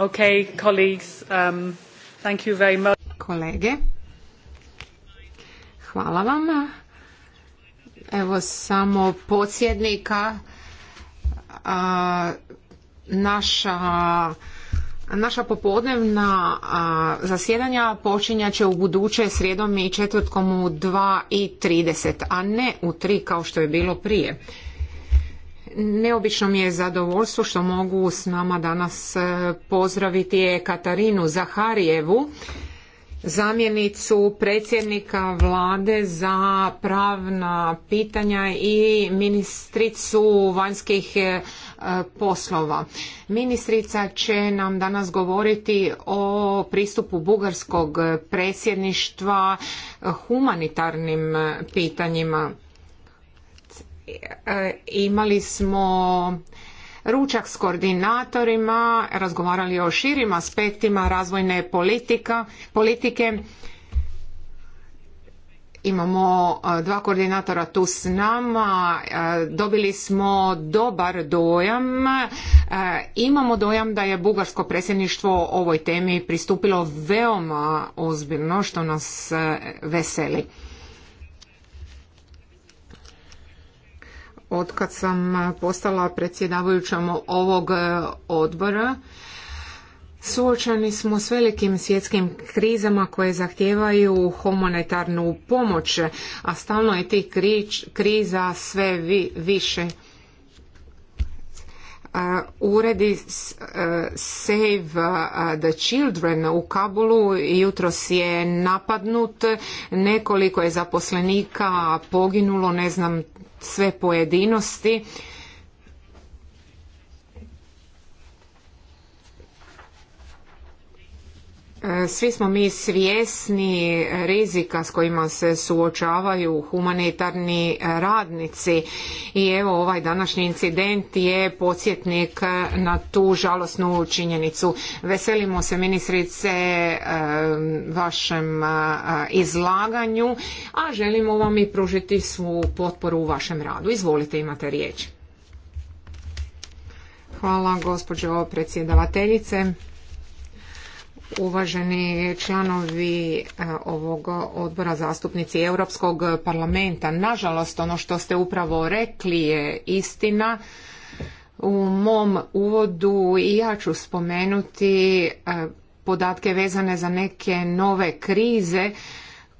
Okay, colleagues, um, thank you very much. Kolege, hvala vam. Evo samo podsjednika. A, naša naša popodnevna a, zasjedanja počinjaće u buduće srijedom i četvrtkom u 2.30, a ne u 3 kao što je bilo prije. Neobično mi je zadovoljstvo što mogu s nama danas e, pozdraviti Katarinu Zaharijevu, zamjenicu predsjednika vlade za pravna pitanja i ministricu vanjskih e, poslova. Ministrica će nam danas govoriti o pristupu bugarskog predsjedništva humanitarnim pitanjima imali smo ručak s koordinatorima, razgovarali o širim aspektima razvojne politika, politike. Imamo e, dva koordinatora tu s nama, e, dobili smo dobar dojam. E, imamo dojam da je bugarsko predsjedništvo ovoj temi pristupilo veoma ozbiljno što nas veseli. otkad sam postala predsjedavajuća ovog e, odbora, Suočeni smo s velikim svjetskim krizama koje zahtijevaju humanitarnu pomoć, a stalno je tih kriza sve više. Uredi e, Save the Children u Kabulu jutros je napadnut, nekoliko je zaposlenika poginulo, ne znam sve pojedinosti Svi smo mi svjesni rizika s kojima se suočavaju humanitarni radnici i evo ovaj današnji incident je podsjetnik na tu žalosnu činjenicu. Veselimo se ministrice vašem izlaganju, a želimo vam i pružiti svu potporu u vašem radu. Izvolite, imate riječ. Hvala gospođo predsjedavateljice uvaženi članovi e, ovog odbora zastupnici Europskog parlamenta. Nažalost, ono što ste upravo rekli je istina. U mom uvodu i ja ću spomenuti e, podatke vezane za neke nove krize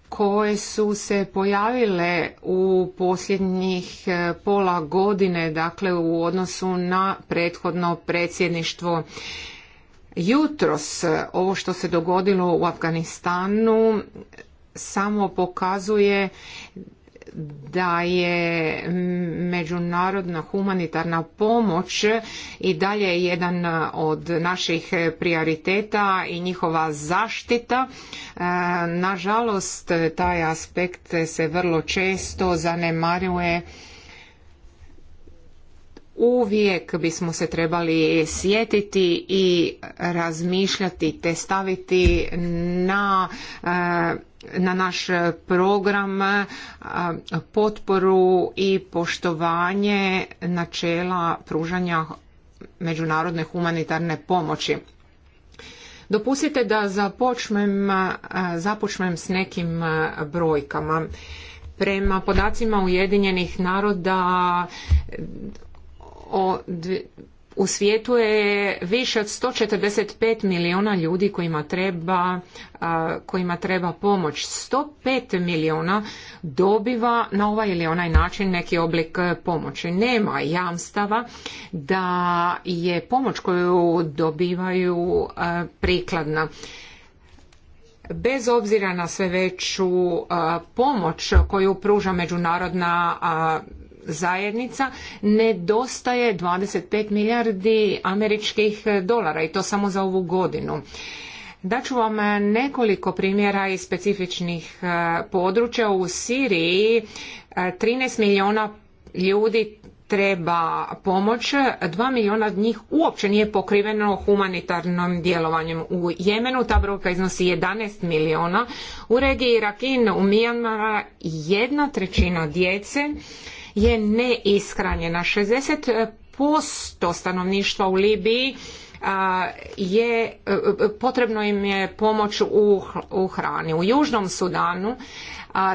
koje su se pojavile u posljednjih e, pola godine, dakle u odnosu na prethodno predsjedništvo Jutros e, ovo što se dogodilo u Afganistanu samo pokazuje da je međunarodna humanitarna pomoć i dalje jedan od naših prioriteta i njihova zaštita. E, nažalost, taj aspekt se vrlo često zanemaruje uvijek bismo se trebali sjetiti i razmišljati te staviti na eh, na naš program eh, potporu i poštovanje načela pružanja međunarodne humanitarne pomoći. Dopustite da započnem, eh, započnem s nekim brojkama. Prema podacima Ujedinjenih naroda o, u svijetu je više od 145 milijuna ljudi kojima treba, kojima treba pomoć. 105 milijuna dobiva na ovaj ili onaj način neki oblik e, pomoći. Nema jamstava da je pomoć koju dobivaju e, prikladna bez obzira na sve veću e, pomoć koju pruža međunarodna zajednica nedostaje 25 milijardi američkih dolara i to samo za ovu godinu. Daću vam nekoliko primjera iz specifičnih e, područja. U Siriji 13 e, milijuna ljudi treba pomoć, 2 milijuna od njih uopće nije pokriveno humanitarnom djelovanjem. U Jemenu ta brojka iznosi 11 milijuna, u regiji Rakin u Mijanmara jedna trećina djece je neiskranjena. 60% stanovništva u Libiji je, e, potrebno im je pomoć u, hrani. U Južnom Sudanu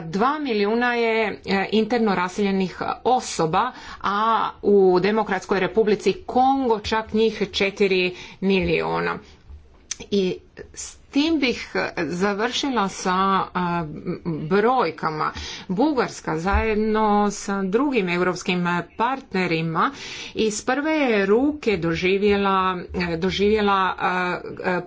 dva milijuna je e, interno raseljenih osoba, a u Demokratskoj republici Kongo čak njih četiri milijuna. I tim bih e, završila sa e, brojkama. Bugarska zajedno sa drugim europskim partnerima iz prve ruke doživjela, e, doživjela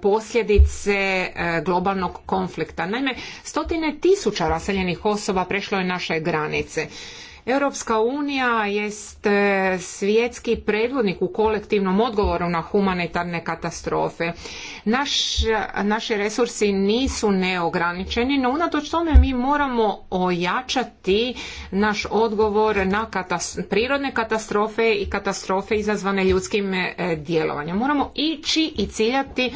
posljedice globalnog konflikta. Naime, stotine tisuća raseljenih osoba prešlo je naše granice. Europska unija jest e, svjetski predvodnik u kolektivnom odgovoru na humanitarne katastrofe. Naš, naši resursi nisu neograničeni, no unatoč tome mi moramo ojačati naš odgovor na prirodne katastrofe i katastrofe izazvane ljudskim e, djelovanjem. Moramo ići i ciljati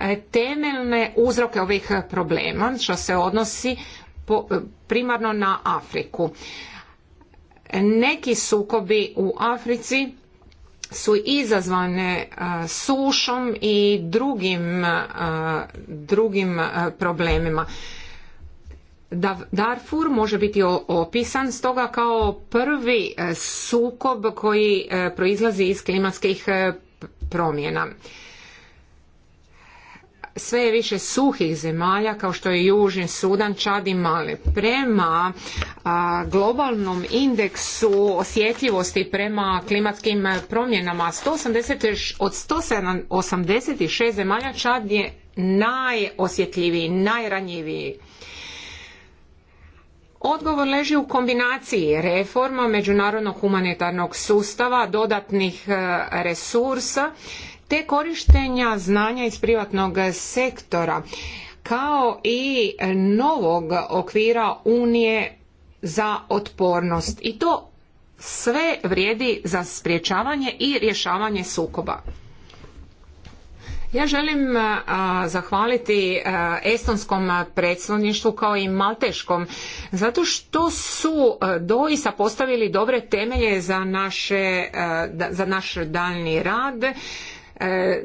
e, temeljne uzroke ovih problema što se odnosi primarno na Afriku. Neki sukobi u Africi su izazvane e, sušom i drugim, e, drugim e, problemima. Darfur može biti opisan stoga kao prvi sukob koji proizlazi iz klimatskih promjena sve je više suhih zemalja kao što je Južni Sudan, Čad i Mali. Prema globalnom indeksu osjetljivosti prema klimatskim promjenama 180, od 186 zemalja Čad je najosjetljiviji, najranjiviji. Odgovor leži u kombinaciji reforma međunarodnog humanitarnog sustava, dodatnih e, resursa te korištenja znanja iz privatnog sektora kao i novog okvira Unije za otpornost i to sve vrijedi za sprječavanje i rješavanje sukoba. Ja želim zahvaliti estonskom predstavništvu kao i malteškom zato što su i doista postavili dobre temelje za, naše, za naš daljnji rad Eh,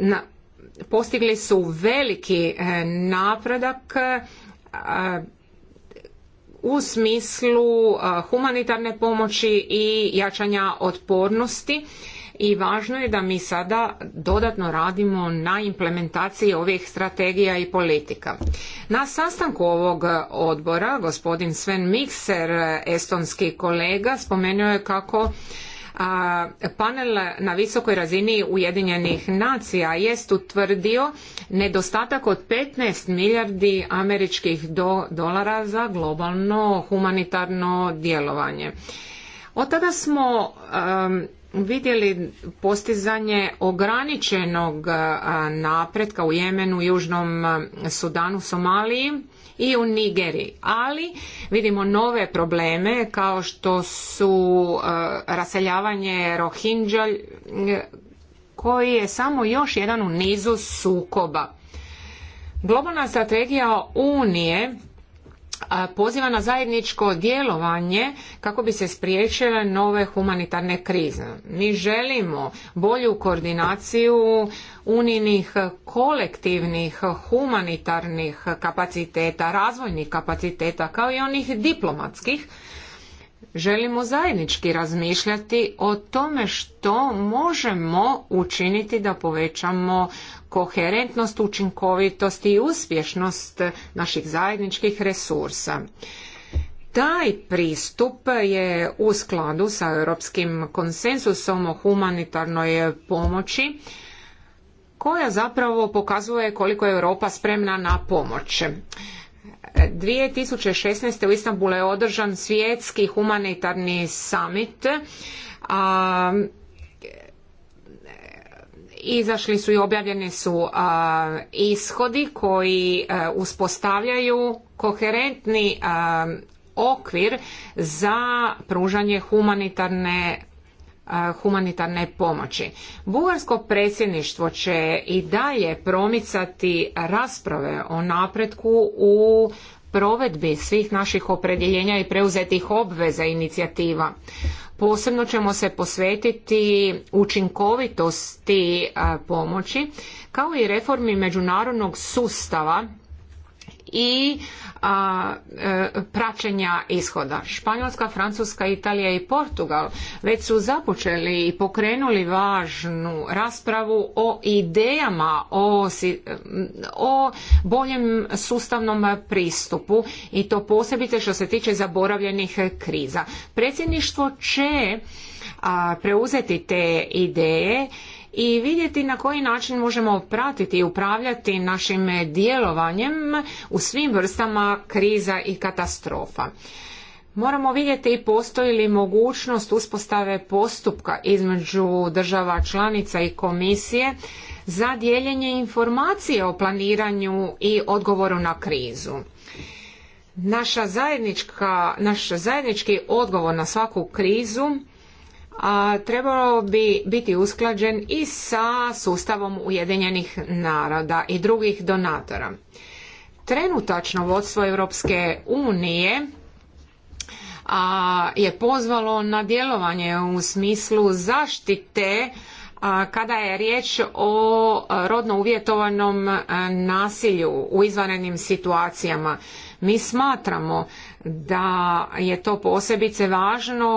postigli su veliki eh, napredak eh, u smislu humanitarne pomoći i jačanja otpornosti i važno je da mi sada dodatno radimo na implementaciji ovih strategija i politika. Na sastanku ovog odbora gospodin Sven Mikser, estonski kolega, spomenuo je kako panel na visokoj razini Ujedinjenih nacija jest utvrdio nedostatak od 15 milijardi američkih dolara za globalno humanitarno djelovanje. Od tada smo vidjeli postizanje ograničenog napretka u Jemenu, Južnom Sudanu, Somaliji i u Nigeri. Ali vidimo nove probleme kao što su e, raseljavanje Rohingya e, koji je samo još jedan u nizu sukoba. Globalna strategija Unije poziva na zajedničko djelovanje kako bi se spriječile nove humanitarne krize. Mi želimo bolju koordinaciju uninih kolektivnih humanitarnih kapaciteta, razvojnih kapaciteta kao i onih diplomatskih želimo zajednički razmišljati o tome što možemo učiniti da povećamo koherentnost, učinkovitost i uspješnost naših zajedničkih resursa. Taj pristup je u skladu sa europskim konsensusom o humanitarnoj pomoći koja zapravo pokazuje koliko je Europa spremna na pomoć. 2016. u Istanbulu je održan svjetski humanitarni summit. A, izašli su i objavljeni su ishodi koji e, uspostavljaju koherentni okvir za pružanje humanitarne humanitarne pomoći. Bugarsko predsjedništvo će i dalje promicati rasprave o napretku u provedbi svih naših opredjeljenja i preuzetih obveza i inicijativa. Posebno ćemo se posvetiti učinkovitosti pomoći kao i reformi međunarodnog sustava i a, e, praćenja ishoda. Španjolska, Francuska, Italija i Portugal već su započeli i pokrenuli važnu raspravu o idejama o, o boljem sustavnom pristupu i to posebice što se tiče zaboravljenih kriza. Predsjedništvo će preuzeti te ideje i vidjeti na koji način možemo pratiti i upravljati našim djelovanjem u svim vrstama kriza i katastrofa. Moramo vidjeti postoji li mogućnost uspostave postupka između država članica i komisije za dijeljenje informacije o planiranju i odgovoru na krizu. Naša zajednička, naš zajednički odgovor na svaku krizu a, trebalo bi biti usklađen i sa sustavom Ujedinjenih naroda i drugih donatora. Trenutačno vodstvo Europske unije a, je pozvalo na djelovanje u smislu zaštite kada je riječ o rodno uvjetovanom nasilju u izvanrednim situacijama. Mi smatramo da je to posebice važno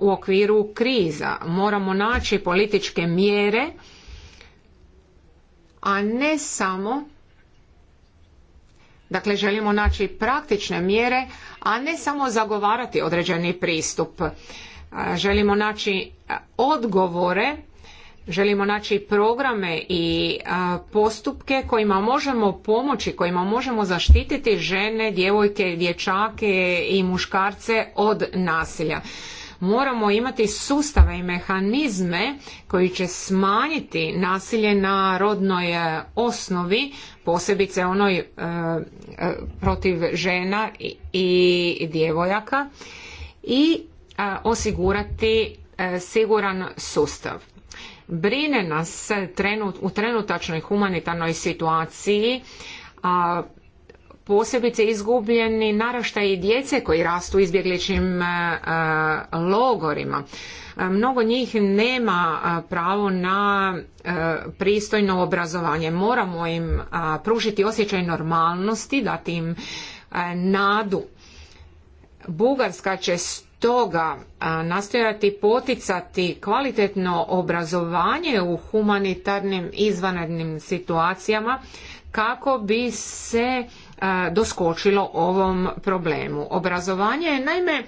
u okviru kriza. Moramo naći političke mjere, a ne samo Dakle, želimo naći praktične mjere, a ne samo zagovarati određeni pristup. Želimo naći odgovore želimo naći programe i postupke kojima možemo pomoći, kojima možemo zaštititi žene, djevojke, dječake i muškarce od nasilja. Moramo imati sustave i mehanizme koji će smanjiti nasilje na rodnoj e, osnovi, posebice onoj e, e, protiv žena i djevojaka i osigurati siguran sustav Brine nas u trenutačnoj humanitarnoj situaciji, posebice izgubljeni i djece koji rastu u izbjegličnim e, e, logorima. E, mnogo njih nema pravo na pristojno obrazovanje. Moramo im pružiti osjećaj normalnosti, dati im nadu. Bugarska će toga nastojati poticati kvalitetno obrazovanje u humanitarnim izvanrednim situacijama kako bi se doskočilo ovom problemu. Obrazovanje je naime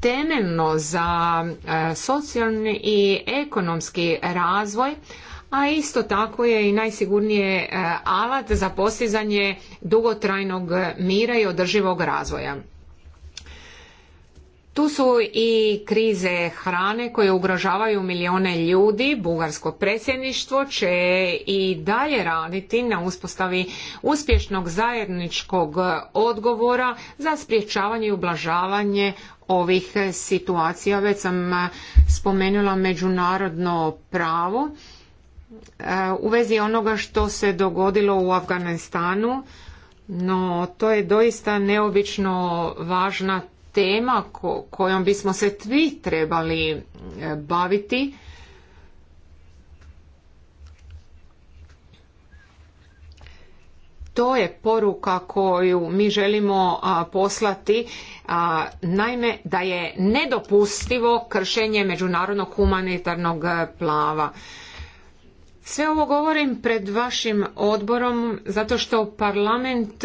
temeljno za socijalni i ekonomski razvoj, a isto tako je i najsigurnije alat za postizanje dugotrajnog mira i održivog razvoja. Tu su i krize hrane koje ugrožavaju milijone ljudi. Bugarsko predsjedništvo će i dalje raditi na uspostavi uspješnog zajedničkog odgovora za sprječavanje i ublažavanje ovih situacija. Već sam spomenula međunarodno pravo e, u vezi onoga što se dogodilo u Afganistanu, no to je doista neobično važna tema kojom bismo se svi trebali e, baviti to je poruka koju mi želimo poslati a, naime da je nedopustivo kršenje međunarodnog humanitarnog plava sve ovo govorim pred vašim odborom zato što parlament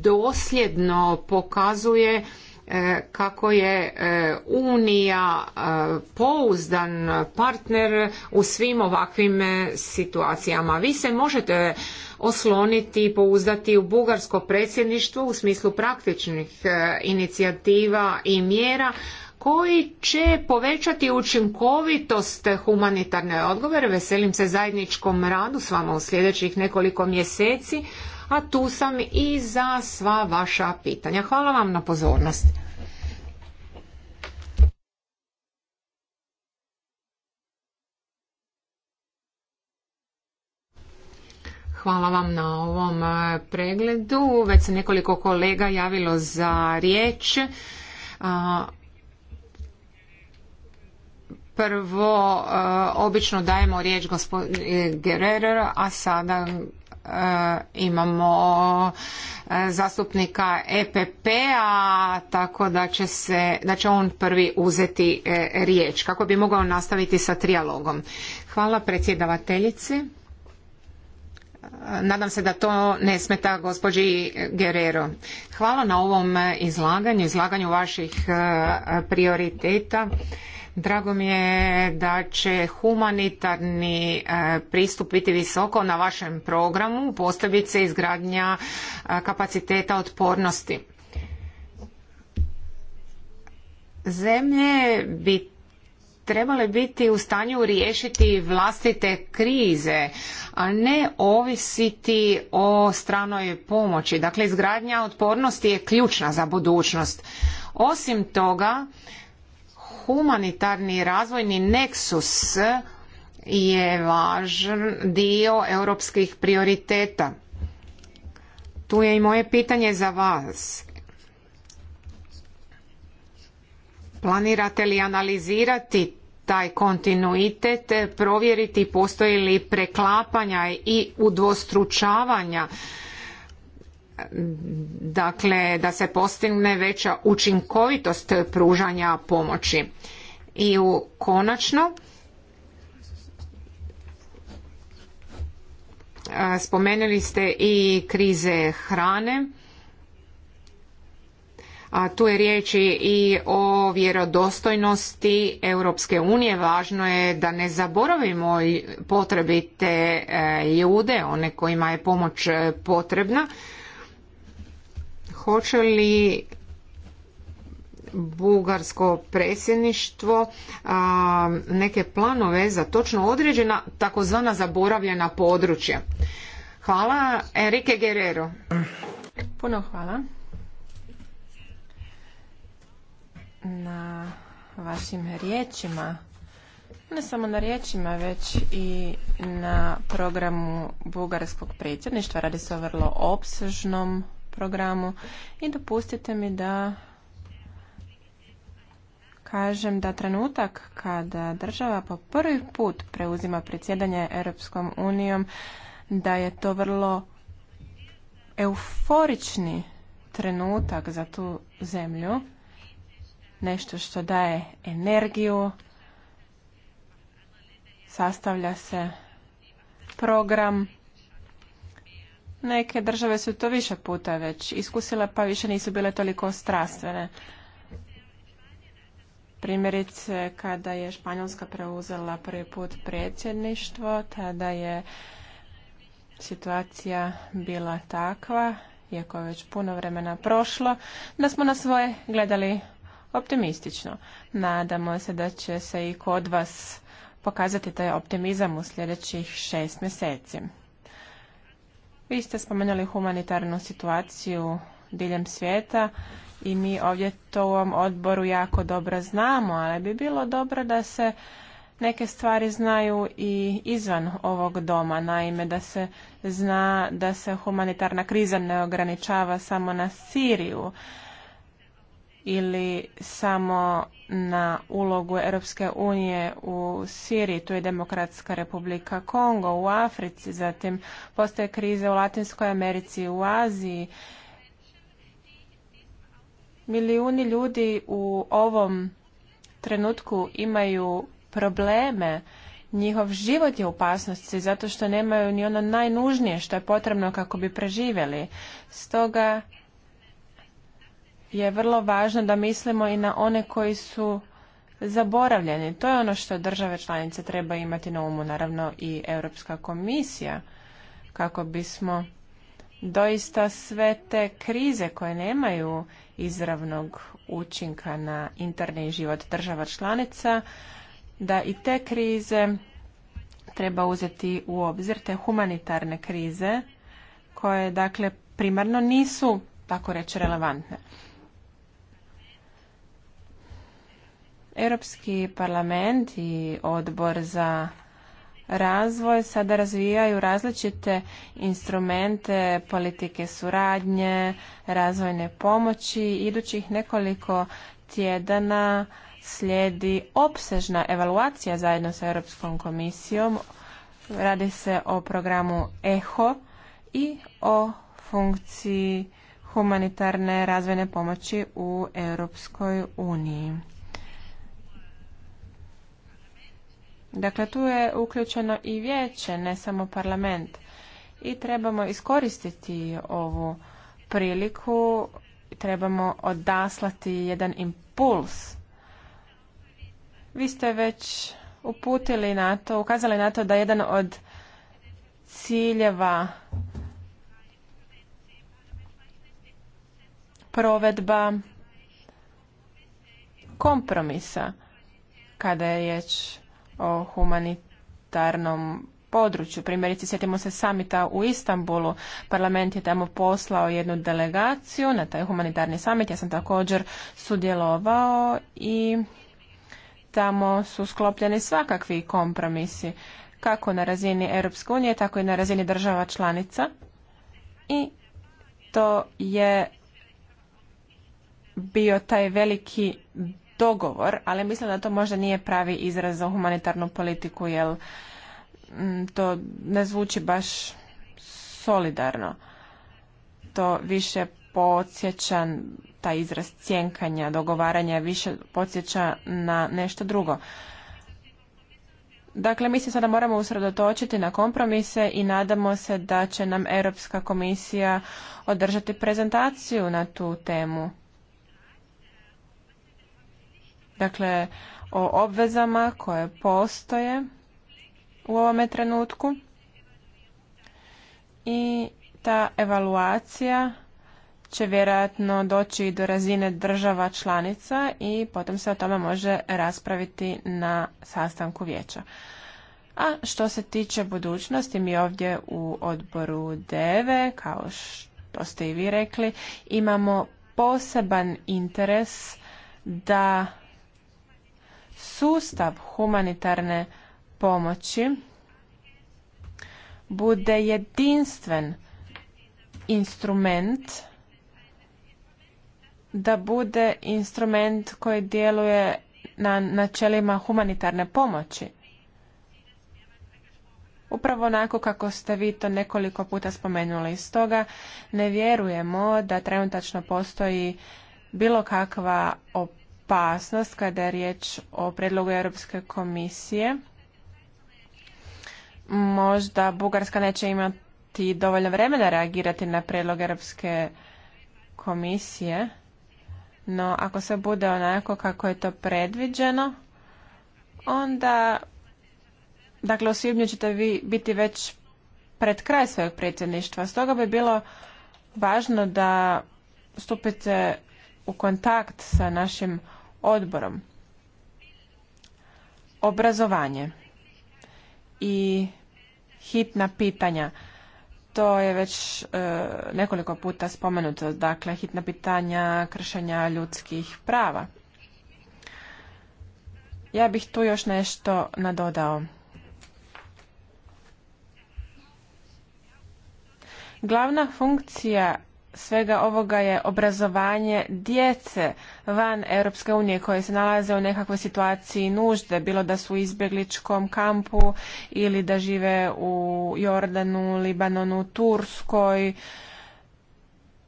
dosljedno pokazuje E, kako je e, Unija e, pouzdan partner u svim ovakvim situacijama. Vi se možete osloniti i pouzdati u bugarsko predsjedništvo u smislu praktičnih inicijativa i mjera koji će povećati učinkovitost humanitarne odgovore. Veselim se zajedničkom radu s vama u sljedećih nekoliko mjeseci a tu sam i za sva vaša pitanja. Hvala vam na pozornosti. Hvala vam na ovom e, pregledu. Već se nekoliko kolega javilo za riječ. Prvo, e, obično dajemo riječ gospodinu e, Gererer, a sada E, imamo e, zastupnika EPP-a, tako da će, se, da on prvi uzeti e, riječ kako bi mogao nastaviti sa trijalogom. Hvala predsjedavateljici. Nadam se da to ne smeta gospođi Guerrero. Hvala na ovom izlaganju, izlaganju vaših prioriteta. Drago mi je da će humanitarni e, pristup biti visoko na vašem programu, posebice izgradnja e, kapaciteta otpornosti. Zemlje bi trebale biti u stanju riješiti vlastite krize, a ne ovisiti o stranoj pomoći. Dakle, izgradnja otpornosti je ključna za budućnost. Osim toga, humanitarni razvojni neksus je važan dio europskih prioriteta. Tu je i moje pitanje za vas. Planirate li analizirati taj kontinuitet, provjeriti postoji li preklapanja i udvostručavanja dakle da se postigne veća učinkovitost pružanja pomoći i u konačno spomenuli ste i krize hrane a tu je riječ i o vjerodostojnosti Europske unije. Važno je da ne zaboravimo potrebite e, ljude, one kojima je pomoć potrebna hoće li bugarsko predsjedništvo neke planove za točno određena takozvana zaboravljena područja. Hvala Enrique Guerrero. Puno hvala na vašim riječima. Ne samo na riječima, već i na programu bugarskog predsjedništva. Radi se o vrlo opsežnom programu i dopustite mi da kažem da trenutak kada država po prvi put preuzima predsjedanje Europskom unijom da je to vrlo euforični trenutak za tu zemlju nešto što daje energiju sastavlja se program Neke države su to više puta već iskusile, pa više nisu bile toliko strastvene. Primjerice, kada je Španjolska preuzela prvi put predsjedništvo, tada je situacija bila takva, iako je već puno vremena prošlo, da smo na svoje gledali optimistično. Nadamo se da će se i kod vas pokazati taj optimizam u sljedećih šest mjeseci. Vi ste spomenuli humanitarnu situaciju diljem svijeta i mi ovdje to u ovom odboru jako dobro znamo, ali bi bilo dobro da se neke stvari znaju i izvan ovog doma. Naime, da se zna da se humanitarna kriza ne ograničava samo na Siriju, ili samo na ulogu Europske unije u Siriji, tu je Demokratska republika Kongo, u Africi, zatim postoje krize u Latinskoj Americi, u Aziji. Milijuni ljudi u ovom trenutku imaju probleme, njihov život je u opasnosti zato što nemaju ni ono najnužnije što je potrebno kako bi preživjeli. Stoga je vrlo važno da mislimo i na one koji su zaboravljeni. To je ono što države članice treba imati na umu, naravno i Europska komisija, kako bismo doista sve te krize koje nemaju izravnog učinka na interni život država članica, da i te krize treba uzeti u obzir, te humanitarne krize, koje dakle primarno nisu tako reći relevantne. Europski parlament i odbor za razvoj sada razvijaju različite instrumente politike suradnje, razvojne pomoći. Idućih nekoliko tjedana slijedi opsežna evaluacija zajedno sa Europskom komisijom. Radi se o programu EHO i o funkciji humanitarne razvojne pomoći u Europskoj uniji. Dakle, tu je uključeno i vijeće, ne samo parlament. I trebamo iskoristiti ovu priliku, trebamo odaslati jedan impuls. Vi ste već uputili na to, ukazali na to da jedan od ciljeva provedba kompromisa kada je riječ o humanitarnom području. Primjerice, sjetimo se samita u Istanbulu. Parlament je tamo poslao jednu delegaciju na taj humanitarni samit. Ja sam također sudjelovao i tamo su sklopljeni svakakvi kompromisi, kako na razini Europske unije, tako i na razini država članica. I to je bio taj veliki dogovor, ali mislim da to možda nije pravi izraz za humanitarnu politiku, jer mm, to ne zvuči baš solidarno. To više podsjeća taj izraz cjenkanja, dogovaranja, više podsjeća na nešto drugo. Dakle, se sada moramo usredotočiti na kompromise i nadamo se da će nam Europska komisija održati prezentaciju na tu temu dakle o obvezama koje postoje u ovome trenutku i ta evaluacija će vjerojatno doći do razine država članica i potom se o tome može raspraviti na sastanku vijeća. A što se tiče budućnosti, mi ovdje u odboru DEVE, kao što ste i vi rekli, imamo poseban interes da sustav humanitarne pomoći bude jedinstven instrument da bude instrument koji djeluje na načelima humanitarne pomoći. Upravo onako kako ste vi to nekoliko puta spomenuli. Stoga ne vjerujemo da trenutačno postoji bilo kakva opasnost kada je riječ o predlogu Europske komisije. Možda Bugarska neće imati dovoljno vremena reagirati na predlog Europske komisije, no ako se bude onako kako je to predviđeno, onda, dakle u svibnju ćete vi biti već pred kraj svojeg predsjedništva. Stoga bi bilo važno da stupite u kontakt sa našim odborom. Obrazovanje i hitna pitanja. To je već e, nekoliko puta spomenuto, dakle hitna pitanja kršenja ljudskih prava. Ja bih tu još nešto nadodao. Glavna funkcija svega ovoga je obrazovanje djece van Europske unije koje se nalaze u nekakvoj situaciji nužde, bilo da su u izbjegličkom kampu ili da žive u Jordanu, Libanonu, Turskoj.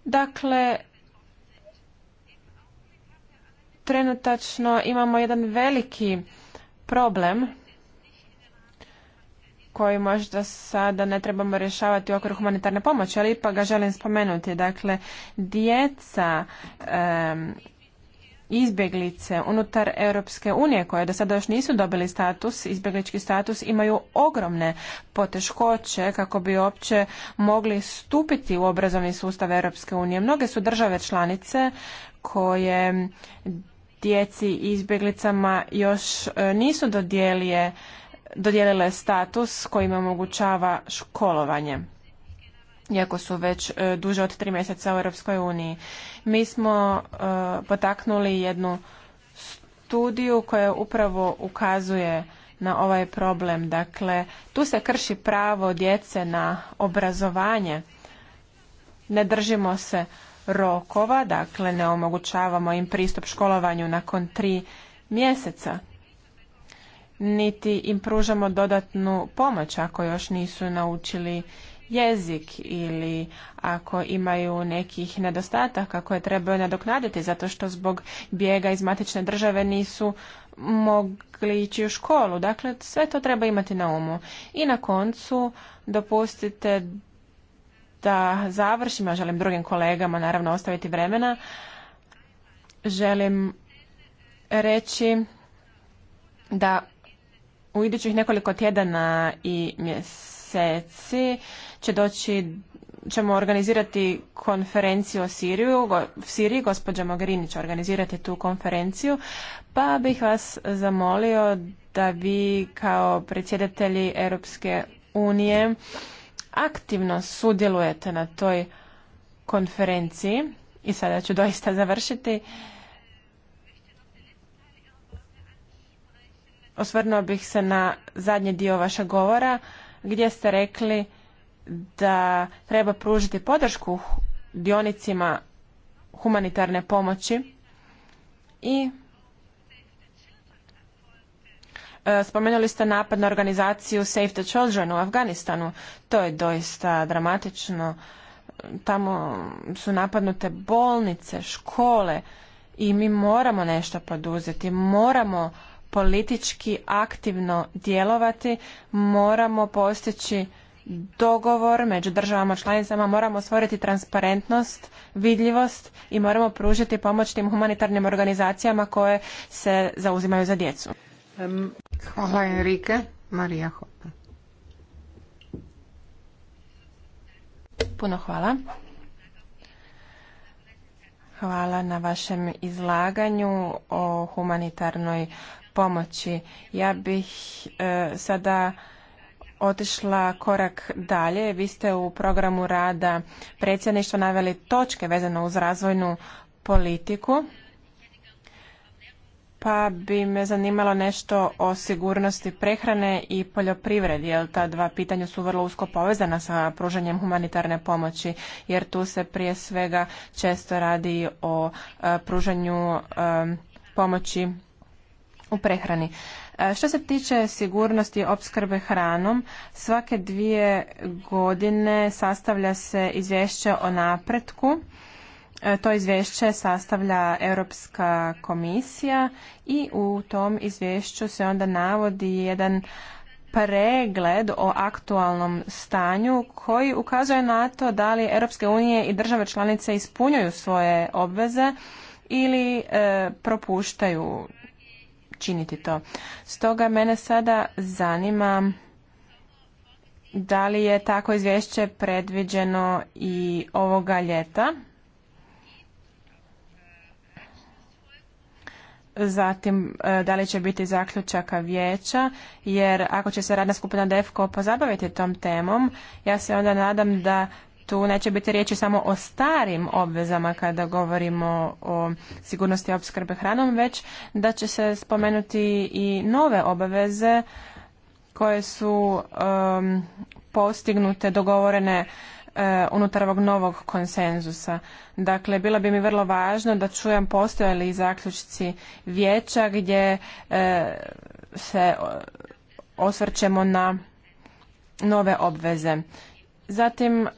Dakle, trenutačno imamo jedan veliki problem koji možda sada ne trebamo rješavati u humanitarne pomoći, ali ipak ga želim spomenuti. Dakle, djeca izbjeglice unutar Europske unije koje do sada još nisu dobili status, izbjeglički status, imaju ogromne poteškoće kako bi uopće mogli stupiti u obrazovni sustav Europske unije. Mnoge su države članice koje djeci izbjeglicama još e, nisu dodijelije dodijelile status koji omogućava školovanje iako su već e, duže od tri mjeseca u Europskoj uniji. Mi smo e, potaknuli jednu studiju koja upravo ukazuje na ovaj problem. Dakle, tu se krši pravo djece na obrazovanje. Ne držimo se rokova, dakle ne omogućavamo im pristup školovanju nakon tri mjeseca niti im pružamo dodatnu pomoć ako još nisu naučili jezik ili ako imaju nekih nedostataka koje trebaju nadoknaditi zato što zbog bijega iz matične države nisu mogli ići u školu. Dakle, sve to treba imati na umu. I na koncu dopustite da završim, a želim drugim kolegama naravno ostaviti vremena. Želim reći da u idućih nekoliko tjedana i mjeseci će doći ćemo organizirati konferenciju o Siriju, go, Siriji, gospođa Mogherini će organizirati tu konferenciju, pa bih vas zamolio da vi kao predsjedatelji Europske unije aktivno sudjelujete na toj konferenciji i sada ću doista završiti. Osvrnuo bih se na zadnji dio vašeg govora gdje ste rekli da treba pružiti podršku dionicima humanitarne pomoći i e, spomenuli ste napad na organizaciju Save the Children u Afganistanu. To je doista dramatično. Tamo su napadnute bolnice, škole i mi moramo nešto poduzeti. Moramo politički aktivno djelovati, moramo postići dogovor među državama članicama, moramo stvoriti transparentnost, vidljivost i moramo pružiti pomoć tim humanitarnim organizacijama koje se zauzimaju za djecu. Hvala Enrique. Marija Hopa. Puno hvala. Hvala na vašem izlaganju o humanitarnoj pomoći. Ja bih e, sada otišla korak dalje. Vi ste u programu rada predsjedništva naveli točke vezano uz razvojnu politiku. Pa bi me zanimalo nešto o sigurnosti prehrane i poljoprivredi, jer ta dva pitanja su vrlo usko povezana sa pružanjem humanitarne pomoći, jer tu se prije svega često radi o e, pružanju e, pomoći u prehrani. E, što se tiče sigurnosti opskrbe hranom, svake dvije godine sastavlja se izvješće o napretku. E, to izvješće sastavlja Europska komisija i u tom izvješću se onda navodi jedan pregled o aktualnom stanju koji ukazuje na to da li Europske unije i države članice ispunjuju svoje obveze ili e, propuštaju činiti to. Stoga mene sada zanima da li je tako izvješće predviđeno i ovoga ljeta? zatim e, da li će biti zaključaka vijeća, jer ako će se radna skupina DEFKO pozabaviti tom temom, ja se onda nadam da tu neće biti riječi samo o starim obvezama kada govorimo o sigurnosti opskrbe hranom, već da će se spomenuti i nove obaveze koje su postignute, dogovorene e, unutar ovog novog konsenzusa. Dakle, bilo bi mi vrlo važno da čujem postoje li zaključci vijeća gdje e, se osvrćemo na nove obveze. Zatim, e,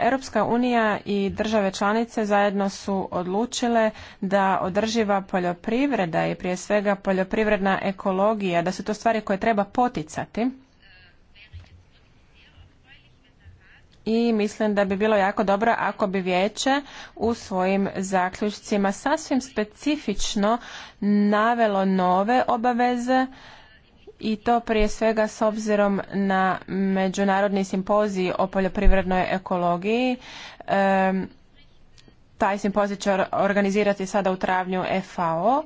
Europska unija i države članice zajedno su odlučile da održiva poljoprivreda i prije svega poljoprivredna ekologija, da su to stvari koje treba poticati. I mislim da bi bilo jako dobro ako bi vijeće u svojim zaključcima sasvim specifično navelo nove obaveze i to prije svega s obzirom na međunarodni simpozij o poljoprivrednoj ekologiji. taj simpozij će organizirati sada u travnju FAO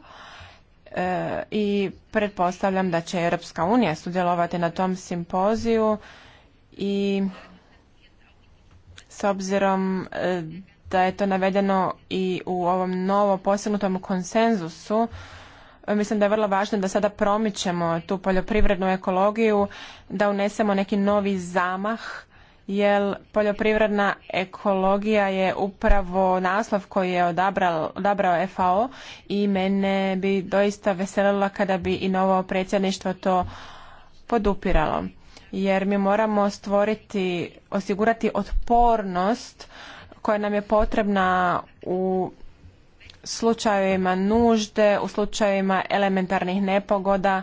e, i pretpostavljam da će Europska unija sudjelovati na tom simpoziju i s obzirom e, da je to navedeno i u ovom novo postignutom konsenzusu mislim da je vrlo važno da sada promičemo tu poljoprivrednu ekologiju, da unesemo neki novi zamah, jer poljoprivredna ekologija je upravo naslov koji je odabrao FAO i mene bi doista veselila kada bi i novo predsjedništvo to podupiralo. Jer mi moramo stvoriti, osigurati otpornost koja nam je potrebna u slučajevima nužde, u slučajevima elementarnih nepogoda.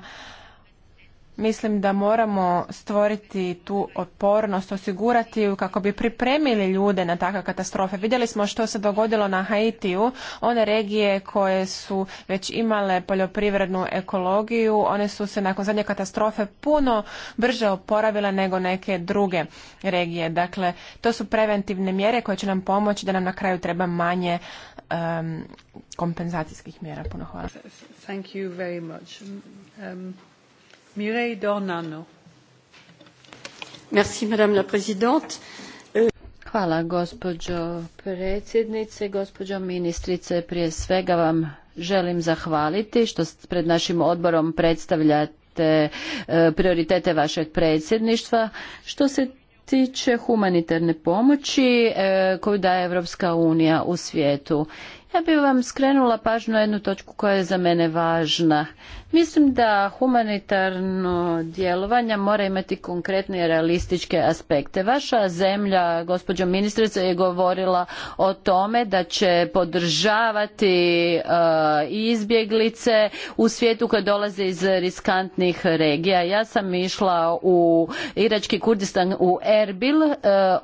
Mislim da moramo stvoriti tu otpornost, osigurati ju kako bi pripremili ljude na takve katastrofe. Vidjeli smo što se dogodilo na Haitiju. One regije koje su već imale poljoprivrednu ekologiju, one su se nakon zadnje katastrofe puno brže oporavile nego neke druge regije. Dakle, to su preventivne mjere koje će nam pomoći da nam na kraju treba manje um, kompenzacijskih mjera. Puno hvala. Thank you very much. Um, Mireille Dornano. Merci, madame la présidente. Euh, hvala gospođo predsjednice, gospođo ministrice. Prije svega vam želim zahvaliti što pred našim odborom predstavljate e, prioritete vašeg predsjedništva. Što se tiče humanitarne pomoći e, koju daje Europska unija u svijetu ja bih vam skrenula pažnju na jednu točku koja je za mene važna. Mislim da humanitarno djelovanje mora imati konkretne i realističke aspekte. Vaša zemlja, gospođo ministrica, je govorila o tome da će podržavati uh, izbjeglice u svijetu koje dolaze iz riskantnih regija. Ja sam išla u Irački Kurdistan u Erbil uh,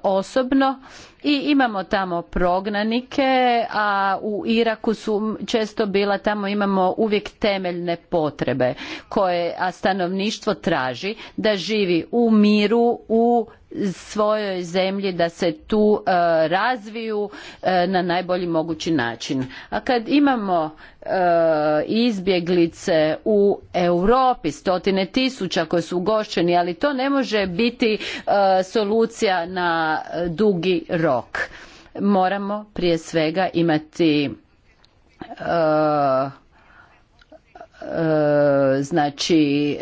osobno i imamo tamo prognanike, a u Iraku su često bila tamo imamo uvijek temeljne potrebe koje a stanovništvo traži da živi u miru, u svojoj zemlji da se tu e, razviju e, na najbolji mogući način. A kad imamo e, izbjeglice u Europi, stotine tisuća koje su ugošćeni, ali to ne može biti solucija na dugi rok. Moramo prije svega imati znači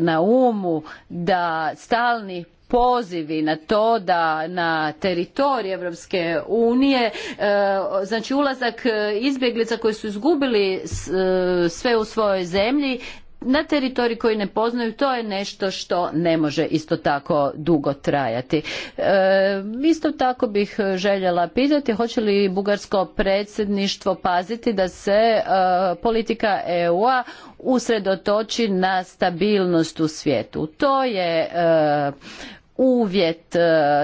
na umu da stalni pozivi na to da na teritorij Europske unije e, znači ulazak izbjeglica koji su izgubili e, sve u svojoj zemlji na teritoriji koji ne poznaju to je nešto što ne može isto tako dugo trajati. E, isto tako bih željela pitati hoće li bugarsko predsjedništvo paziti da se e, politika EU-a usredotoči na stabilnost u svijetu. To je e, uvjet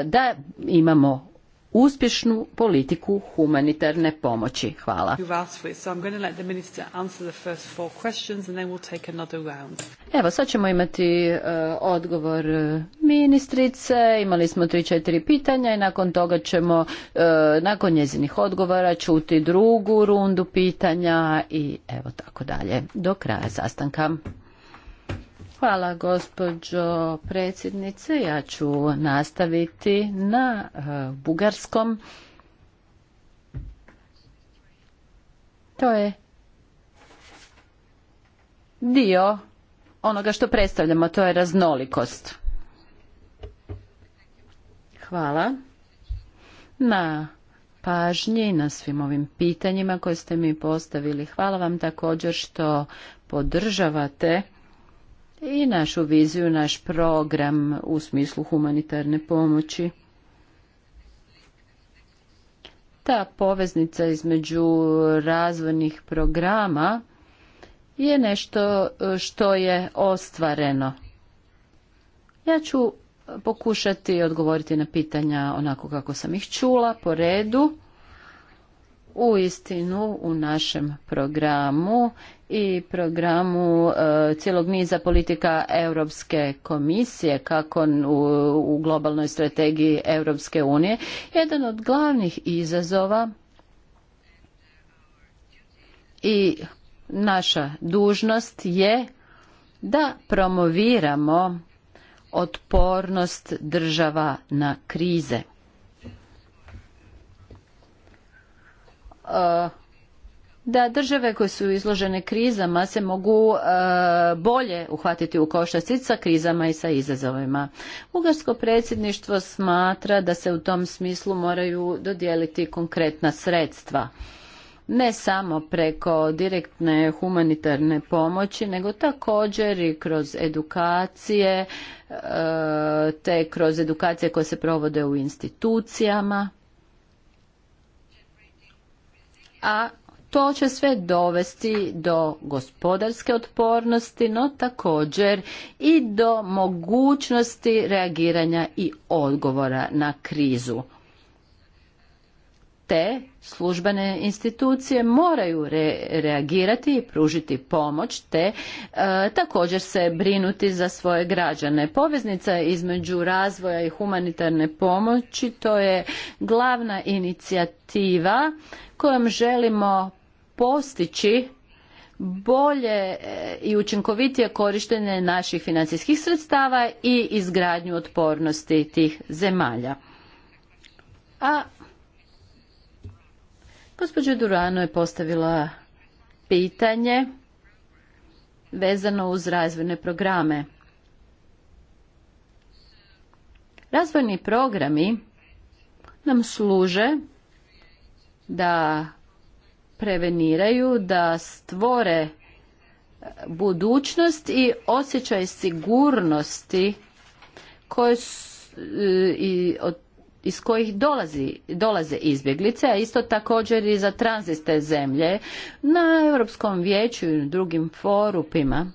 da imamo uspješnu politiku humanitarne pomoći. Hvala. Evo, sad ćemo imati eh, odgovor eh, ministrice. Imali smo tri, četiri pitanja i nakon toga ćemo, eh, nakon njezinih odgovora, čuti drugu rundu pitanja i evo tako dalje. Do kraja sastanka. Hvala gospođo predsjednice. Ja ću nastaviti na eh, bugarskom. To je dio onoga što predstavljamo, to je raznolikost. Hvala na pažnji na svim ovim pitanjima koje ste mi postavili. Hvala vam također što podržavate i našu viziju, naš program u smislu humanitarne pomoći. Ta poveznica između razvojnih programa je nešto e, što je ostvareno. Ja ću pokušati odgovoriti na pitanja onako kako sam ih čula po redu u istinu u našem programu i programu e, cijelog niza politika Europske komisije kako u, u globalnoj strategiji Europske unije jedan od glavnih izazova i naša dužnost je da promoviramo otpornost država na krize E, da države koje su izložene krizama se mogu e, bolje uhvatiti u koštac i sa krizama i sa izazovima. Ugarsko predsjedništvo smatra da se u tom smislu moraju dodijeliti konkretna sredstva. Ne samo preko direktne humanitarne pomoći, nego također i kroz edukacije, e, te kroz edukacije koje se provode u institucijama a to će sve dovesti do gospodarske otpornosti, no također i do mogućnosti reagiranja i odgovora na krizu. Te službene institucije moraju reagirati i pružiti pomoć, te e, također se brinuti za svoje građane. Poveznica između razvoja i humanitarne pomoći to je glavna inicijativa kojom želimo postići bolje e, i učinkovitije korištenje naših financijskih sredstava i izgradnju otpornosti tih zemalja. A gospođa Durano je postavila pitanje vezano uz razvojne programe. Razvojni programi nam služe da preveniraju, da stvore e, budućnost i osjećaj sigurnosti koje e, iz kojih dolazi, dolaze izbjeglice, a isto također i za tranziste zemlje na Europskom vijeću i drugim forupima.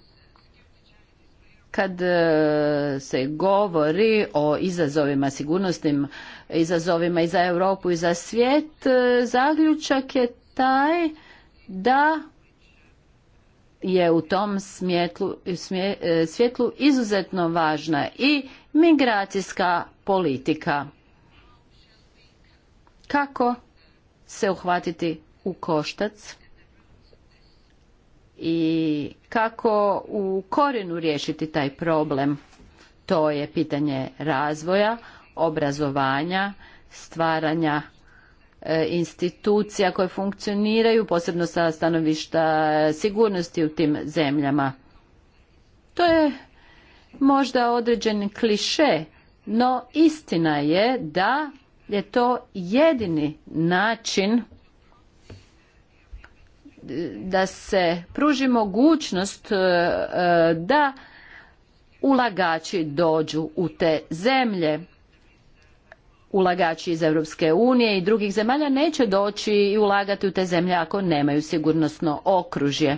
Kad e, se govori o izazovima sigurnosnim izazovima i za Europu i za svijet, e, zaključak je taj da je u tom smjetlu, e, svjetlu izuzetno važna i migracijska politika. Kako se uhvatiti u koštac i kako u korinu riješiti taj problem? To je pitanje razvoja, obrazovanja, stvaranja e, institucija koje funkcioniraju, posebno sa stanovišta sigurnosti u tim zemljama. To je možda određen kliše, no istina je da je to jedini način da se pruži mogućnost e, e, da ulagači dođu u te zemlje ulagači iz Europske unije i drugih zemalja neće doći i ulagati u te zemlje ako nemaju sigurnosno okružje.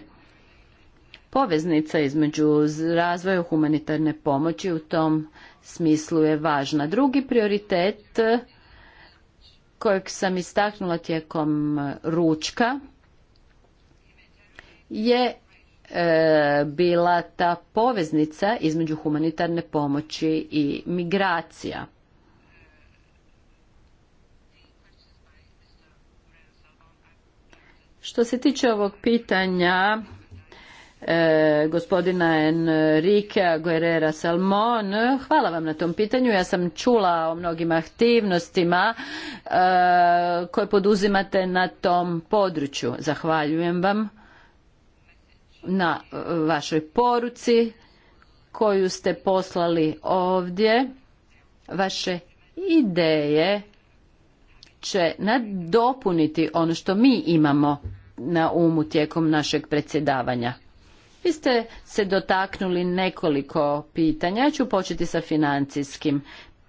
Poveznica između razvoja humanitarne pomoći u tom smislu je važna. Drugi prioritet kojeg sam istaknula tijekom e, ručka je e, bila ta poveznica između humanitarne pomoći i migracija. Što se tiče ovog pitanja e, gospodina Enrique Guerrera Salmon, hvala vam na tom pitanju. Ja sam čula o mnogim aktivnostima e, koje poduzimate na tom području. Zahvaljujem vam na e, vašoj poruci koju ste poslali ovdje. Vaše ideje će nadopuniti ono što mi imamo na umu tijekom našeg predsjedavanja. Vi ste se dotaknuli nekoliko pitanja. Ja ću početi sa financijskim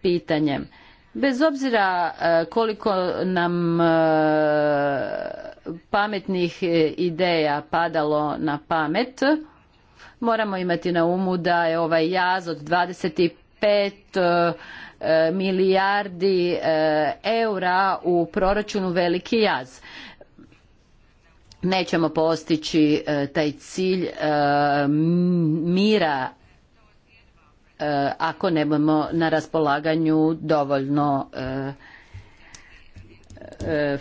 pitanjem. Bez obzira e, koliko nam e, pametnih e, ideja padalo na pamet, moramo imati na umu da je ovaj jaz od 5 e, e, milijardi e, eura u proračunu veliki jaz nećemo postići taj cilj mira ako budemo na raspolaganju dovoljno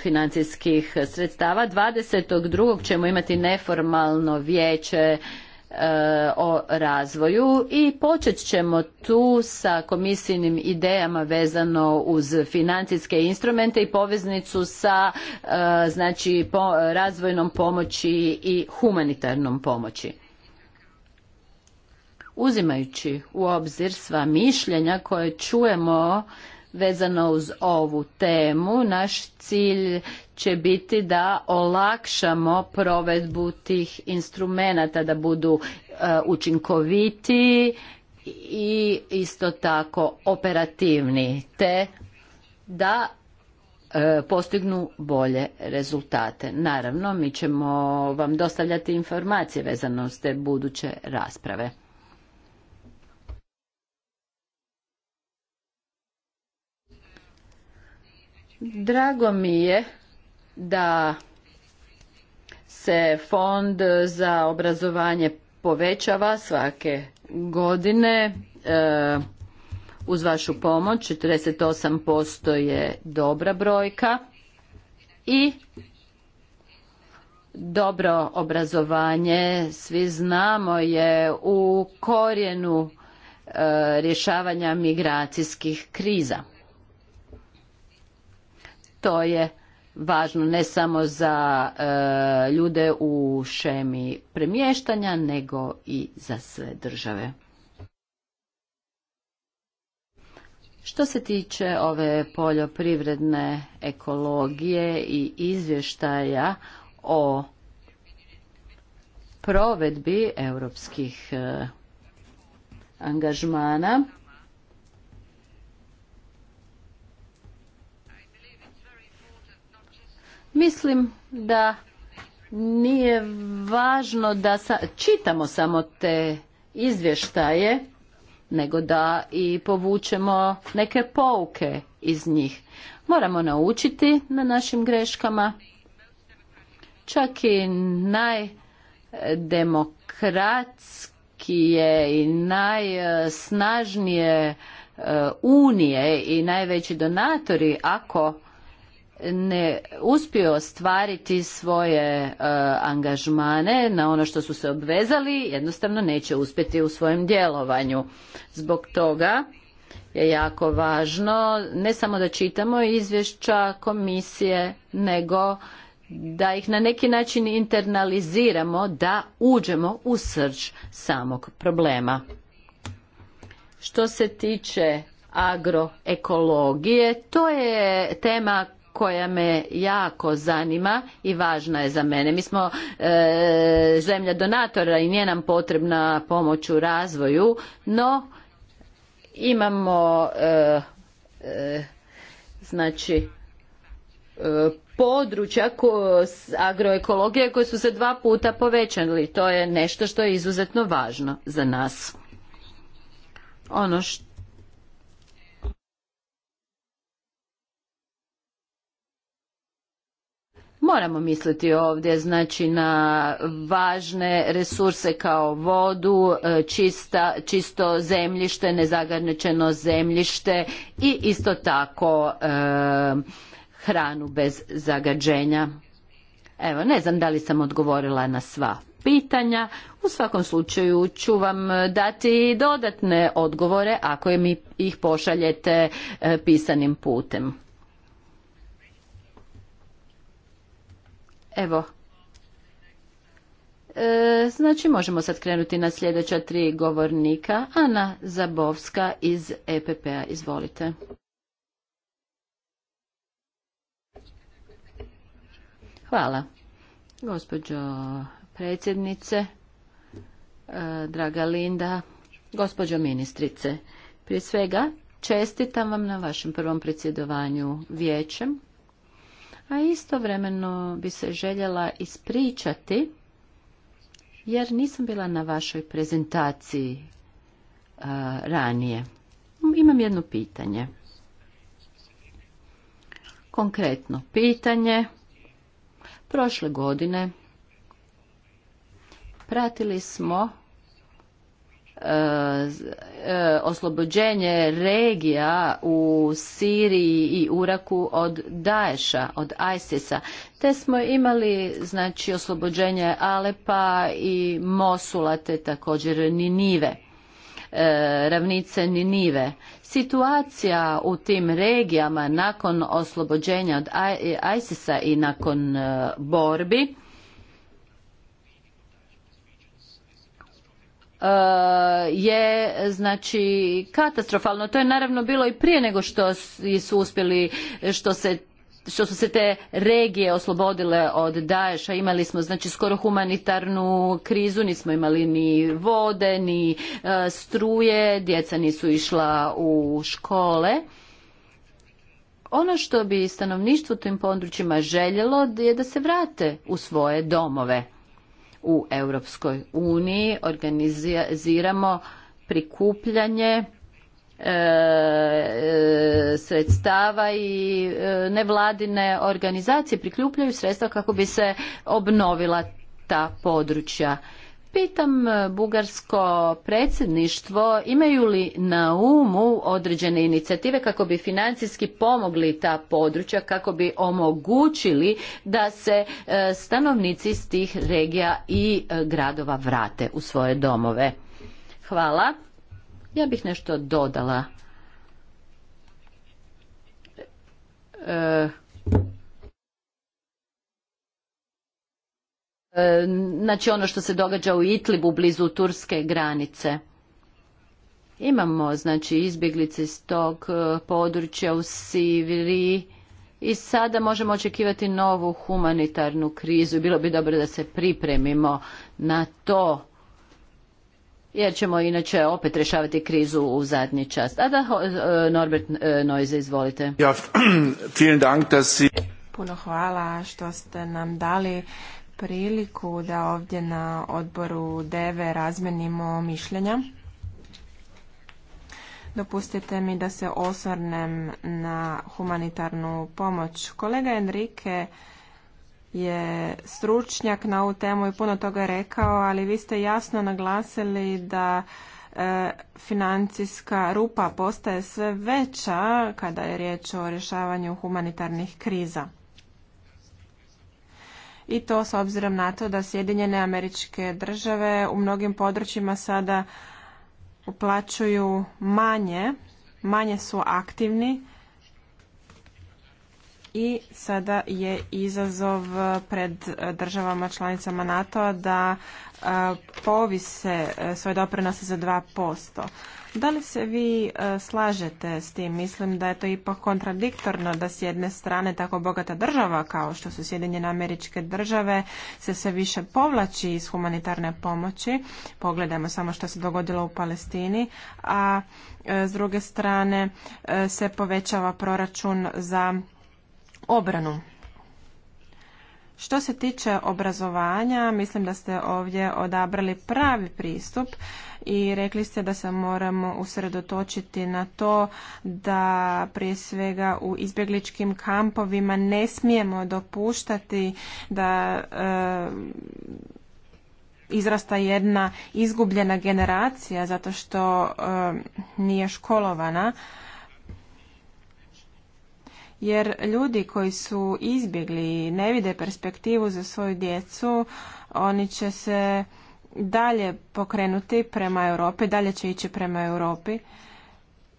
financijskih sredstava. 22. ćemo imati neformalno vijeće E, o razvoju i počet ćemo tu sa komisijnim idejama vezano uz financijske instrumente i poveznicu sa e, znači razvojnom pomoći i humanitarnom pomoći. Uzimajući u obzir sva mišljenja koje čujemo vezano uz ovu temu. Naš cilj će biti da olakšamo provedbu tih instrumenata da budu e, učinkoviti i isto tako operativni te da e, postignu bolje rezultate. Naravno, mi ćemo vam dostavljati informacije vezano uz te buduće rasprave. Drago mi je da se fond za obrazovanje povećava svake godine e, uz vašu pomoć 48% je dobra brojka i dobro obrazovanje svi znamo je u korijenu e, rješavanja migracijskih kriza to je važno ne samo za e, ljude u šemi premještanja, nego i za sve države. Što se tiče ove poljoprivredne ekologije i izvještaja o provedbi europskih e, angažmana Mislim da nije važno da sa, čitamo samo te izvještaje, nego da i povučemo neke pouke iz njih. Moramo naučiti na našim greškama. Čak i najdemokratskije i najsnažnije e, unije i najveći donatori ako ne uspio ostvariti svoje e, angažmane na ono što su se obvezali, jednostavno neće uspjeti u svojem djelovanju. Zbog toga je jako važno ne samo da čitamo izvješća komisije, nego da ih na neki način internaliziramo, da uđemo u srž samog problema. Što se tiče agroekologije, to je tema koja me jako zanima i važna je za mene. Mi smo e, zemlja donatora i nije nam potrebna pomoć u razvoju, no imamo e, e, znači područja agroekologije koje su se dva puta povećali. To je nešto što je izuzetno važno za nas. Ono što Moramo misliti ovdje znači na važne resurse kao vodu, e, čista, čisto zemljište, nezagarnečeno zemljište i isto tako e, hranu bez zagađenja. Evo, ne znam da li sam odgovorila na sva pitanja. U svakom slučaju ću vam dati dodatne odgovore ako mi ih pošaljete e, pisanim putem. Evo, e, znači možemo sad krenuti na sljedeća tri govornika. Ana Zabovska iz EPP-a, izvolite. Hvala, gospođo predsjednice, e, draga Linda, gospođo ministrice. Prije svega, čestitam vam na vašem prvom predsjedovanju vijećem a istovremeno bi se željela ispričati jer nisam bila na vašoj prezentaciji ranije. Imam jedno pitanje. Konkretno pitanje. Prošle godine pratili smo E, oslobođenje regija u Siriji i Uraku od Daesha, od ISIS-a. Te smo imali znači oslobođenje Alepa i Mosula te također Ninive. E, ravnice Ninive. Situacija u tim regijama nakon oslobođenja od ISIS-a i nakon e, borbi je znači katastrofalno. To je naravno bilo i prije nego što su uspjeli, što se što su se te regije oslobodile od Daesha, imali smo znači skoro humanitarnu krizu, nismo imali ni vode, ni e, struje, djeca nisu išla u škole. Ono što bi stanovništvo u tim područjima željelo je da se vrate u svoje domove u Europskoj uniji organiziramo prikupljanje e, e, sredstava i e, nevladine organizacije prikupljaju sredstva kako bi se obnovila ta područja Pitam e, bugarsko predsjedništvo imaju li na umu određene inicijative kako bi financijski pomogli ta područja, kako bi omogućili da se e, stanovnici iz tih regija i e, gradova vrate u svoje domove. Hvala. Ja bih nešto dodala. E, znači ono što se događa u Itlibu blizu turske granice. Imamo znači izbjeglice iz tog e, područja u Siriji i sada možemo očekivati novu humanitarnu krizu. Bilo bi dobro da se pripremimo na to jer ćemo inače opet rješavati krizu u zadnji čas. A da, e, Norbert Noize, izvolite. Puno hvala što ste nam dali priliku da ovdje na odboru DEVE razmenimo mišljenja. Dopustite mi da se osvrnem na humanitarnu pomoć. Kolega Enrique je stručnjak na ovu temu i puno toga rekao, ali vi ste jasno naglasili da e, financijska rupa postaje sve veća kada je riječ o rješavanju humanitarnih kriza i to s obzirom na to da Sjedinjene američke države u mnogim područjima sada uplaćuju manje, manje su aktivni i sada je izazov pred državama članicama NATO-a da e, povise e, svoje doprinose za 2%. Da li se vi e, slažete s tim? Mislim da je to ipak kontradiktorno da s jedne strane tako bogata država kao što su Sjedinjene američke države se sve više povlači iz humanitarne pomoći. Pogledajmo samo što se dogodilo u Palestini. A e, s druge strane e, se povećava proračun za obranu. Što se tiče obrazovanja, mislim da ste ovdje odabrali pravi pristup i rekli ste da se moramo usredotočiti na to da prije svega u izbjegličkim kampovima ne smijemo dopuštati da e, izrasta jedna izgubljena generacija zato što e, nije školovana jer ljudi koji su izbjegli i ne vide perspektivu za svoju djecu, oni će se dalje pokrenuti prema Europi, dalje će ići prema Europi.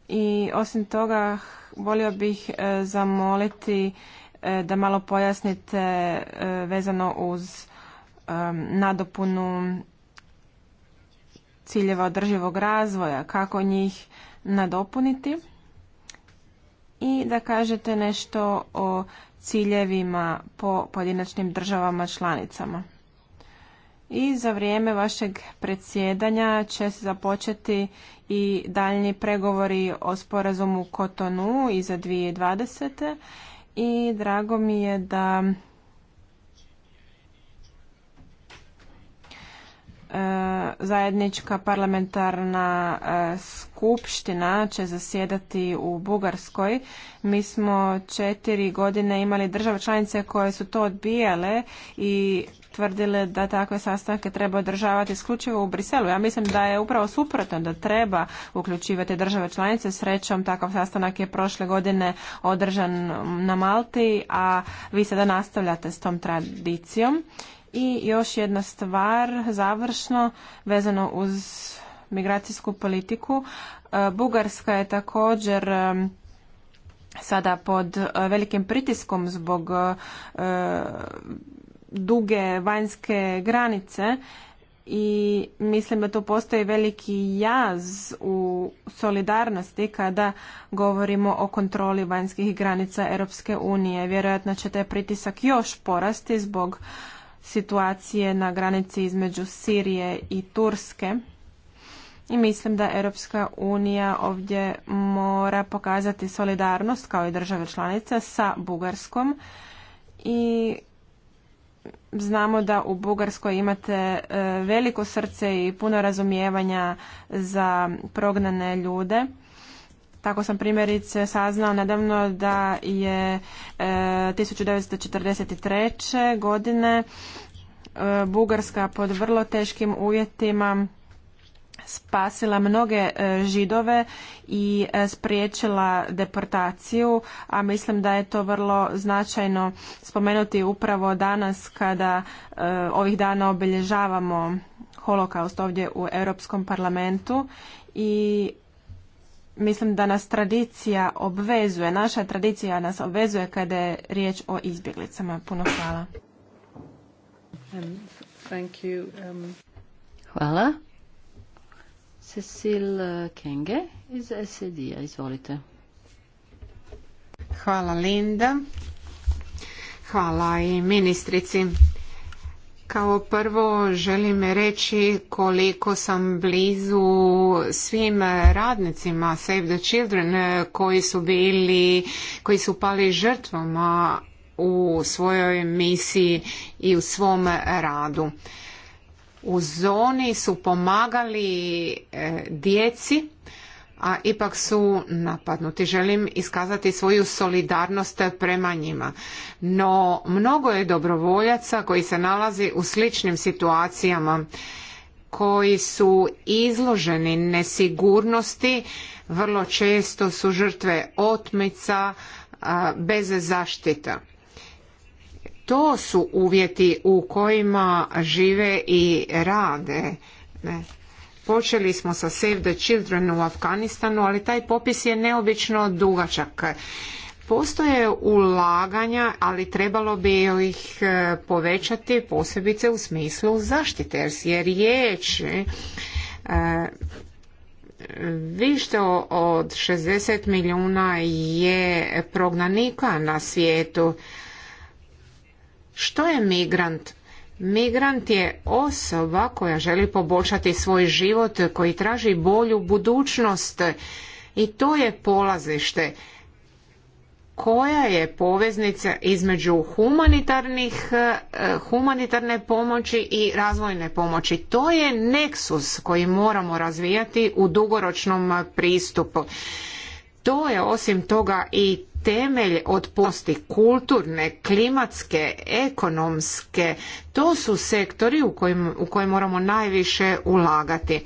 I osim toga, volio bih e, zamoliti e, da malo pojasnite e, vezano uz nadopunu ciljeva održivog razvoja, kako njih nadopuniti i da kažete nešto o ciljevima po pojedinačnim državama članicama. I za vrijeme vašeg predsjedanja će se započeti i daljnji pregovori o sporazumu Kotonu i za 2020. I drago mi je da E, zajednička parlamentarna e, skupština će zasjedati u Bugarskoj. Mi smo četiri godine imali države članice koje su to odbijale i tvrdile da takve sastanke treba održavati isključivo u Briselu. Ja mislim da je upravo suprotno da treba uključivati države članice. Srećom, takav sastanak je prošle godine održan na Malti, a vi sada nastavljate s tom tradicijom i još jedna stvar završno vezano uz migracijsku politiku. E, Bugarska je također e, sada pod e, velikim pritiskom zbog duge vanjske granice i mislim da tu postoji veliki jaz u solidarnosti kada govorimo o kontroli vanjskih granica Europske unije. Vjerojatno će taj pritisak još porasti zbog situacije na granici između Sirije i Turske. I mislim da Europska unija ovdje mora pokazati solidarnost kao i države članice sa Bugarskom i znamo da u Bugarskoj imate e, veliko srce i puno razumijevanja za prognane ljude tako sam primjerice saznao nedavno da je 1943. E, godine e, Bugarska pod vrlo teškim uvjetima spasila mnoge e, židove i spriječila deportaciju, a mislim da je to vrlo značajno spomenuti upravo danas kada ovih dana obilježavamo holokaust ovdje u Europskom parlamentu i mislim da nas tradicija obvezuje, naša tradicija nas obvezuje kada je riječ o izbjeglicama. Puno hvala. Um, thank you. Um. Hvala. Cecil uh, Kenge iz SED-a, izvolite. Hvala Linda. Hvala i ministrici. Kao prvo želim reći koliko sam blizu svim radnicima Save the Children eh, koji su bili, koji su pali žrtvama u svojoj misiji i u svom radu. U zoni su pomagali eh, djeci a ipak su napadnuti. Želim iskazati svoju solidarnost prema njima. No, mnogo je dobrovoljaca koji se nalazi u sličnim situacijama koji su izloženi nesigurnosti, vrlo često su žrtve otmica bez zaštita. To su uvjeti u kojima žive i rade. Počeli smo sa Save the Children u Afganistanu, ali taj popis je neobično dugačak. Postoje ulaganja, ali trebalo bi ih e, povećati posebice u smislu zaštite, jer riječ e, više od 60 milijuna je prognanika na svijetu. Što je migrant? Migrant je osoba koja želi poboljšati svoj život, koji traži bolju budućnost i to je polazište. Koja je poveznica između humanitarnih, eh, humanitarne pomoći i razvojne pomoći? To je neksus koji moramo razvijati u dugoročnom pristupu. To je osim toga i temelj otpornosti kulturne, klimatske, ekonomske, to su sektori u kojim, moramo najviše ulagati.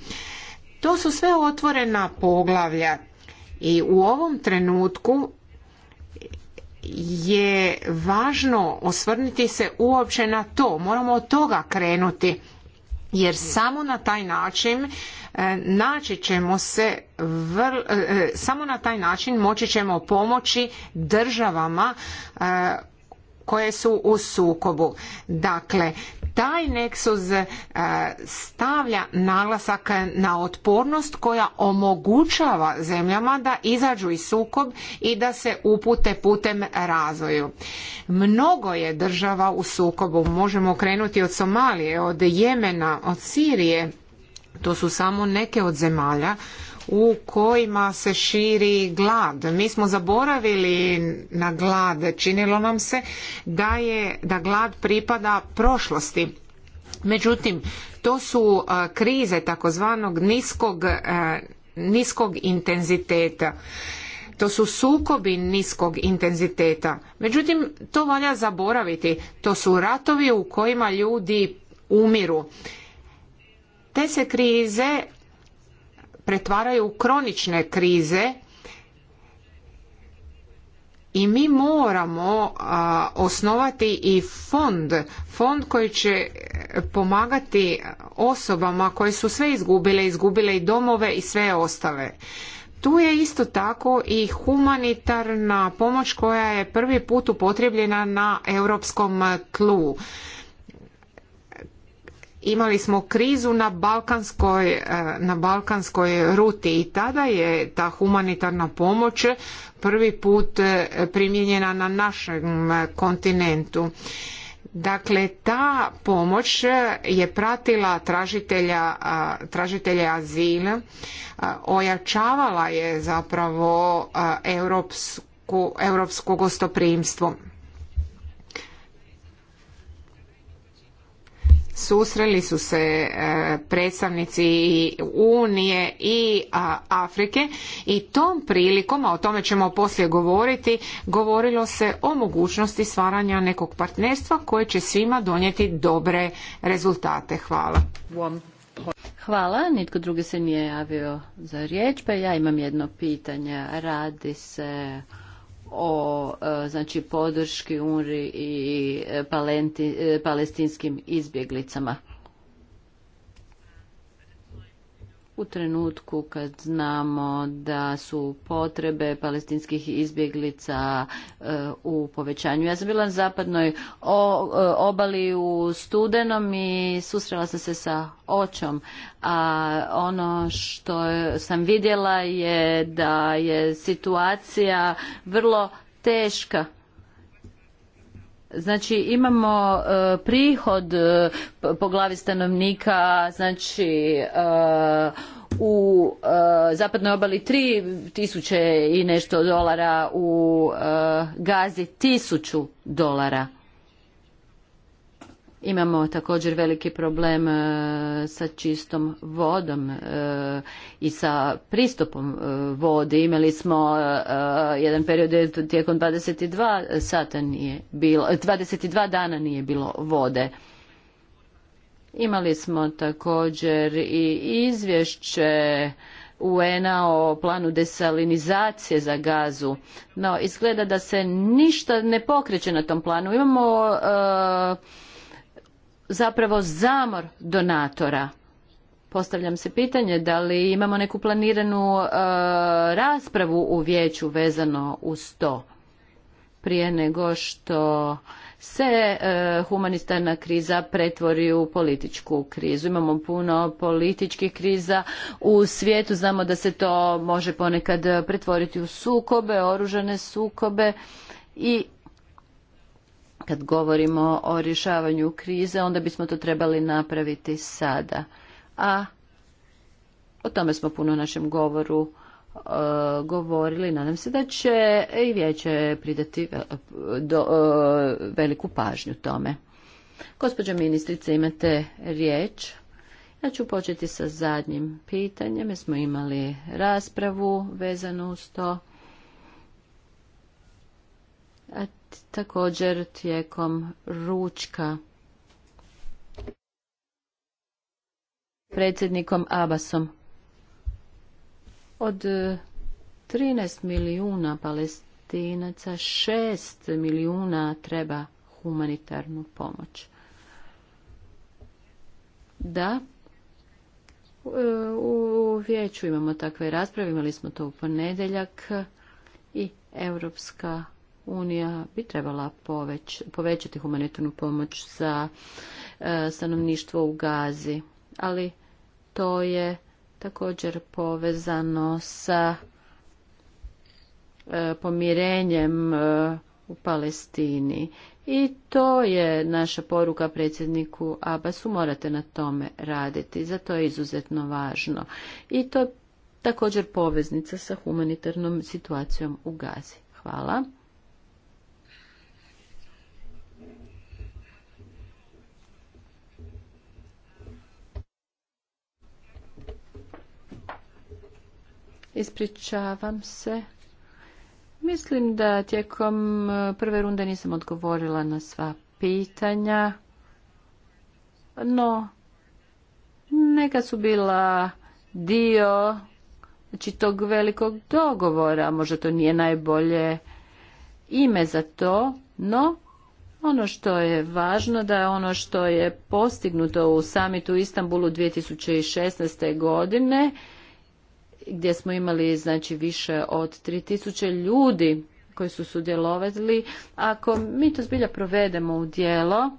To su sve otvorena poglavlja i u ovom trenutku je važno osvrnuti se uopće na to. Moramo od toga krenuti jer samo na taj način e, naći ćemo se vr, e, e, samo na taj način moći ćemo pomoći državama koje su u sukobu. Dakle, taj neksuz e, stavlja naglasak na otpornost koja omogućava zemljama da izađu iz sukob i da se upute putem razvoju. Mnogo je država u sukobu. Možemo krenuti od Somalije, od Jemena, od Sirije. To su samo neke od zemalja u kojima se širi glad. Mi smo zaboravili na glad. Činilo nam se da, je, da glad pripada prošlosti. Međutim, to su e, krize takozvanog niskog, e, niskog intenziteta. To su sukobi niskog intenziteta. Međutim, to valja zaboraviti. To su ratovi u kojima ljudi umiru. Te se krize pretvaraju u kronične krize i mi moramo osnovati i fond fond koji će pomagati osobama koje su sve izgubile izgubile i domove i sve ostale tu je isto tako i humanitarna pomoć koja je prvi put upotrijebljena na europskom tlu imali smo krizu na balkanskoj, e, na balkanskoj ruti i tada je ta humanitarna pomoć prvi put e, primijenjena na našem e, kontinentu. Dakle, ta pomoć je pratila tražitelja, tražitelje azila, ojačavala je zapravo europsku, europsko gostoprimstvo. susreli su se e, predstavnici Unije i Afrike i tom prilikom, a o tome ćemo poslije govoriti, govorilo se o mogućnosti stvaranja nekog partnerstva koje će svima donijeti dobre rezultate. Hvala. Hvala, nitko drugi se nije javio za riječ, pa ja imam jedno pitanje. Radi se o e, znači podrški UNRI i e, e, palestinskim izbjeglicama. u trenutku kad znamo da su potrebe palestinskih izbjeglica e, u povećanju. Ja sam bila na zapadnoj e, obali u studenom i susrela sam se sa očom, a ono što sam vidjela je da je situacija vrlo teška Znači imamo e, prihod e, po glavi stanovnika, znači e, u zapadnoj obali 3000 i nešto dolara, u Gazi 1000 dolara. Imamo također veliki problem e, sa čistom vodom e, i sa pristupom e, vodi. Imali smo jedan period tijekom 22 sata nije bilo, 22 dana nije bilo vode. Imali smo također i izvješće UN-a o planu desalinizacije za gazu. No, izgleda da se ništa ne pokreće na tom planu. Imamo zapravo zamor donatora. Postavljam se pitanje da li imamo neku planiranu e, raspravu u vijeću vezano uz to prije nego što se e, humanitarna kriza pretvori u političku krizu. Imamo puno političkih kriza u svijetu, znamo da se to može ponekad pretvoriti u sukobe, oružane sukobe i kad govorimo o rješavanju krize, onda bismo to trebali napraviti sada. A o tome smo puno u našem govoru e, govorili. Nadam se da će i vijeće pridati e, e, veliku pažnju tome. Gospođo ministrice, imate riječ. Ja ću početi sa zadnjim pitanjem. Mi smo imali raspravu vezanu uz to također tijekom ručka predsjednikom Abbasom. Od 13 e, milijuna palestinaca 6 milijuna treba humanitarnu pomoć. Da, e, u vijeću imamo takve rasprave, imali smo to u ponedjeljak i Europska unija bi trebala poveć, povećati humanitarnu pomoć za e, stanovništvo u Gazi, ali to je također povezano sa e, pomirenjem e, u Palestini. I to je naša poruka predsjedniku Abasu, morate na tome raditi, zato je izuzetno važno. I to je također poveznica sa humanitarnom situacijom u Gazi. Hvala. Ispričavam se. Mislim da tijekom e, prve runde nisam odgovorila na sva pitanja, no neka su bila dio znači, tog velikog dogovora. Možda to nije najbolje ime za to, no ono što je važno da je ono što je postignuto u samitu u Istanbulu 2016. godine gdje smo imali znači više od 3000 ljudi koji su sudjelovali. Ako mi to zbilja provedemo u djelo,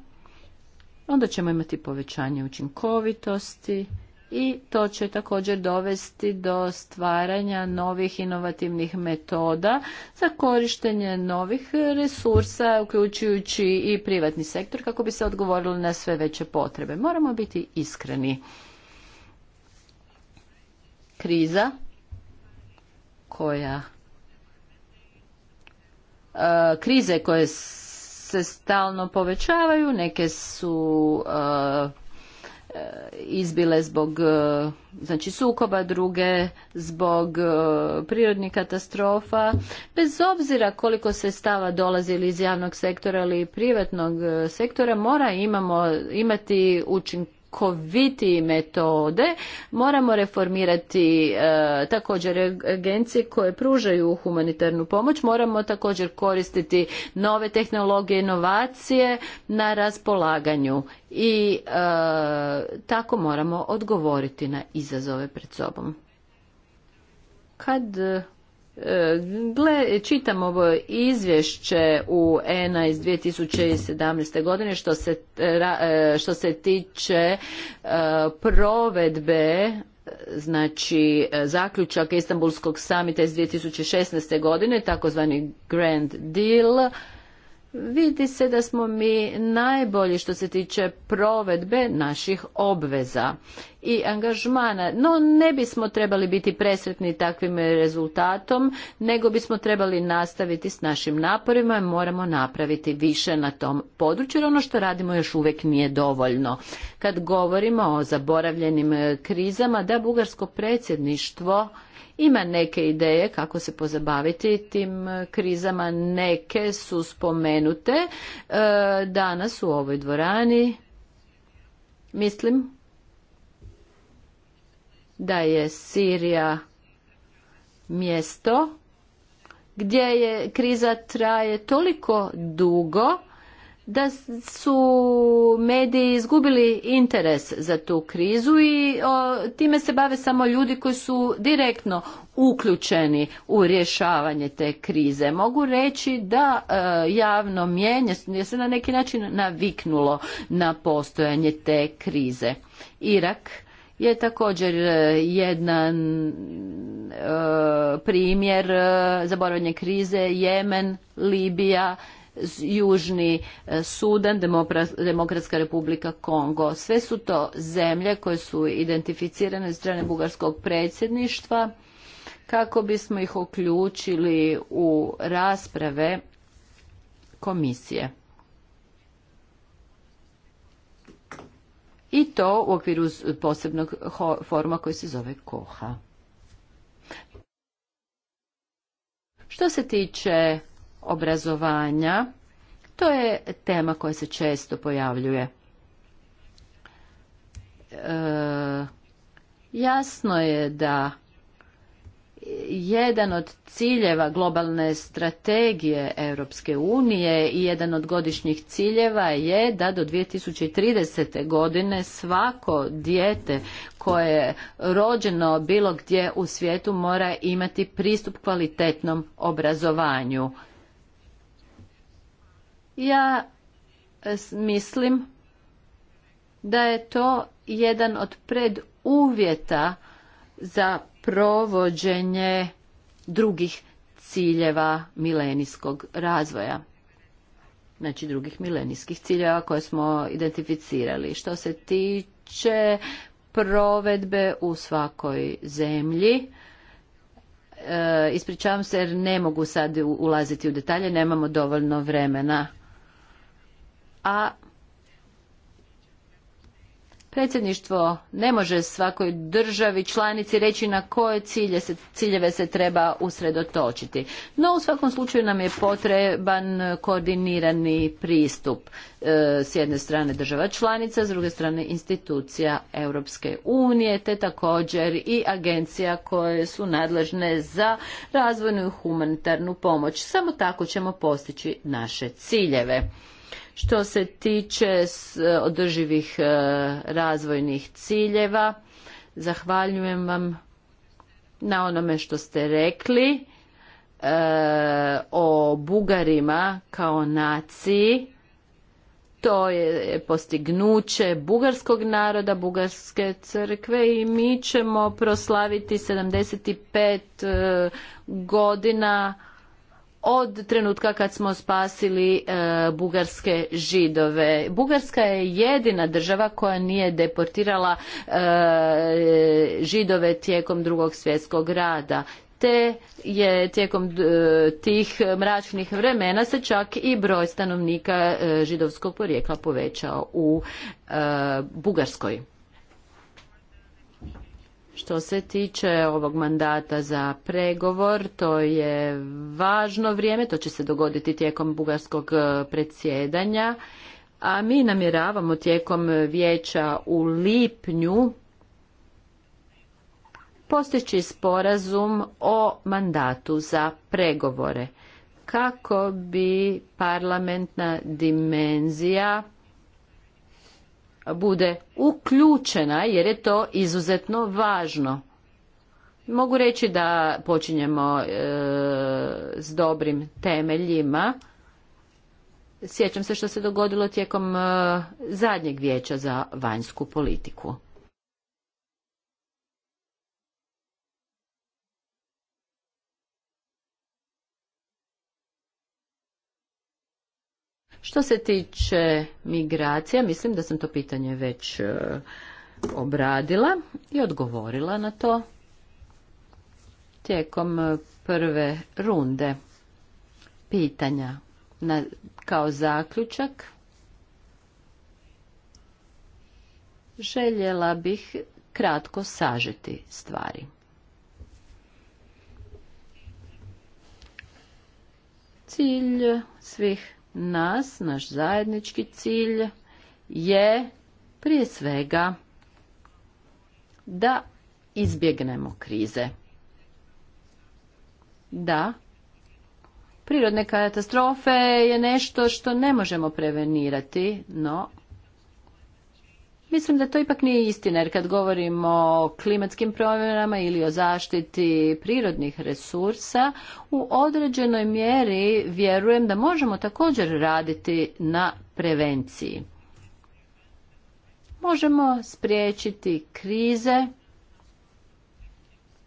onda ćemo imati povećanje učinkovitosti i to će također dovesti do stvaranja novih inovativnih metoda za korištenje novih resursa, uključujući i privatni sektor, kako bi se odgovorilo na sve veće potrebe. Moramo biti iskreni kriza koja e, krize koje se stalno povećavaju neke su e, e, izbile zbog znači sukoba druge zbog prirodnih katastrofa bez obzira koliko stava dolazi iz javnog sektora ili privatnog sektora mora imamo imati učinke učinkovitije metode. Moramo reformirati e, također agencije koje pružaju humanitarnu pomoć. Moramo također koristiti nove tehnologije, inovacije na raspolaganju i e, tako moramo odgovoriti na izazove pred sobom. Kad E, gle, čitam ovo izvješće u ENA iz 2017. godine što se, e, e, što se tiče provedbe znači zaključaka Istanbulskog samita iz 2016. godine, takozvani Grand Deal, vidi se da smo mi najbolji što se tiče provedbe naših obveza i angažmana. No ne bismo trebali biti presretni takvim rezultatom, nego bismo trebali nastaviti s našim naporima i moramo napraviti više na tom području, jer ono što radimo još uvijek nije dovoljno. Kad govorimo o zaboravljenim krizama, da bugarsko predsjedništvo ima neke ideje kako se pozabaviti tim krizama, neke su spomenute e, danas u ovoj dvorani. Mislim da je Sirija mjesto gdje je kriza traje toliko dugo da su mediji izgubili interes za tu krizu i time se bave samo ljudi koji su direktno uključeni u rješavanje te krize. Mogu reći da e, javno mjenje se na neki način naviknulo na postojanje te krize. Irak je također e, jedan e, primjer e, krize, Jemen, Libija Južni e, Sudan, Demokratska republika Kongo. Sve su to zemlje koje su identificirane od strane bugarskog predsjedništva kako bismo ih uključili u rasprave komisije. I to u okviru posebnog forma koji se zove KOHA. Što se tiče obrazovanja. To je tema koja se često pojavljuje. E, jasno je da jedan od ciljeva globalne strategije Europske unije i jedan od godišnjih ciljeva je da do 2030. godine svako dijete koje je rođeno bilo gdje u svijetu mora imati pristup kvalitetnom obrazovanju. Ja e, mislim da je to jedan od preduvjeta za provođenje drugih ciljeva milenijskog razvoja. Znači drugih milenijskih ciljeva koje smo identificirali. Što se tiče provedbe u svakoj zemlji, e, ispričavam se jer ne mogu sad ulaziti u detalje, nemamo dovoljno vremena a predsjedništvo ne može svakoj državi članici reći na koje se, ciljeve se treba usredotočiti. No u svakom slučaju nam je potreban koordinirani pristup e, s jedne strane država članica, s druge strane institucija Europske unije, te također i agencija koje su nadležne za razvojnu i humanitarnu pomoć. Samo tako ćemo postići naše ciljeve. Što se tiče e, održivih e, razvojnih ciljeva, zahvaljujem vam na onome što ste rekli e, o Bugarima kao naciji. To je postignuće bugarskog naroda, bugarske crkve i mi ćemo proslaviti 75 godina od trenutka kad smo spasili e, bugarske židove. Bugarska je jedina država koja nije deportirala e, židove tijekom drugog svjetskog rada te je tijekom e, tih mračnih vremena se čak i broj stanovnika židovskog porijekla povećao u Bugarskoj. Što se tiče ovog mandata za pregovor, to je važno vrijeme, to će se dogoditi tijekom bugarskog e, predsjedanja, a mi namjeravamo tijekom vijeća u lipnju postići sporazum o mandatu za pregovore kako bi parlamentna dimenzija bude uključena jer je to izuzetno važno. Mogu reći da počinjemo e, s dobrim temeljima. Sjećam se što se dogodilo tijekom e, zadnjeg vijeća za vanjsku politiku. Što se tiče migracija, mislim da sam to pitanje već e, obradila i odgovorila na to tijekom e, prve runde pitanja na, kao zaključak. Željela bih kratko sažeti stvari. Cilj svih nas, naš zajednički cilj je prije svega da izbjegnemo krize. Da, prirodne katastrofe je nešto što ne možemo prevenirati, no Mislim da to ipak nije istina jer kad govorimo o klimatskim promjenama ili o zaštiti prirodnih resursa, u određenoj mjeri vjerujem da možemo također raditi na prevenciji. Možemo spriječiti krize,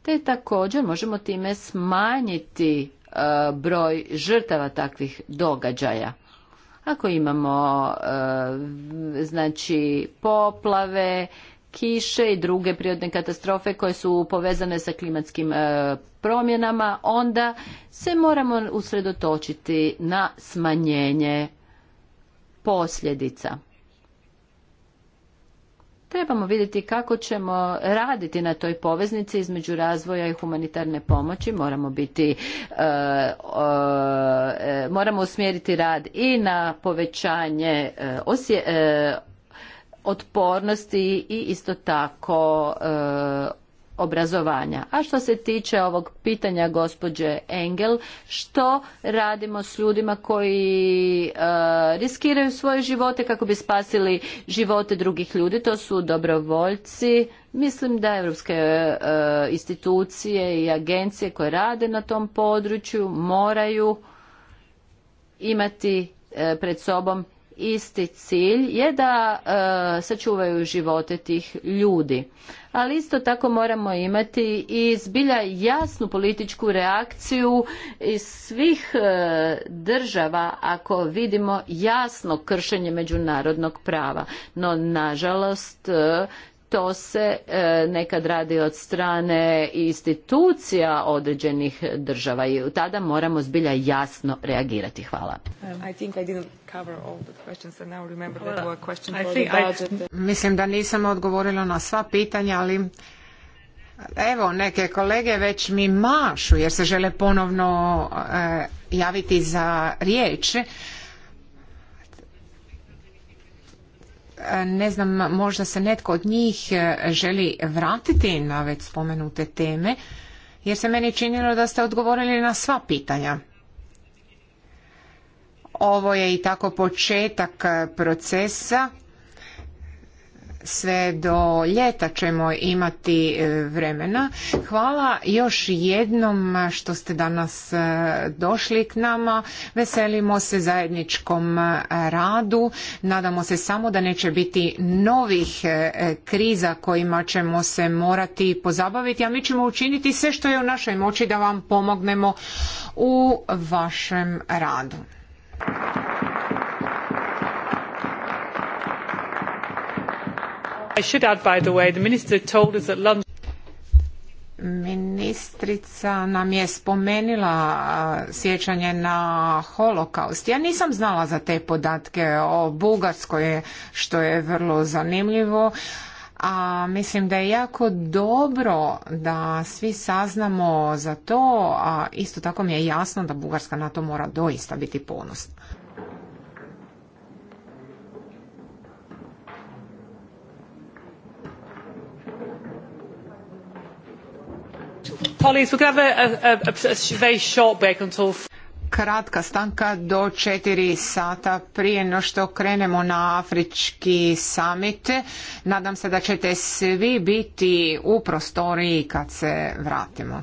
te također možemo time smanjiti e, broj žrtava takvih događaja. Ako imamo e, znači poplave, kiše i druge prirodne katastrofe koje su povezane sa klimatskim e, promjenama, onda se moramo usredotočiti na smanjenje posljedica. Trebamo vidjeti kako ćemo raditi na toj poveznici između razvoja i humanitarne pomoći. Moramo biti, e, e, moramo usmjeriti rad i na povećanje e, otpornosti i isto tako obrazovanja. A što se tiče ovog pitanja gospođe Engel, što radimo s ljudima koji e, riskiraju svoje živote kako bi spasili živote drugih ljudi, to su dobrovoljci. Mislim da europske e, institucije i agencije koje rade na tom području moraju imati e, pred sobom isti cilj je da sačuvaju živote tih ljudi ali isto tako moramo imati i zbilja jasnu političku reakciju iz svih e, država ako vidimo jasno kršenje međunarodnog prava. No, nažalost, e, to se e, nekad radi od strane institucija određenih država i tada moramo zbilja jasno reagirati. Hvala. Mislim da nisam odgovorila na sva pitanja, ali evo neke kolege već mi mašu jer se žele ponovno e, javiti za riječ. ne znam, možda se netko od njih e, želi vratiti na već spomenute teme, jer se meni činilo da ste odgovorili na sva pitanja. Ovo je i tako početak procesa sve do ljeta ćemo imati e, vremena. Hvala još jednom što ste danas e, došli k nama. Veselimo se zajedničkom e, radu. Nadamo se samo da neće biti novih kriza kojima ćemo se morati pozabaviti, a mi ćemo učiniti sve što je u našoj moći da vam pomognemo u vašem radu. I Ministrica nam je spomenila sjećanje na holokaust. Ja nisam znala za te podatke o Bugarskoj, što je vrlo zanimljivo. A mislim da je jako dobro da svi saznamo za to, a isto tako mi je jasno da Bugarska na to mora doista biti ponosna. Kratka stanka do četiri sata prije no što krenemo na Afrički summit. Nadam se da ćete svi biti u prostoriji kad se vratimo.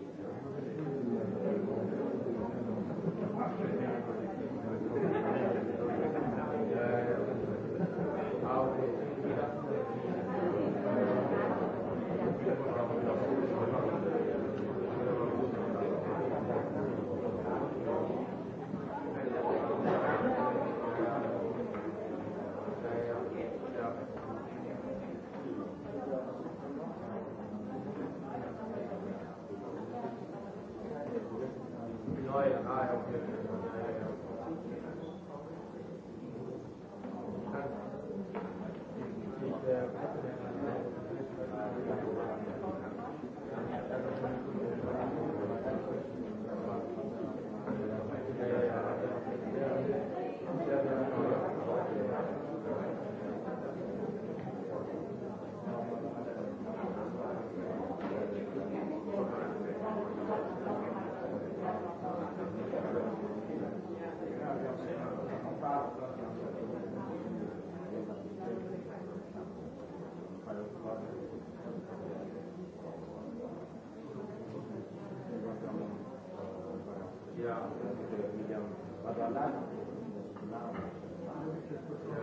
kupe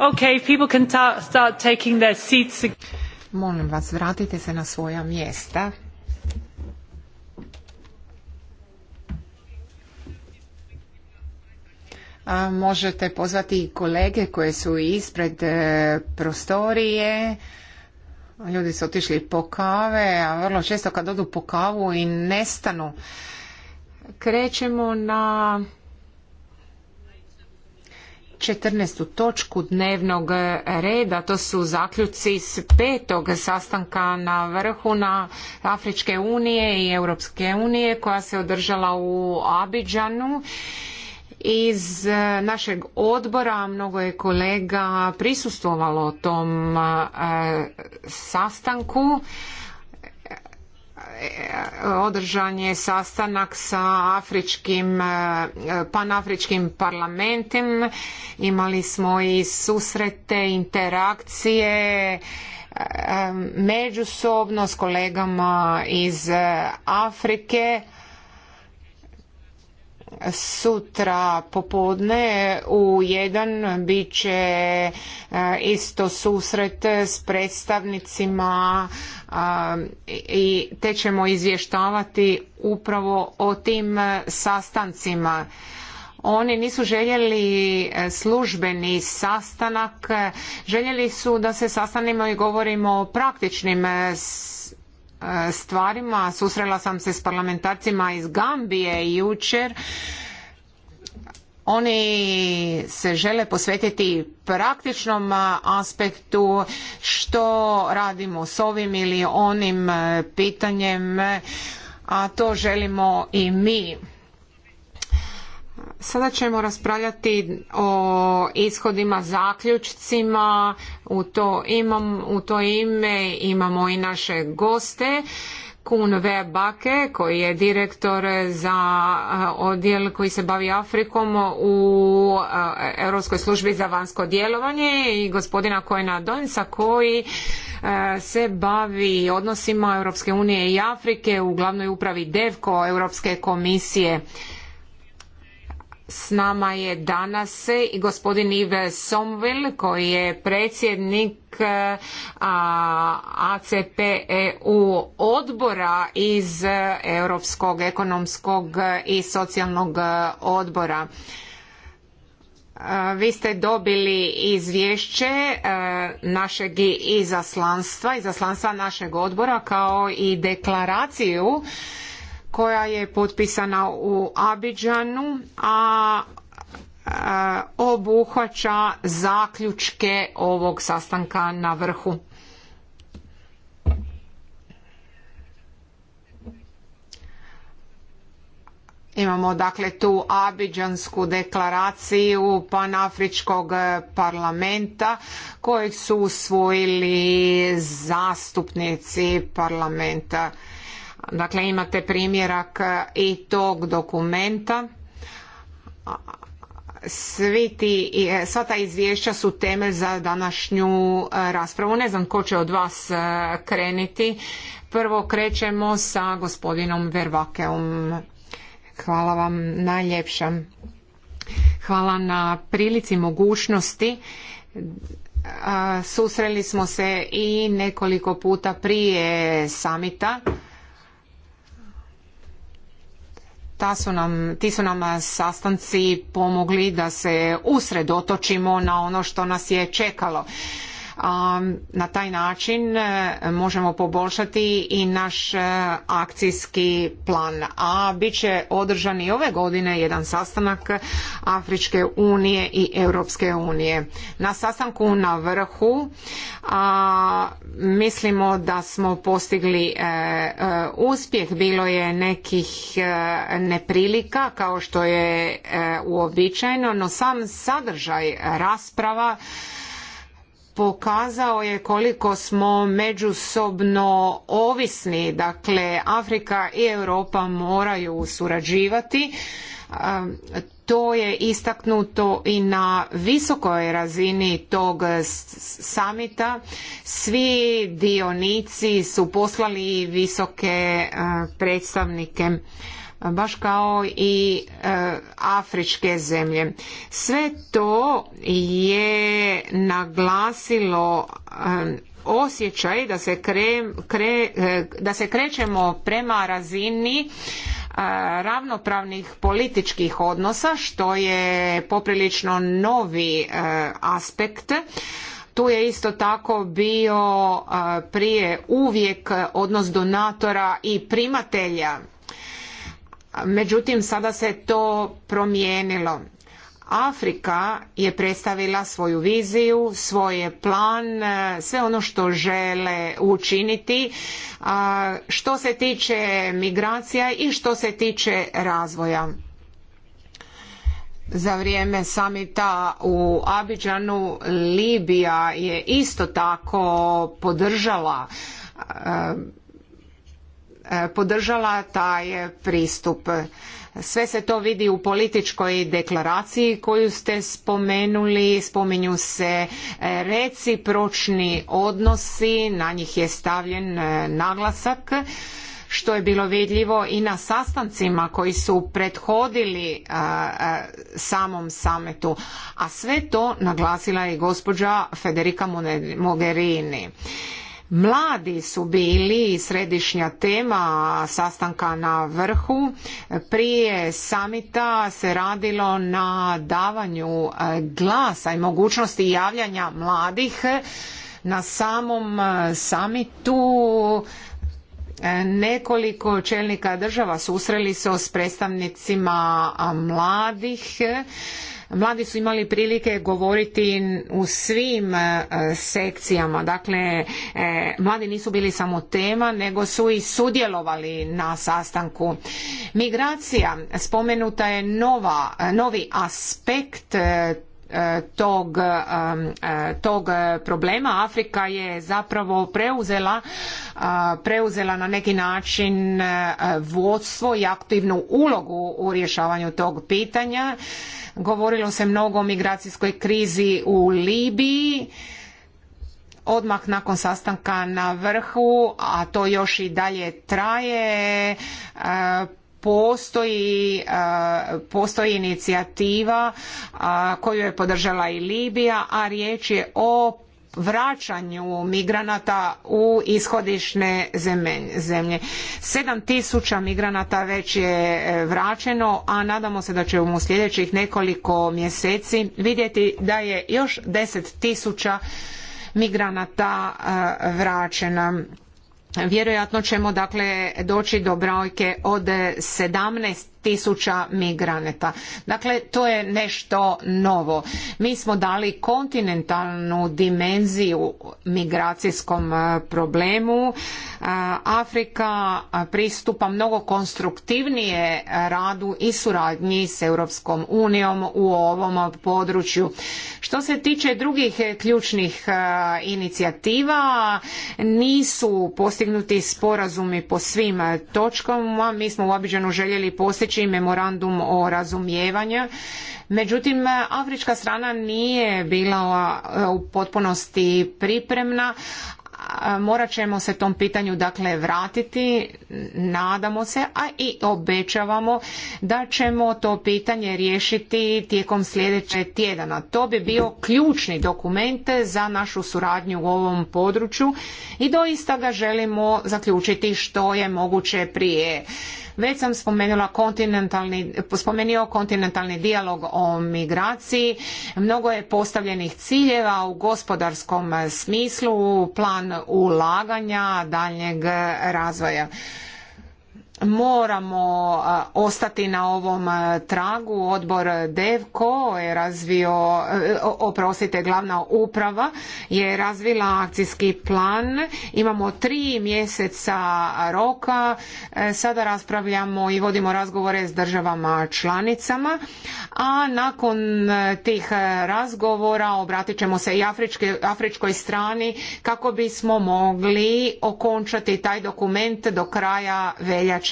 Okay, people can start taking their seats. Molim vas, vratite se na svoja mjesta. možete pozvati kolege koje su ispred e, prostorije. Ljudi su otišli po kave, a vrlo često kad odu po kavu i nestanu. Krećemo na 14. točku dnevnog reda, to su zakljuci s petog sastanka na vrhu na Afričke unije i Europske unije koja se održala u Abidžanu. Iz našeg odbora mnogo je kolega prisustvovalo tom eh, sastanku održan je sastanak sa afričkim, e, panafričkim parlamentem. Imali smo i susrete, interakcije e, međusobno s kolegama iz Afrike sutra popodne u jedan bit će e, isto susret s predstavnicima i te ćemo izvještavati upravo o tim e, sastancima. Oni nisu željeli e, službeni sastanak, željeli su da se sastanemo i govorimo o praktičnim E, stvarima. Susrela sam se s parlamentarcima iz Gambije jučer. Oni se žele posvetiti praktičnom e, aspektu što radimo s ovim ili onim e, pitanjem, a to želimo i mi. Sada ćemo raspravljati o ishodima, zaključcima. U to, imam, u to ime imamo i naše goste. Kun V. Bake, koji je direktor za eh, odjel koji se bavi Afrikom u eh, Europskoj službi za vanjsko djelovanje i gospodina Kojena Donjca koji eh, se bavi odnosima Europske unije i Afrike u glavnoj upravi DEVKO Europske komisije. S nama je danas i gospodin Ive Somvil koji je predsjednik e, ACPEU odbora iz e, Europskog ekonomskog i socijalnog e, odbora. Vi ste dobili izvješće našeg izaslanstva, izaslanstva našeg odbora kao i deklaraciju koja je potpisana u Abidžanu, a e, obuhvaća zaključke ovog sastanka na vrhu. Imamo dakle tu Abidžansku deklaraciju Panafričkog parlamenta kojeg su usvojili zastupnici parlamenta Dakle, imate primjerak e, i tog dokumenta. Svi ti, e, sva ta izvješća su temelj za današnju e, raspravu. Ne znam ko će od vas krenuti. Prvo krećemo sa gospodinom Vervakeom. Hvala vam najljepša. Hvala na prilici mogućnosti susreli smo se i nekoliko puta prije samita ti su nam sastanci pomogli da se usredotočimo na ono što nas je čekalo a na taj način e, možemo poboljšati i naš e, akcijski plan. A bit će održan i ove godine jedan sastanak Afričke unije i Europske unije. Na sastanku na vrhu a, mislimo da smo postigli e, uspjeh. Bilo je nekih neprilika kao što je uobičajeno, no sam sadržaj rasprava pokazao je koliko smo međusobno ovisni dakle Afrika i Europa moraju surađivati ehm, to je istaknuto i na visokoj razini tog samita. Svi dionici su poslali visoke ehm, predstavnike baš kao i e, afričke zemlje. Sve to je naglasilo osjećaj da se, kre, e, da se krećemo prema razini e, ravnopravnih političkih odnosa što je poprilično novi aspekt tu je isto tako bio prije uvijek odnos donatora i primatelja Međutim, sada se to promijenilo. Afrika je predstavila svoju viziju, svoj plan, sve ono što žele učiniti što se tiče migracija i što se tiče razvoja. Za vrijeme samita u Abidžanu Libija je isto tako podržala E, podržala taj pristup. Sve se to vidi u političkoj deklaraciji koju ste spomenuli, spominju se e, recipročni odnosi, na njih je stavljen e, naglasak što je bilo vidljivo i na sastancima koji su prethodili samom sametu. A sve to naglasila je gospođa Federica Mogherini. Mladi su bili središnja tema sastanka na vrhu. Prije samita se radilo na davanju e, glasa i mogućnosti javljanja mladih na samom e, samitu e, nekoliko čelnika država susreli se s predstavnicima mladih Mladi su imali prilike govoriti u svim e, sekcijama, dakle e, mladi nisu bili samo tema nego su i sudjelovali na sastanku. Migracija spomenuta je nova, e, novi aspekt E, e, e, tog, problema. Afrika je zapravo preuzela, preuzela na neki način vodstvo i aktivnu ulogu u rješavanju tog pitanja. Govorilo se mnogo o migracijskoj krizi u Libiji odmah nakon sastanka na vrhu, a to još i dalje traje, Postoji, postoji inicijativa koju je podržala i Libija, a riječ je o vraćanju migranata u ishodišne zemlje. 7000 migranata već je e, vraćeno, a nadamo se da ćemo u sljedećih nekoliko mjeseci vidjeti da je još tisuća migranata vraćena vjerojatno ćemo dakle doći do brojke od 17 tisuća migranata. Dakle, to je nešto novo. Mi smo dali kontinentalnu dimenziju migracijskom e, problemu. E, Afrika pristupa mnogo konstruktivnije radu i suradnji s Europskom unijom u ovom području. Što se tiče drugih e, ključnih inicijativa, nisu postignuti sporazumi po svim točkama. Mi smo u željeli postići i memorandum o razumijevanju. Međutim, afrička strana nije bila e, u potpunosti pripremna, morat ćemo se tom pitanju dakle vratiti, nadamo se, a i obećavamo da ćemo to pitanje riješiti tijekom sljedeće tjedana. To bi bio ključni dokument za našu suradnju u ovom području i doista ga želimo zaključiti što je moguće prije. Već sam spomenula kontinentalni, spomenuo kontinentalni dijalog o migraciji. Mnogo je postavljenih ciljeva u gospodarskom smislu, plan ulaganja, daljnjeg razvoja moramo ostati na ovom tragu. Odbor DEVKO je razvio, e, oprostite, glavna uprava je razvila akcijski plan. Imamo tri mjeseca roka. E, sada raspravljamo i vodimo razgovore s državama članicama. A nakon e, tih razgovora obratit ćemo se i afričkoj strani kako bismo mogli okončati taj dokument do kraja veljače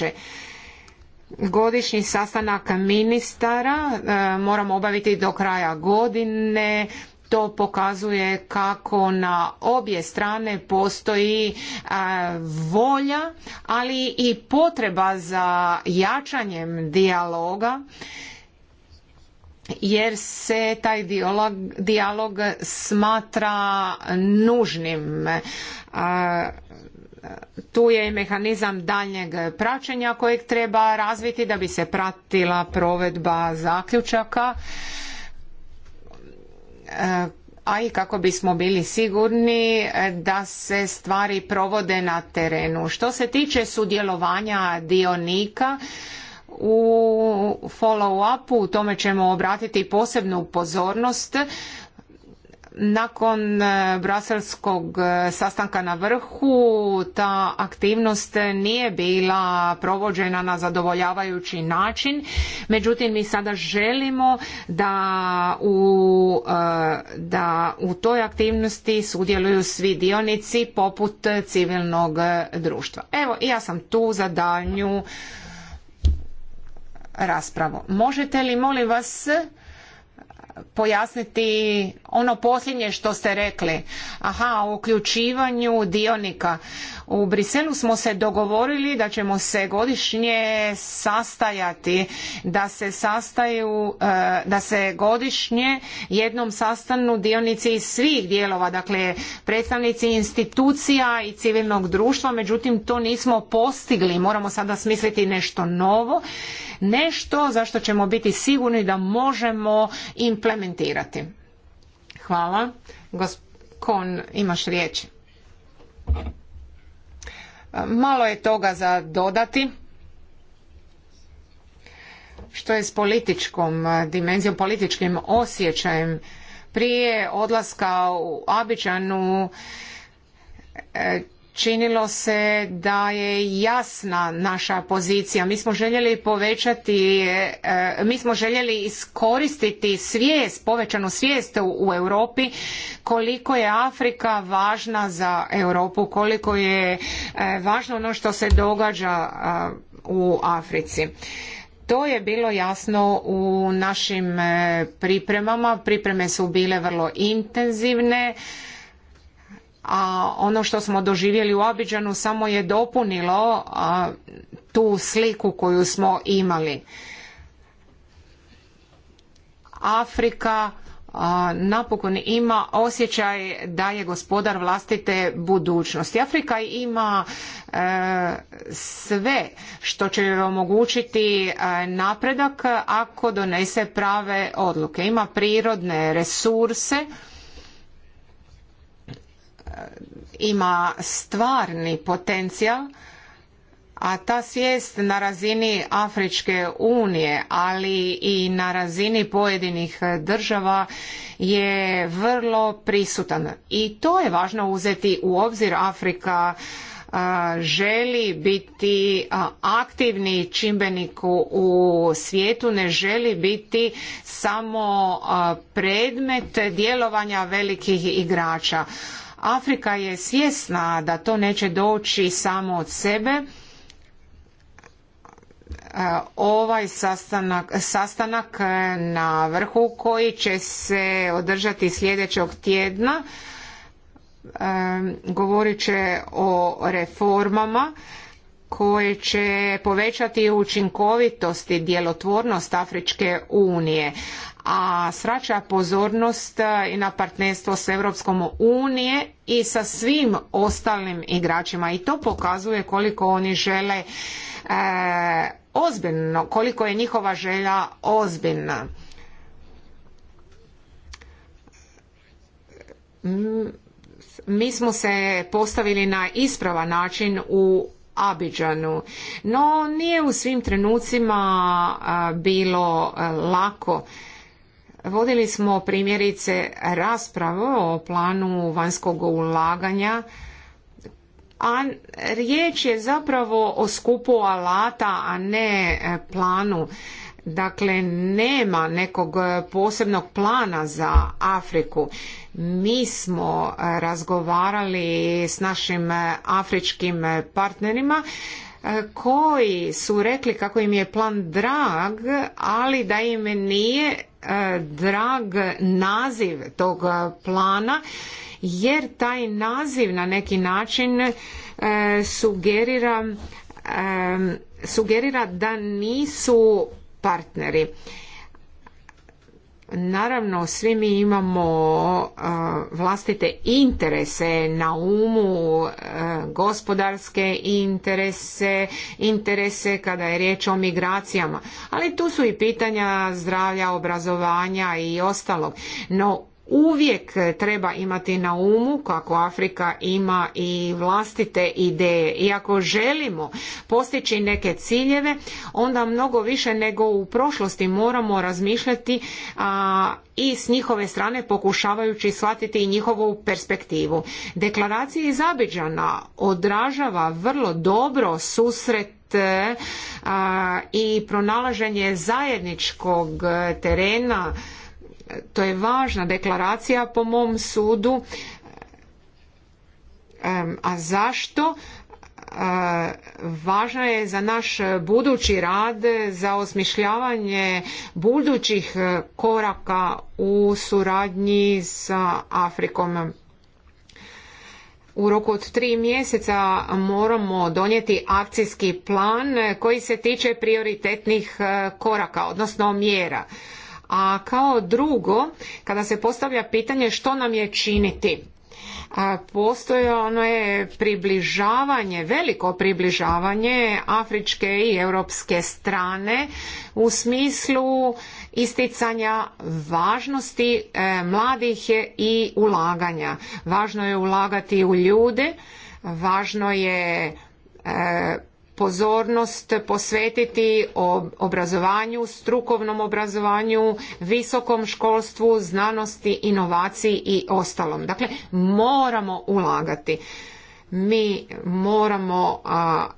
godišnji sastanak ministara e, moramo obaviti do kraja godine to pokazuje kako na obje strane postoji e, volja ali i potreba za jačanjem dijaloga jer se taj dijalog smatra nužnim e, tu je i mehanizam daljnjeg praćenja kojeg treba razviti da bi se pratila provedba zaključaka a i kako bismo bili sigurni da se stvari provode na terenu. Što se tiče sudjelovanja dionika u follow-upu, tome ćemo obratiti posebnu pozornost nakon e, braselskog e, sastanka na vrhu ta aktivnost nije bila provođena na zadovoljavajući način međutim mi sada želimo da u, e, da u toj aktivnosti sudjeluju svi dionici poput civilnog društva evo ja sam tu za daljnju raspravu možete li molim vas pojasniti ono posljednje što ste rekli, aha, o uključivanju dionika. U Briselu smo se dogovorili da ćemo se godišnje sastajati, da se sastaju, e, da se godišnje jednom sastanu dionici iz svih dijelova, dakle predstavnici institucija i civilnog društva, međutim to nismo postigli, moramo sada smisliti nešto novo, nešto za što ćemo biti sigurni da možemo implementirati. Hvala. Kon, imaš riječ. Malo je toga za dodati što je s političkom eh, dimenzijom, političkim osjećajem. Prije odlaska u abičanu, eh, činilo se da je jasna naša pozicija. Mi smo željeli povećati, eh, mi smo željeli iskoristiti svijest, povećanu svijest u Europi koliko je Afrika važna za Europu, koliko je eh, važno ono što se događa eh, u Africi. To je bilo jasno u našim pripremama. Pripreme su bile vrlo intenzivne a ono što smo doživjeli u Abidžanu samo je dopunilo a, tu sliku koju smo imali. Afrika napokon ima osjećaj da je gospodar vlastite budućnosti. Afrika ima e, sve što će joj omogućiti e, napredak ako donese prave odluke. Ima prirodne resurse ima stvarni potencijal a ta svijest na razini Afričke unije, ali i na razini pojedinih država je vrlo prisutan. I to je važno uzeti u obzir Afrika želi biti aktivni čimbenik u svijetu, ne želi biti samo predmet djelovanja velikih igrača. Afrika je svjesna da to neće doći samo od sebe. E, ovaj sastanak, sastanak na vrhu koji će se održati sljedećeg tjedna e, govorit će o reformama koje će povećati učinkovitost i djelotvornost Afričke unije a srača pozornost e, i na partnerstvo s Europskom unije i sa svim ostalim igračima i to pokazuje koliko oni žele e, ozbiljno, koliko je njihova želja ozbiljna. Mi smo se postavili na ispravan način u Abidžanu. No, nije u svim trenucima e, bilo lako. Vodili smo primjerice raspravu o planu vanjskog ulaganja, a riječ je zapravo o skupu alata, a ne e, planu. Dakle, nema nekog posebnog plana za Afriku. Mi smo e, razgovarali s našim e, afričkim partnerima koji su rekli kako im je plan drag, ali da im nije drag naziv tog plana jer taj naziv na neki način e, sugerira e, sugerira da nisu partneri Naravno, svi mi imamo vlastite interese na umu, gospodarske interese, interese kada je riječ o migracijama, ali tu su i pitanja zdravlja, obrazovanja i ostalog. No, uvijek treba imati na umu kako Afrika ima i vlastite ideje i ako želimo postići neke ciljeve onda mnogo više nego u prošlosti moramo razmišljati i s njihove strane pokušavajući shvatiti i njihovu perspektivu. Deklaracija iz Abidžana odražava vrlo dobro susret e, i pronalaženje zajedničkog terena to je važna deklaracija po mom sudu. A zašto? E, važna je za naš budući rad, za osmišljavanje budućih e, koraka u suradnji sa Afrikom. U roku od tri mjeseca moramo donijeti akcijski plan koji se tiče prioritetnih e, koraka, odnosno mjera. A kao drugo, kada se postavlja pitanje što nam je činiti, postoje ono je približavanje, veliko približavanje afričke i europske strane u smislu isticanja važnosti e, mladih i ulaganja. Važno je ulagati u ljude, važno je e, pozornost posvetiti obrazovanju, strukovnom obrazovanju, visokom školstvu, znanosti, inovaciji i ostalom. Dakle, moramo ulagati. Mi moramo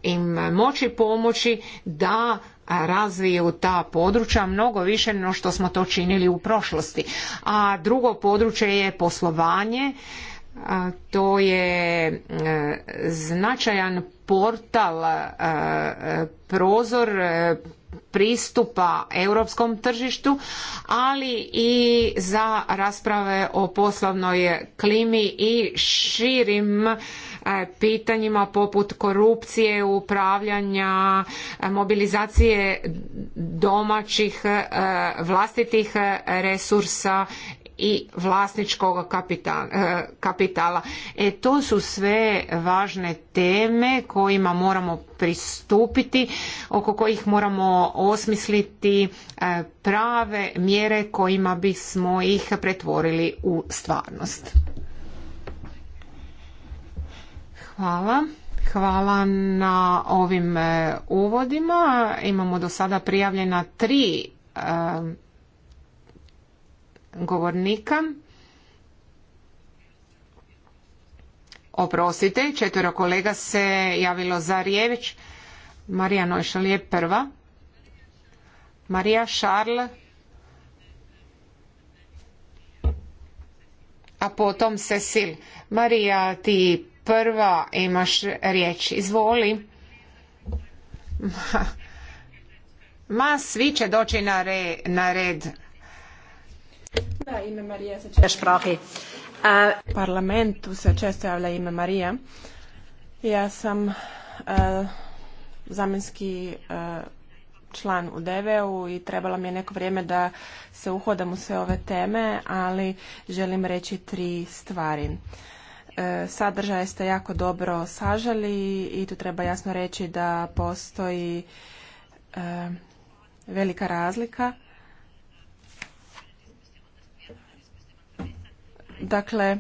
im moći pomoći da razviju ta područja mnogo više nego što smo to činili u prošlosti. A drugo područje je poslovanje. To je e, značajan portal e, e, prozor e, pristupa europskom tržištu, ali i za rasprave o poslovnoj klimi i širim pitanjima poput korupcije, upravljanja, mobilizacije domaćih vlastitih resursa i vlasničkog e, kapitala. E to su sve važne teme kojima moramo pristupiti, oko kojih moramo osmisliti e, prave mjere kojima bismo ih pretvorili u stvarnost. Hvala. Hvala na ovim e, uvodima. Imamo do sada prijavljena tri govornika. Oprostite, četvero kolega se javilo za riječ. Marija Nojšal je prva. Marija Šarl. A potom Cecil. Marija, ti prva imaš riječ. Izvoli. Ma, svi će doći na, na red parlamentu se često javlja ime Marija. Ja sam e, zamjenski e, član u DV-u i trebalo mi je neko vrijeme da se uhodam u sve ove teme, ali želim reći tri stvari. E, sadržaje ste jako dobro saželi i tu treba jasno reći da postoji velika razlika Dakle,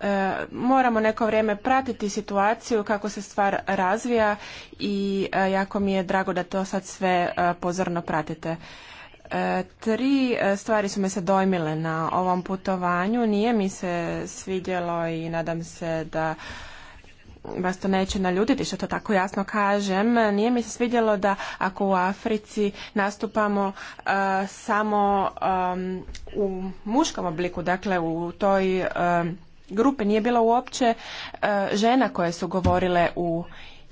e, moramo neko vrijeme pratiti situaciju kako se stvar razvija i e, jako mi je drago da to sad sve e, pozorno pratite. Tri stvari su me se dojmile na ovom putovanju. Nije mi se svidjelo i nadam se da vas to neće naljutiti što to tako jasno kažem. Nije mi se svidjelo da ako u Africi nastupamo e, samo u muškom obliku, dakle u toj grupi nije bilo uopće e, žena koje su govorile u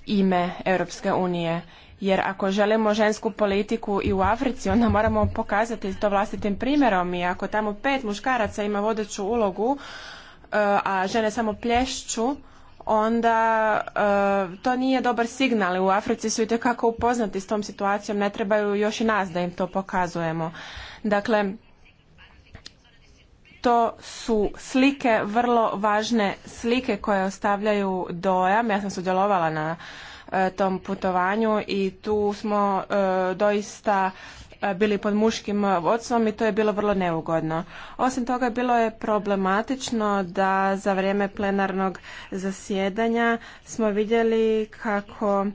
ime Europske unije. Jer ako želimo žensku politiku i u Africi, onda moramo pokazati to vlastitim primjerom. I ako tamo pet muškaraca ima vodeću ulogu, e, a žene samo plješću, onda e, to nije dobar signal. U Africi su itekako upoznati s tom situacijom, ne trebaju još i nas da im to pokazujemo. Dakle, to su slike, vrlo važne slike koje ostavljaju dojam. Ja sam sudjelovala na e, tom putovanju i tu smo e, doista E, bili pod muškim e, vodstvom i to je bilo vrlo neugodno. Osim toga bilo je problematično da za vrijeme plenarnog zasjedanja smo vidjeli kako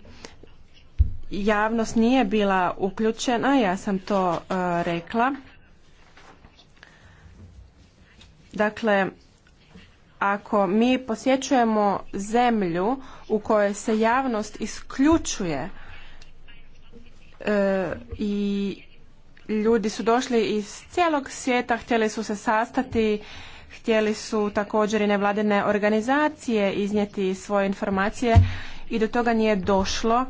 javnost nije bila uključena, ja sam to e, rekla. Dakle, ako mi posjećujemo zemlju u kojoj se javnost isključuje i ljudi su došli iz cijelog svijeta, htjeli su se sastati, htjeli su također i nevladine organizacije iznijeti svoje informacije i do toga nije došlo.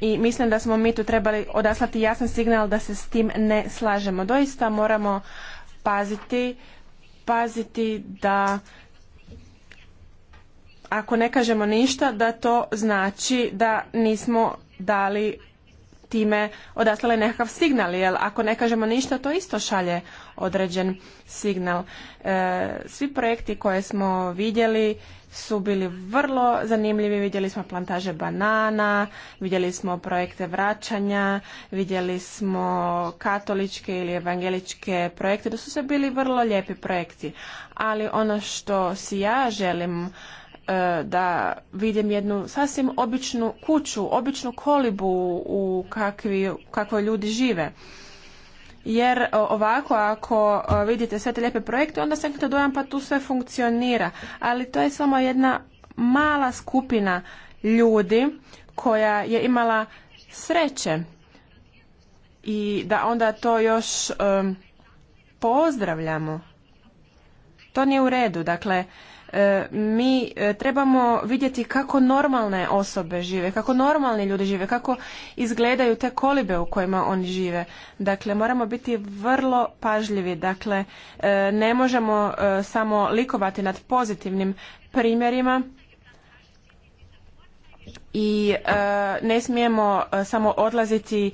I mislim da smo mi tu trebali odaslati jasan signal da se s tim ne slažemo. Doista moramo paziti, paziti da ako ne kažemo ništa, da to znači da nismo dali time odaslale nekakav signal, jer ako ne kažemo ništa, to isto šalje određen signal. E, svi projekti koje smo vidjeli su bili vrlo zanimljivi. Vidjeli smo plantaže banana, vidjeli smo projekte vraćanja, vidjeli smo katoličke ili evangeličke projekte. To su se bili vrlo lijepi projekti. Ali ono što si ja želim E, da vidim jednu sasvim običnu kuću, običnu kolibu u kakvoj ljudi žive. Jer ovako, ako e, vidite sve te lijepe projekte, onda steknete dojam pa tu sve funkcionira. Ali to je samo jedna mala skupina ljudi koja je imala sreće i da onda to još e, pozdravljamo. To nije u redu. Dakle, E, mi e, trebamo vidjeti kako normalne osobe žive, kako normalni ljudi žive, kako izgledaju te kolibe u kojima oni žive. Dakle, moramo biti vrlo pažljivi. Dakle, e, ne možemo samo likovati nad pozitivnim primjerima i ne smijemo samo odlaziti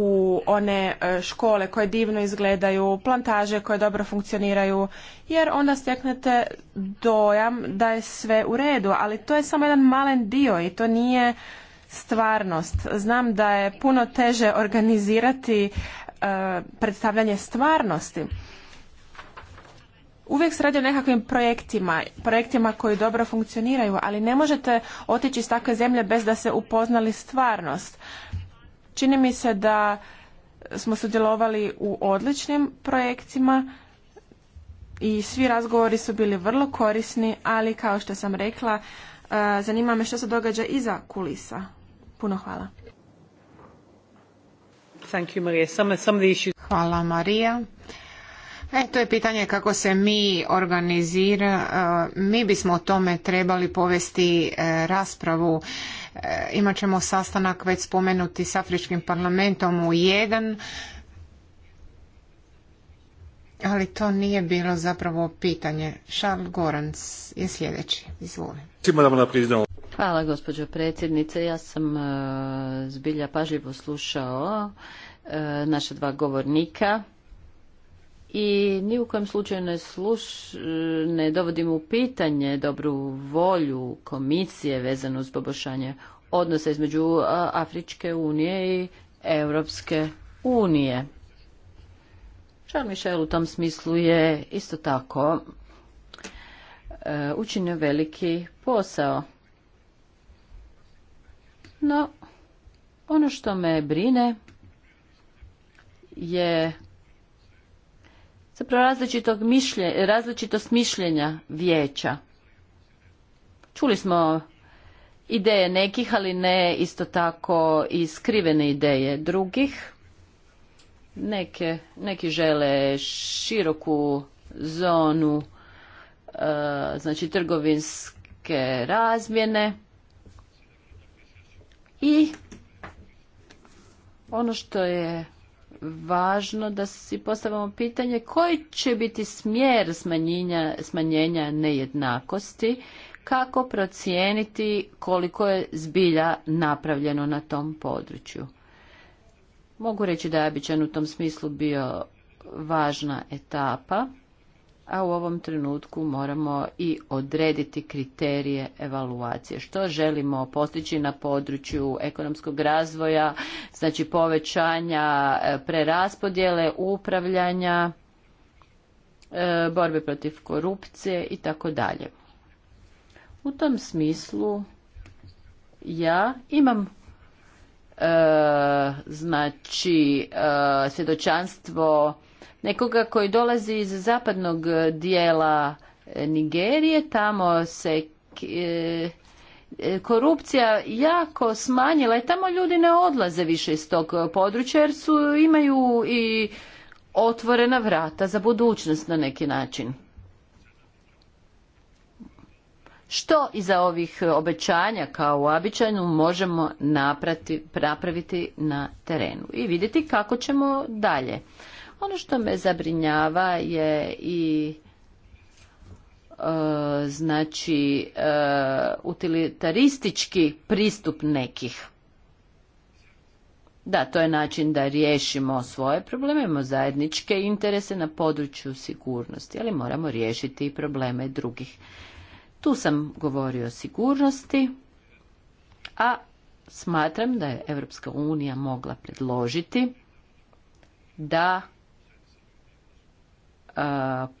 u one e, škole koje divno izgledaju, plantaže koje dobro funkcioniraju, jer onda steknete dojam da je sve u redu, ali to je samo jedan malen dio i to nije stvarnost. Znam da je puno teže organizirati e, predstavljanje stvarnosti. Uvijek se radi o nekakvim projektima, projektima koji dobro funkcioniraju, ali ne možete otići iz takve zemlje bez da se upoznali stvarnost. Čini mi se da smo sudjelovali u odličnim projekcima i svi razgovori su bili vrlo korisni, ali kao što sam rekla, e, zanima me što se događa iza kulisa. Puno hvala. Hvala Marija. E, to je pitanje kako se mi organizira. E, mi bismo o tome trebali povesti e, raspravu. E, imat ćemo sastanak već spomenuti s Afričkim parlamentom u jedan, ali to nije bilo zapravo pitanje. Charles Gorans je sljedeći. Izvoli. Hvala gospođo predsjednice. Ja sam zbilja pažljivo slušao naša dva govornika i ni u kojem slučaju ne, sluš, ne dovodim u pitanje dobru volju komisije vezano uz poboljšanje odnosa između Afričke unije i Europske unije. Charles Michel u tom smislu je isto tako e, učinio veliki posao. No, ono što me brine je zapravo različitost mišljenja vijeća. Čuli smo ideje nekih, ali ne isto tako i skrivene ideje drugih. Neke, neki žele široku zonu e, znači trgovinske razmjene i ono što je važno da si postavimo pitanje koji će biti smjer smanjenja, smanjenja nejednakosti, kako procijeniti koliko je zbilja napravljeno na tom području. Mogu reći da je običan u tom smislu bio važna etapa a u ovom trenutku moramo i odrediti kriterije evaluacije. Što želimo postići na području ekonomskog razvoja, znači povećanja e, preraspodjele, upravljanja, e, borbe protiv korupcije i tako dalje. U tom smislu ja imam e, znači svjedočanstvo nekoga koji dolazi iz zapadnog dijela e, Nigerije, tamo se e, e, korupcija jako smanjila i tamo ljudi ne odlaze više iz tog područja jer su, imaju i otvorena vrata za budućnost na neki način. Što iza ovih obećanja kao uobičajeno možemo naprati, napraviti na terenu i vidjeti kako ćemo dalje. Ono što me zabrinjava je i e, znači e, utilitaristički pristup nekih. Da, to je način da riješimo svoje probleme, imamo zajedničke interese na području sigurnosti, ali moramo riješiti i probleme drugih. Tu sam govorio o sigurnosti, a smatram da je Europska unija mogla predložiti da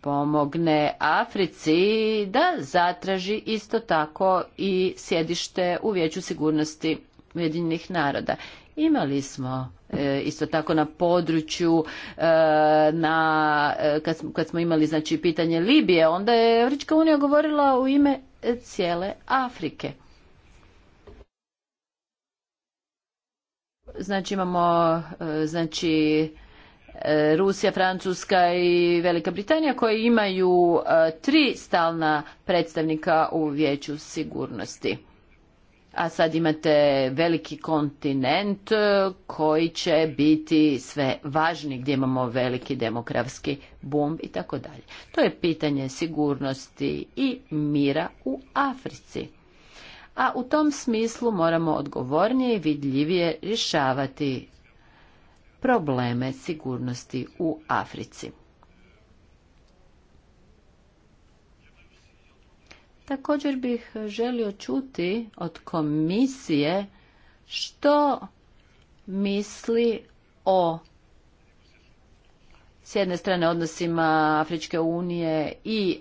pomogne Africi da zatraži isto tako i sjedište u Vijeću sigurnosti Ujedinjenih naroda. Imali smo e, isto tako na području e, na, e, kad, kad smo imali znači pitanje Libije, onda je Evropska unija govorila u ime cijele Afrike. Znači imamo znači Rusija, Francuska i Velika Britanija koje imaju e, tri stalna predstavnika u vijeću sigurnosti. A sad imate veliki kontinent e, koji će biti sve važni gdje imamo veliki demografski bum i tako dalje. To je pitanje sigurnosti i mira u Africi. A u tom smislu moramo odgovornije i vidljivije rješavati probleme sigurnosti u Africi. Također bih želio čuti od komisije što misli o s jedne strane odnosima Afričke unije i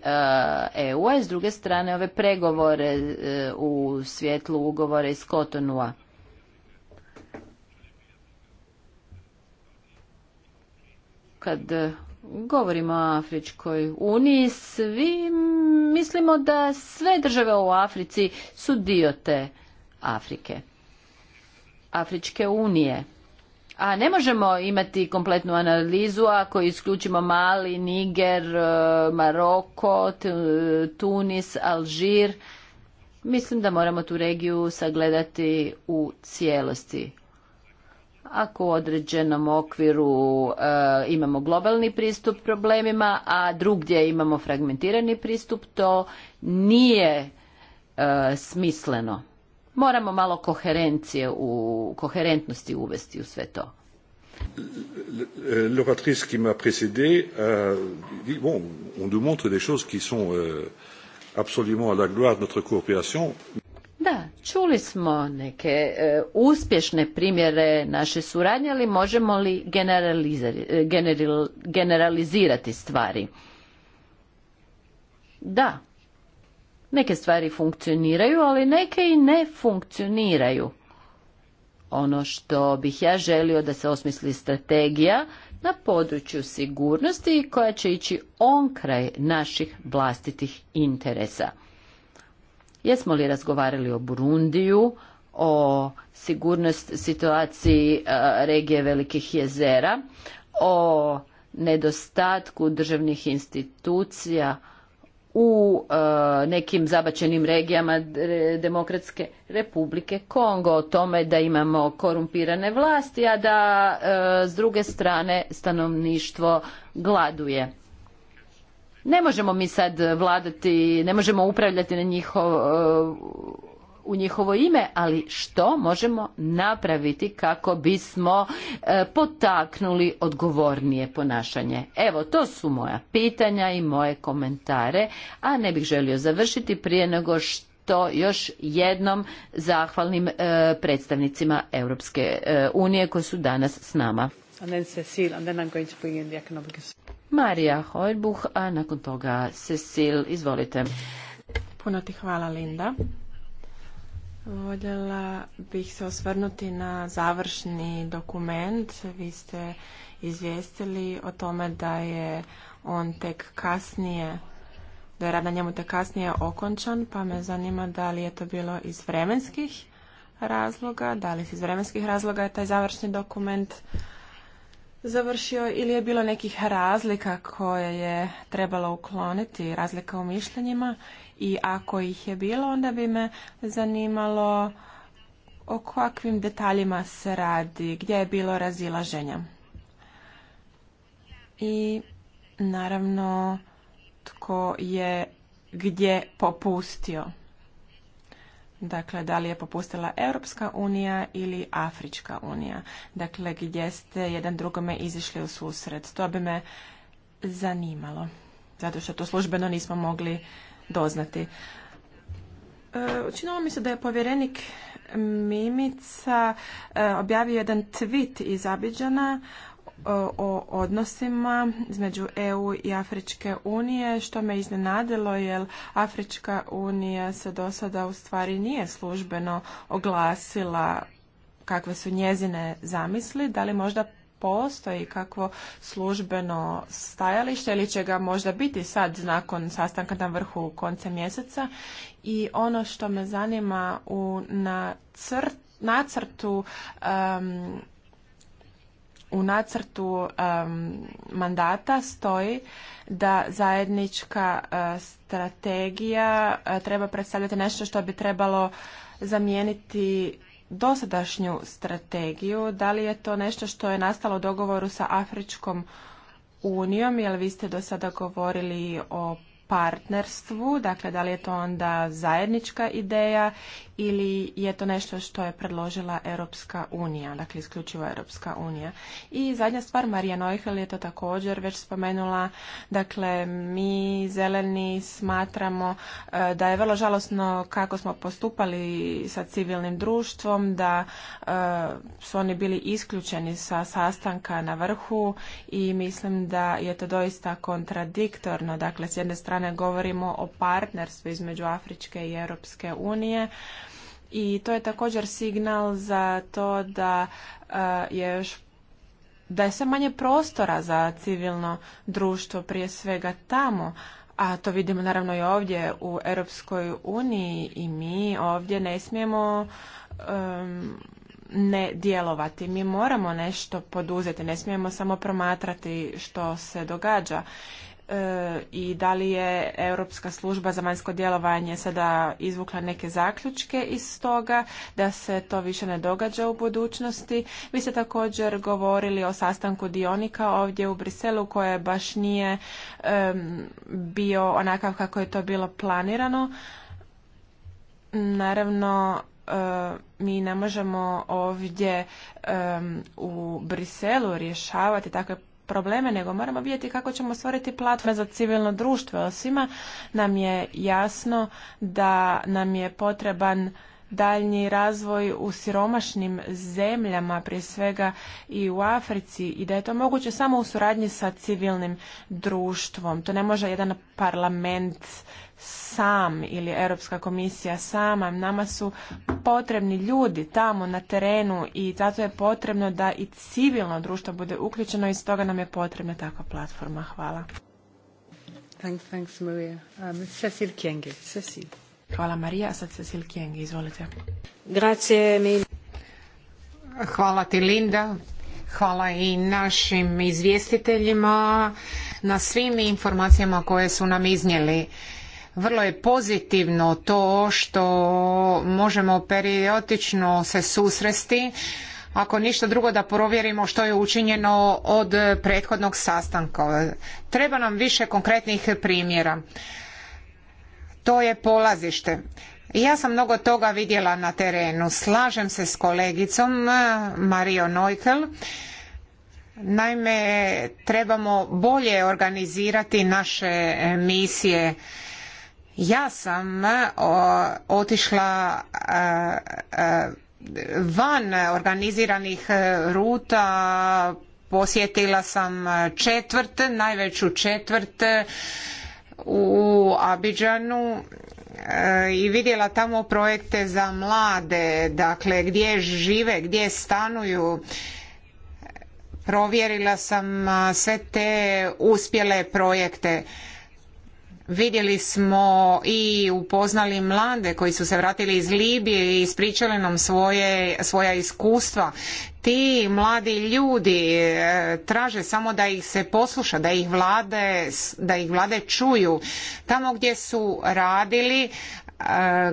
EU, e a s druge strane ove pregovore e, u svjetlu ugovora iz Kotonua. kad e, govorimo o Afričkoj uniji, svi mislimo da sve države u Africi su dio te Afrike. Afričke unije. A ne možemo imati kompletnu analizu ako isključimo Mali, Niger, e, Maroko, e, Tunis, Alžir. Mislim da moramo tu regiju sagledati u cijelosti ako u određenom okviru e, imamo globalni pristup problemima, a drugdje imamo fragmentirani pristup, to nije e, smisleno. Moramo malo koherencije u koherentnosti uvesti u sve to. L'oratrice qui m'a précédé euh, bon, on nous des choses qui sont euh, absolument à la gloire notre coopération. Da, čuli smo neke e, uspješne primjere naše suradnje, ali možemo li e, generalizirati stvari? Da, neke stvari funkcioniraju, ali neke i ne funkcioniraju. Ono što bih ja želio da se osmisli strategija na području sigurnosti koja će ići onkraj naših vlastitih interesa. Jesmo li razgovarali o Burundiju, o sigurnost situaciji e, regije Velikih jezera, o nedostatku državnih institucija u e, nekim zabačenim regijama Demokratske republike Kongo, o tome da imamo korumpirane vlasti, a da e, s druge strane stanovništvo gladuje. Ne možemo mi sad vladati, ne možemo upravljati na njihov, u njihovo ime, ali što možemo napraviti kako bismo e, potaknuli odgovornije ponašanje? Evo, to su moja pitanja i moje komentare, a ne bih želio završiti prije nego što to još jednom zahvalnim e, predstavnicima Europske e, unije koji su danas s nama. And then Cecil, and Marija Hojbuh, a nakon toga Cecil, izvolite. Puno ti hvala Linda. Voljela bih se osvrnuti na završni dokument. Vi ste izvijestili o tome da je on tek kasnije, da je rad na njemu tek kasnije okončan, pa me zanima da li je to bilo iz vremenskih razloga, da li iz vremenskih razloga je taj završni dokument završio ili je bilo nekih razlika koje je trebalo ukloniti, razlika u mišljenjima i ako ih je bilo onda bi me zanimalo o kakvim detaljima se radi, gdje je bilo razilaženja. I naravno tko je gdje popustio. Dakle, da li je popustila Europska unija ili Afrička unija? Dakle, gdje ste jedan drugome izišli u susret? To bi me zanimalo, zato što to službeno nismo mogli doznati. Učinilo e, mi se da je povjerenik Mimica e, objavio jedan tweet iz Abidjana E, o odnosima između EU i Afričke unije, što me iznenadilo jer Afrička unija se do sada u stvari nije službeno oglasila kakve su njezine zamisli, da li možda postoji kakvo službeno stajalište ili će ga možda biti sad nakon sastanka na vrhu konca mjeseca i ono što me zanima u nacrtu u nacrtu mandata stoji da zajednička e, strategija e, treba predstavljati nešto što bi trebalo zamijeniti dosadašnju strategiju. Da li je to nešto što je nastalo u dogovoru sa Afričkom unijom, jer vi ste do sada govorili o partnerstvu, dakle da li je to onda zajednička ideja ili je to nešto što je predložila Europska unija, dakle isključivo Europska unija. I zadnja stvar, Marija Neuhel je to također već spomenula, dakle mi zeleni smatramo e, da je vrlo žalosno kako smo postupali sa civilnim društvom, da e, su oni bili isključeni sa sastanka na vrhu i mislim da je to doista kontradiktorno, dakle s jedne strane strane govorimo o partnerstvu između Afričke i Europske unije i to je također signal za to da eh, je još da je sve manje prostora za civilno društvo prije svega tamo, a to vidimo naravno i ovdje u Europskoj uniji i mi ovdje ne smijemo ne djelovati. Mi moramo nešto poduzeti, ne smijemo samo promatrati što se događa. E, i da li je Europska služba za vanjsko djelovanje sada izvukla neke zaključke iz toga da se to više ne događa u budućnosti. Vi ste također govorili o sastanku dionika ovdje u Briselu koje baš nije bio onakav kako je to bilo planirano. Naravno, e, mi ne možemo ovdje u Briselu rješavati takve probleme, nego moramo vidjeti kako ćemo stvoriti platforme za civilno društvo. Svima nam je jasno da nam je potreban daljnji razvoj u siromašnim zemljama, prije svega i u Africi i da je to moguće samo u suradnji sa civilnim društvom. To ne može jedan parlament sam ili Europska komisija sama. Nama su potrebni ljudi tamo na terenu i zato je potrebno da i civilno društvo bude uključeno i stoga nam je potrebna takva platforma. Hvala. Thanks, um, Cecil Cecil. Hvala Marija, a sad Cecil Kienge, izvolite. Hvala ti Linda, hvala i našim izvjestiteljima na svim informacijama koje su nam iznijeli vrlo je pozitivno to što možemo periodično se susresti ako ništa drugo da provjerimo što je učinjeno od prethodnog sastanka. Treba nam više konkretnih primjera. To je polazište. Ja sam mnogo toga vidjela na terenu. Slažem se s kolegicom eh, Mario Neukel. Naime, trebamo bolje organizirati naše misije ja sam e, otišla e, e, van organiziranih ruta, posjetila sam četvrt, najveću četvrt u Abidžanu i vidjela tamo projekte za mlade, dakle gdje žive, gdje stanuju. Provjerila sam sve te uspjele projekte. Vidjeli smo i upoznali mlade koji su se vratili iz Libije i ispričali nam svoje, svoja iskustva. Ti mladi ljudi e, traže samo da ih se posluša, da ih vlade, da ih vlade čuju. Tamo gdje su radili e,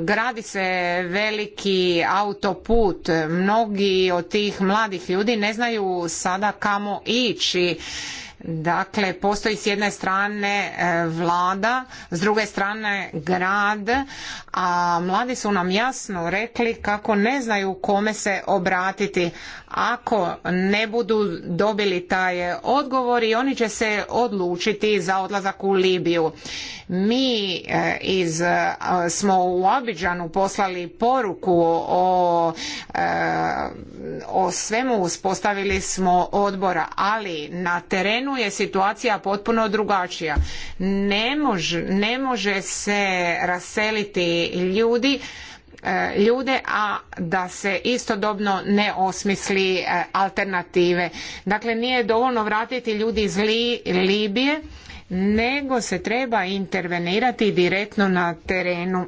gradi se veliki autoput. Mnogi od tih mladih ljudi ne znaju sada kamo ići Dakle, postoji s jedne strane e, vlada, s druge strane grad, a mladi su nam jasno rekli kako ne znaju kome se obratiti, ako ne budu dobili taj odgovor i oni će se odlučiti za odlazak u Libiju. Mi e, iz, e, smo u Abidžanu poslali poruku e, o, svemu uspostavili smo odbora, ali na terenu je situacija potpuno drugačija. Ne može, ne može se raseliti ljudi E, ljude, a da se istodobno ne osmisli e, alternative. Dakle, nije dovoljno vratiti ljudi iz Libije, nego se treba intervenirati direktno na terenu.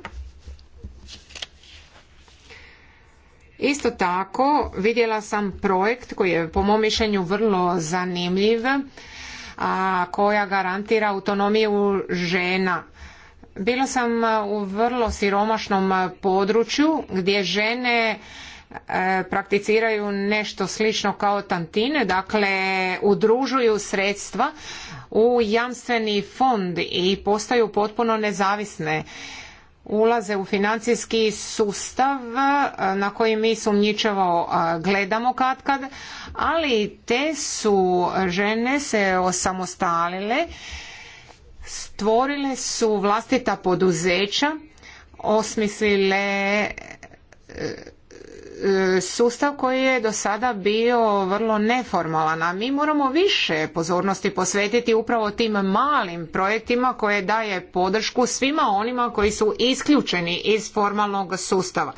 Isto tako vidjela sam projekt koji je po mom mišljenju vrlo zanimljiv, a koja garantira autonomiju žena bila sam e, u vrlo siromašnom e, području gdje žene e, prakticiraju nešto slično kao tantine, dakle udružuju sredstva u jamstveni fond i postaju potpuno nezavisne. Ulaze u financijski sustav na koji mi sumnjičavo gledamo katkad, ali te su žene se osamostalile stvorile su vlastita poduzeća, osmislile e, e, sustav koji je do sada bio vrlo neformalan, a mi moramo više pozornosti posvetiti upravo tim malim projektima koje daje podršku svima onima koji su isključeni iz formalnog sustava.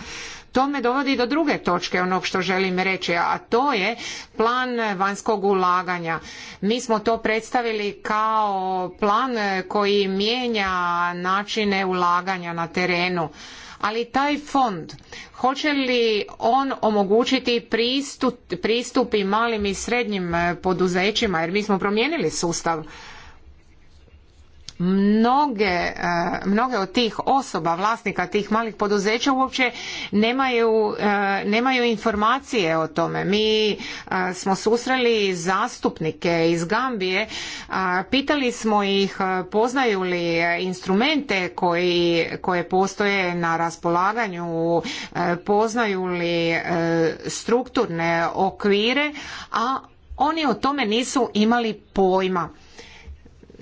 To me dovodi do druge točke onog što želim reći, a to je plan vanjskog ulaganja. Mi smo to predstavili kao plan koji mijenja načine ulaganja na terenu. Ali taj fond, hoće li on omogućiti pristup, i malim i srednjim poduzećima, jer mi smo promijenili sustav mnoge, e, mnoge od tih osoba, vlasnika tih malih poduzeća uopće nemaju, e, nemaju informacije o tome. Mi e, smo susreli zastupnike iz Gambije, pitali smo ih poznaju li instrumente koji, koje postoje na raspolaganju, poznaju li strukturne okvire, a oni o tome nisu imali pojma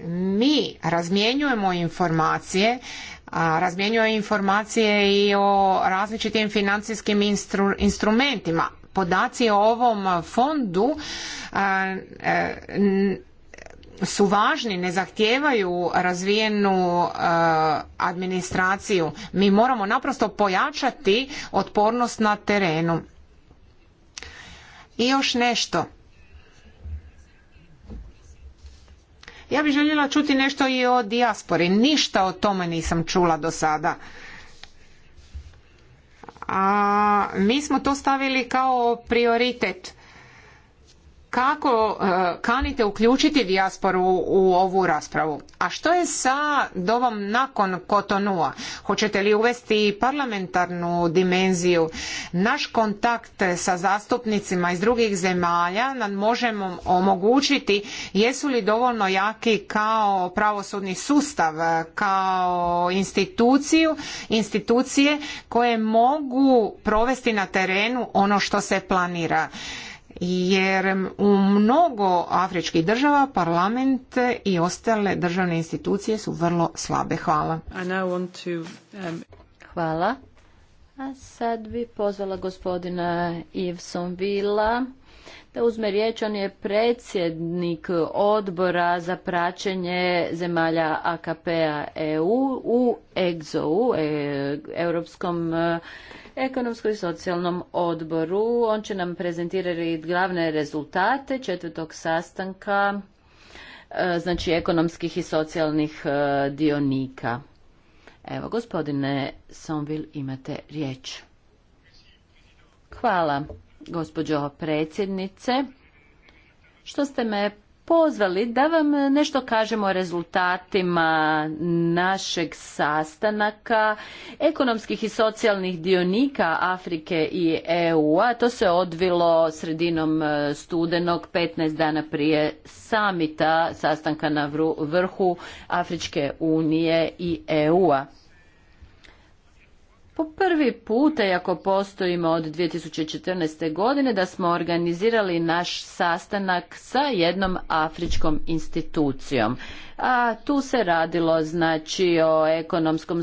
mi razmjenjujemo informacije, razmjenjujemo informacije i o različitim financijskim instrumentima. Podaci o ovom fondu e, su važni, ne zahtijevaju razvijenu e, administraciju. Mi moramo naprosto pojačati otpornost na terenu. I još nešto. Ja bih željela čuti nešto i o dijaspori. Ništa o tome nisam čula do sada. A mi smo to stavili kao prioritet kako e, kanite uključiti dijasporu u ovu raspravu. A što je sa dovom nakon Kotonua? Hoćete li uvesti parlamentarnu dimenziju? Naš kontakt sa zastupnicima iz drugih zemalja nam možemo omogućiti jesu li dovoljno jaki kao pravosudni sustav, kao instituciju, institucije koje mogu provesti na terenu ono što se planira jer u mnogo afričkih država parlament i ostale državne institucije su vrlo slabe. Hvala. Um, Hvala. A sad bi pozvala gospodina Ivson Vila da uzme riječ. On je predsjednik odbora za praćenje zemalja AKP-a EU u EGZO-u, e, Europskom ekonomskom i socijalnom odboru. On će nam prezentirati glavne rezultate četvrtog sastanka e, znači ekonomskih i socijalnih e, dionika. Evo, gospodine Somvil, imate riječ. Hvala, gospođo predsjednice, što ste me pozvali da vam nešto kažemo o rezultatima našeg sastanaka ekonomskih i socijalnih dionika Afrike i EU-a. To se odvilo sredinom e, studenog 15 dana prije samita sastanka na vrhu Afričke unije i EU-a po prvi puta, iako postojimo od 2014. godine, da smo organizirali naš sastanak sa jednom afričkom institucijom. A tu se radilo znači o ekonomskom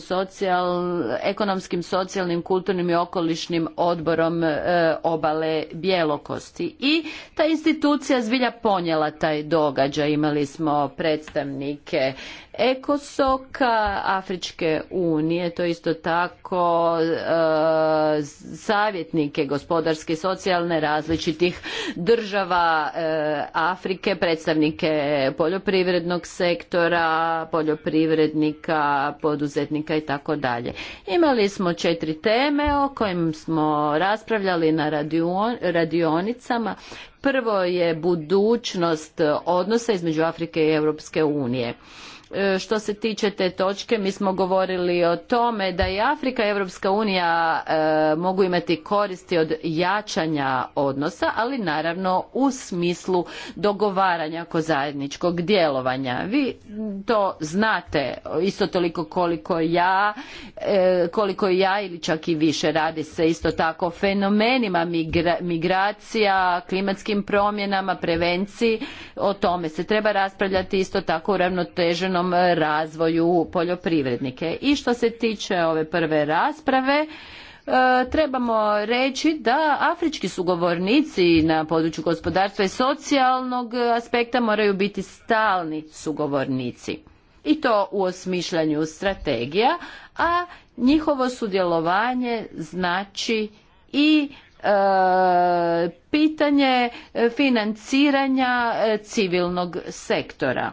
ekonomskim, socijalnim, kulturnim i okolišnim odborom e, obale Bjelokosti. I ta institucija zbilja ponijela taj događaj. Imali smo predstavnike Ekosoka, Afričke unije, to isto tako E, savjetnike gospodarske i socijalne različitih država e, Afrike, predstavnike poljoprivrednog sektora, poljoprivrednika, poduzetnika i tako dalje. Imali smo četiri teme o kojim smo raspravljali na radionicama. Prvo je budućnost odnosa između Afrike i Europske unije. E, što se tiče te točke, mi smo govorili o tome da i Afrika i Europska unija e, mogu imati koristi od jačanja odnosa, ali naravno u smislu dogovaranja oko zajedničkog djelovanja. Vi to znate isto toliko koliko ja, e, koliko ja ili čak i više radi se isto tako o fenomenima migracija, klimatskim promjenama, prevenciji, o tome se treba raspravljati isto tako uravnoteženo razvoju poljoprivrednike. I što se tiče ove prve rasprave, e, trebamo reći da afrički sugovornici na području gospodarstva i socijalnog aspekta moraju biti stalni sugovornici i to u osmišljanju strategija a njihovo sudjelovanje znači i e, pitanje financiranja e, civilnog sektora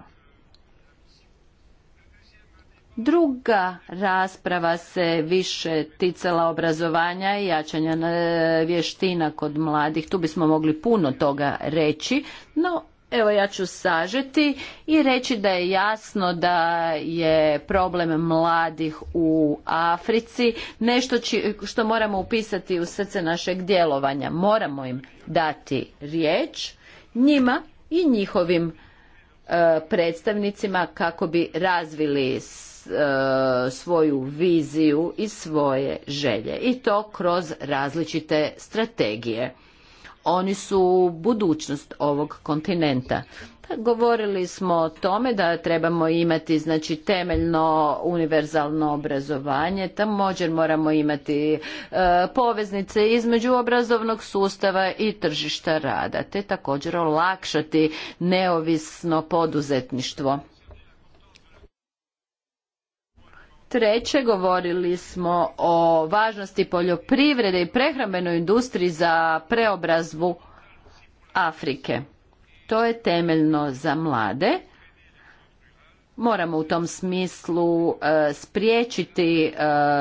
Druga rasprava se više ticala obrazovanja i jačanja e, vještina kod mladih. Tu bismo mogli puno toga reći, no evo ja ću sažeti i reći da je jasno da je problem mladih u Africi nešto što moramo upisati u srce našeg djelovanja. Moramo im dati riječ njima i njihovim e, predstavnicima kako bi razvili E, svoju viziju i svoje želje i to kroz različite strategije. Oni su budućnost ovog kontinenta. Govorili smo o tome da trebamo imati znači temeljno univerzalno obrazovanje, također moramo imati e, poveznice između obrazovnog sustava i tržišta rada, te također olakšati neovisno poduzetništvo. Treće, govorili smo o važnosti poljoprivrede i prehrambenoj industriji za preobrazbu Afrike. To je temeljno za mlade. Moramo u tom smislu e, spriječiti e,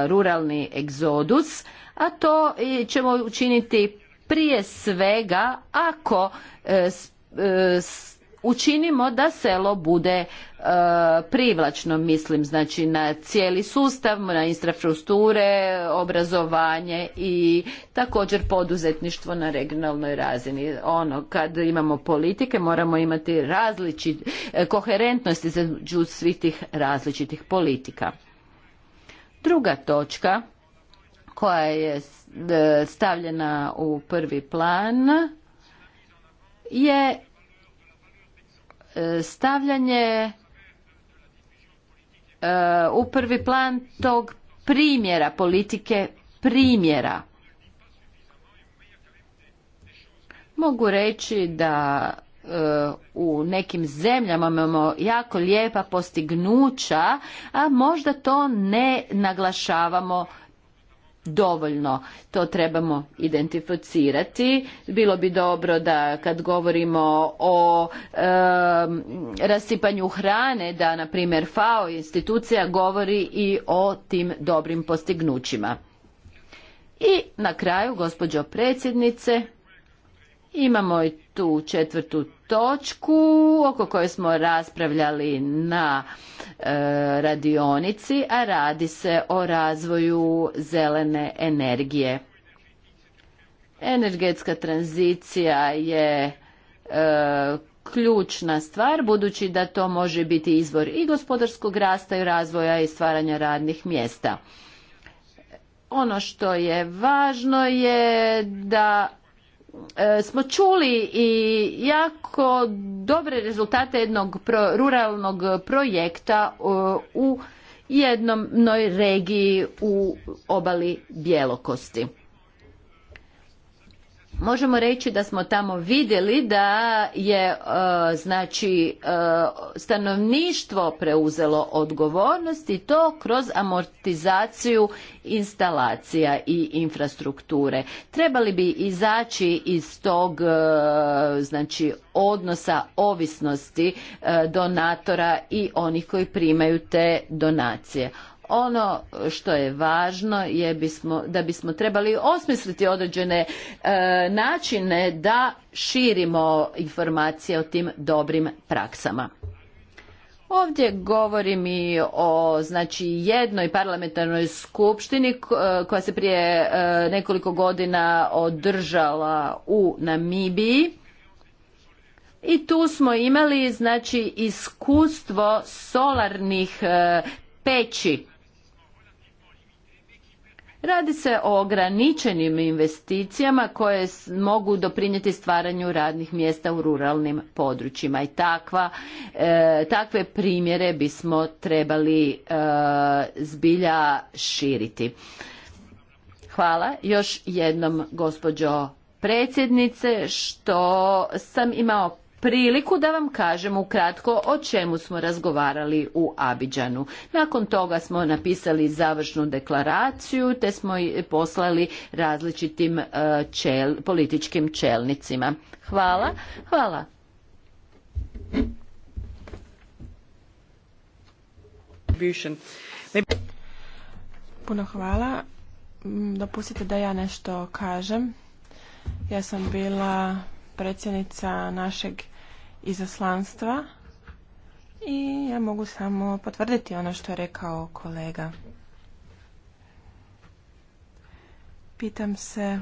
ruralni egzodus, a to ćemo učiniti prije svega ako e, učinimo da selo bude e, privlačno mislim znači na cijeli sustav na infrastrukture obrazovanje i također poduzetništvo na regionalnoj razini ono kad imamo politike moramo imati različit e, koherentnost između svih tih različitih politika druga točka koja je e, stavljena u prvi plan je E, stavljanje e, u prvi plan tog primjera politike primjera mogu reći da e, u nekim zemljama imamo jako lijepa postignuća a možda to ne naglašavamo dovoljno. To trebamo identificirati. Bilo bi dobro da kad govorimo o rasipanju hrane, da na primjer FAO institucija govori i o tim dobrim postignućima. I na kraju, gospođo predsjednice, imamo i tu četvrtu točku oko koje smo raspravljali na e, radionici, a radi se o razvoju zelene energije. Energetska tranzicija je e, ključna stvar budući da to može biti izvor i gospodarskog rasta i razvoja i stvaranja radnih mjesta. Ono što je važno je da E, smo čuli i jako dobre rezultate jednog ruralnog projekta e, u jednoj regiji u obali Bjelokosti možemo reći da smo tamo vidjeli da je e, znači e, stanovništvo preuzelo odgovornost i to kroz amortizaciju instalacija i infrastrukture trebali bi izaći iz tog e, znači odnosa ovisnosti donatora i onih koji primaju te donacije ono što je važno je bismo, da bismo trebali osmisliti određene e, načine da širimo informacije o tim dobrim praksama. Ovdje govorim i o znači jednoj parlamentarnoj skupštini koja se prije e, nekoliko godina održala u Namibiji. I tu smo imali znači iskustvo solarnih e, peći Radi se o ograničenim investicijama koje mogu doprinijeti stvaranju radnih mjesta u ruralnim područjima i takva, e, takve primjere bismo trebali e, zbilja širiti. Hvala još jednom gospođo predsjednice što sam imao priliku da vam kažem ukratko o čemu smo razgovarali u Abidžanu. Nakon toga smo napisali završnu deklaraciju te smo poslali različitim e, političkim čelnicima. Hvala. Hvala. Puno hvala. Mm, dopustite da ja nešto kažem. Ja sam bila predsjednica našeg izaslanstva i ja mogu samo potvrditi ono što je rekao kolega. Pitam se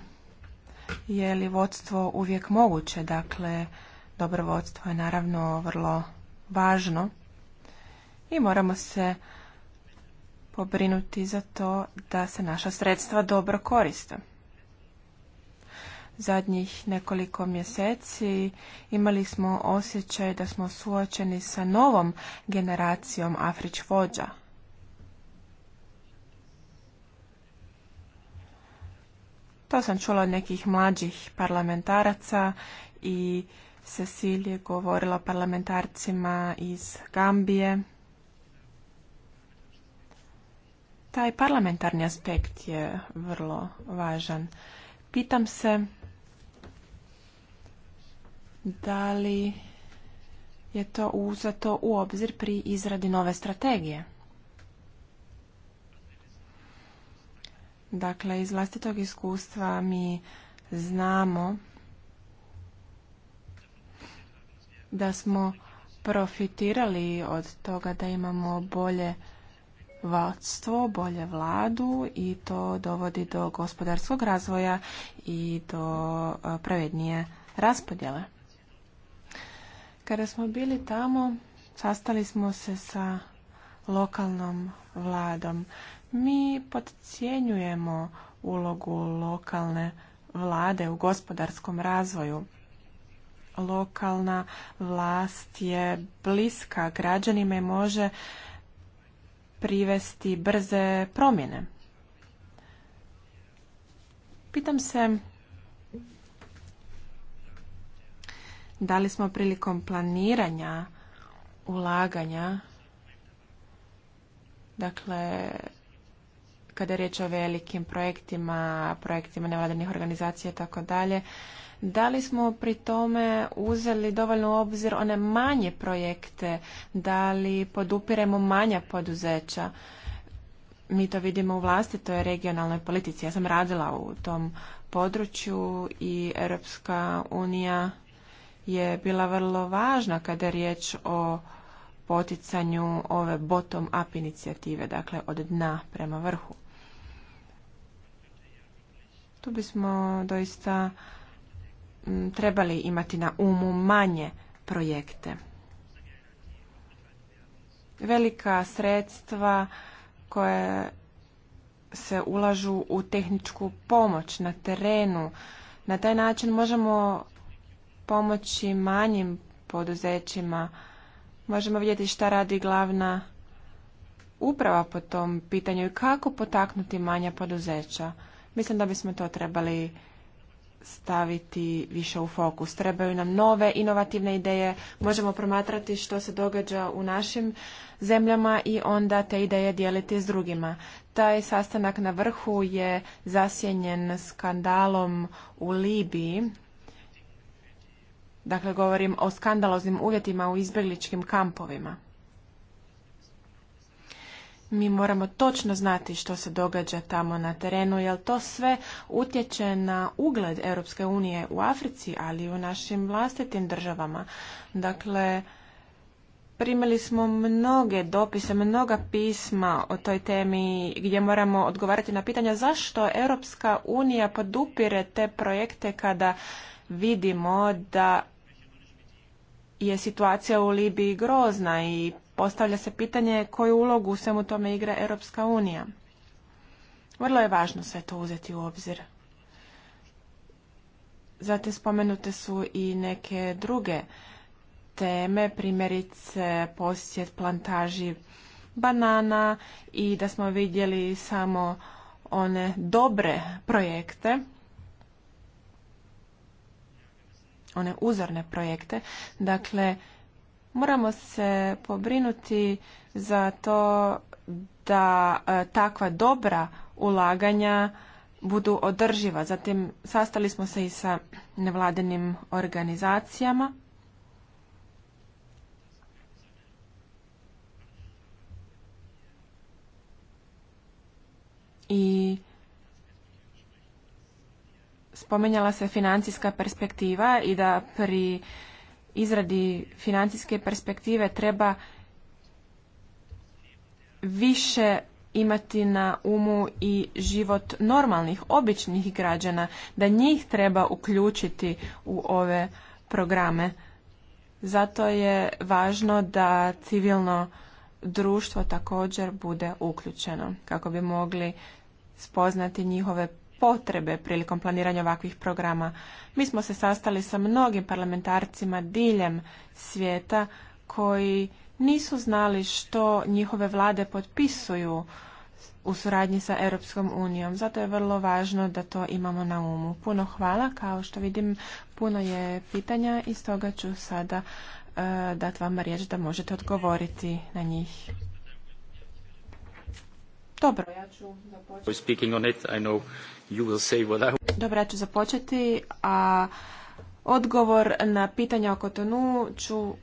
je li vodstvo uvijek moguće, dakle dobro vodstvo je naravno vrlo važno i moramo se pobrinuti za to da se naša sredstva dobro koriste zadnjih nekoliko mjeseci imali smo osjećaj da smo suočeni sa novom generacijom Afrič vođa. To sam čula od nekih mlađih parlamentaraca i Cecil je govorila parlamentarcima iz Gambije. Taj parlamentarni aspekt je vrlo važan. Pitam se da li je to uzeto u obzir pri izradi nove strategije? Dakle, iz vlastitog iskustva mi znamo da smo profitirali od toga da imamo bolje vladstvo, bolje vladu i to dovodi do gospodarskog razvoja i do pravednije raspodjele. Kada smo bili tamo, sastali smo se sa lokalnom vladom. Mi podcijenjujemo ulogu lokalne vlade u gospodarskom razvoju. Lokalna vlast je bliska građanima i može privesti brze promjene. Pitam se da li smo prilikom planiranja ulaganja, dakle, kada je riječ o velikim projektima, projektima nevladinih organizacija i tako dalje, da li smo pri tome uzeli dovoljno u obzir one manje projekte, da li podupiremo manja poduzeća? Mi to vidimo u je regionalnoj politici. Ja sam radila u tom području i Europska unija je bila vrlo važna kada je riječ o poticanju ove bottom-up inicijative, dakle od dna prema vrhu. Tu bismo doista trebali imati na umu manje projekte. Velika sredstva koje se ulažu u tehničku pomoć na terenu. Na taj način možemo pomoći manjim poduzećima. Možemo vidjeti šta radi glavna uprava po tom pitanju i kako potaknuti manja poduzeća. Mislim da bismo to trebali staviti više u fokus. Trebaju nam nove inovativne ideje, možemo promatrati što se događa u našim zemljama i onda te ideje dijeliti s drugima. Taj sastanak na vrhu je zasjenjen skandalom u Libiji Dakle, govorim o skandaloznim uvjetima u izbjegličkim kampovima. Mi moramo točno znati što se događa tamo na terenu, jer to sve utječe na ugled Europske unije u Africi, ali i u našim vlastitim državama. Dakle, primili smo mnoge dopise, mnoga pisma o toj temi gdje moramo odgovarati na pitanja zašto Europska unija podupire te projekte kada vidimo da je situacija u Libiji grozna i postavlja se pitanje koju ulogu u svemu tome igra Europska unija. Vrlo je važno sve to uzeti u obzir. Zatim spomenute su i neke druge teme, primjerice posjet plantaži banana i da smo vidjeli samo one dobre projekte one uzorne projekte. Dakle, moramo se pobrinuti za to da e, takva dobra ulaganja budu održiva. Zatim sastali smo se i sa nevladinim organizacijama. I spomenjala se financijska perspektiva i da pri izradi financijske perspektive treba više imati na umu i život normalnih, običnih građana, da njih treba uključiti u ove programe. Zato je važno da civilno društvo također bude uključeno kako bi mogli spoznati njihove potrebe prilikom planiranja ovakvih programa. Mi smo se sastali sa mnogim parlamentarcima diljem svijeta koji nisu znali što njihove vlade potpisuju u suradnji sa Europskom unijom. Zato je vrlo važno da to imamo na umu. Puno hvala, kao što vidim puno je pitanja i stoga ću sada e, dati vama riječ da možete odgovoriti na njih. Dobro, ja ću započeti. You will ja ću započeti, a odgovor na pitanja oko Kotonu ću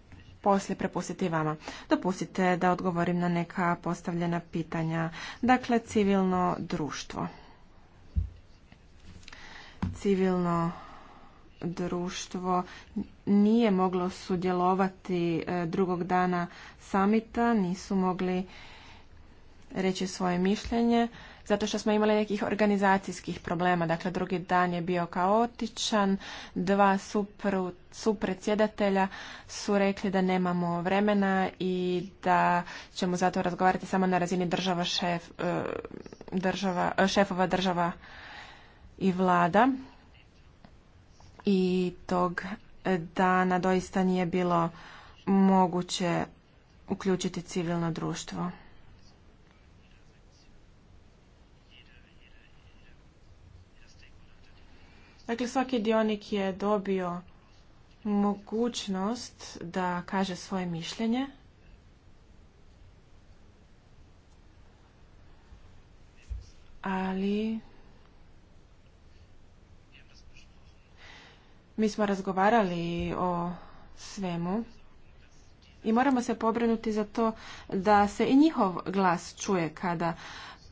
poslije prepustiti vama. Dopustite da odgovorim na neka postavljena pitanja. Dakle, civilno društvo. Civilno društvo nije moglo sudjelovati e, drugog dana samita, nisu mogli reći svoje mišljenje zato što smo imali nekih organizacijskih problema. Dakle, drugi dan je bio kaotičan, dva super, supredsjedatelja su rekli da nemamo vremena i da ćemo zato razgovarati samo na razini država šef, e, država, e, šefova država i vlada. I tog dana doista nije bilo moguće uključiti civilno društvo. Dakle, svaki dionik je dobio mogućnost da kaže svoje mišljenje. Ali mi smo razgovarali o svemu i moramo se pobrinuti za to da se i njihov glas čuje kada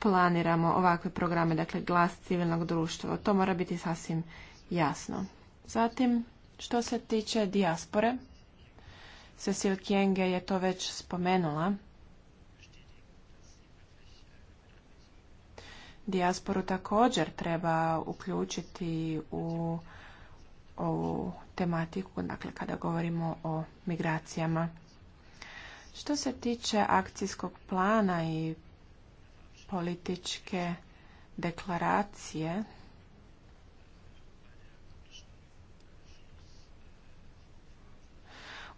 planiramo ovakve programe, dakle glas civilnog društva. To mora biti sasvim jasno. Zatim, što se tiče dijaspore, Cecil Kjenge je to već spomenula. Dijasporu također treba uključiti u ovu tematiku, dakle kada govorimo o migracijama. Što se tiče akcijskog plana i političke deklaracije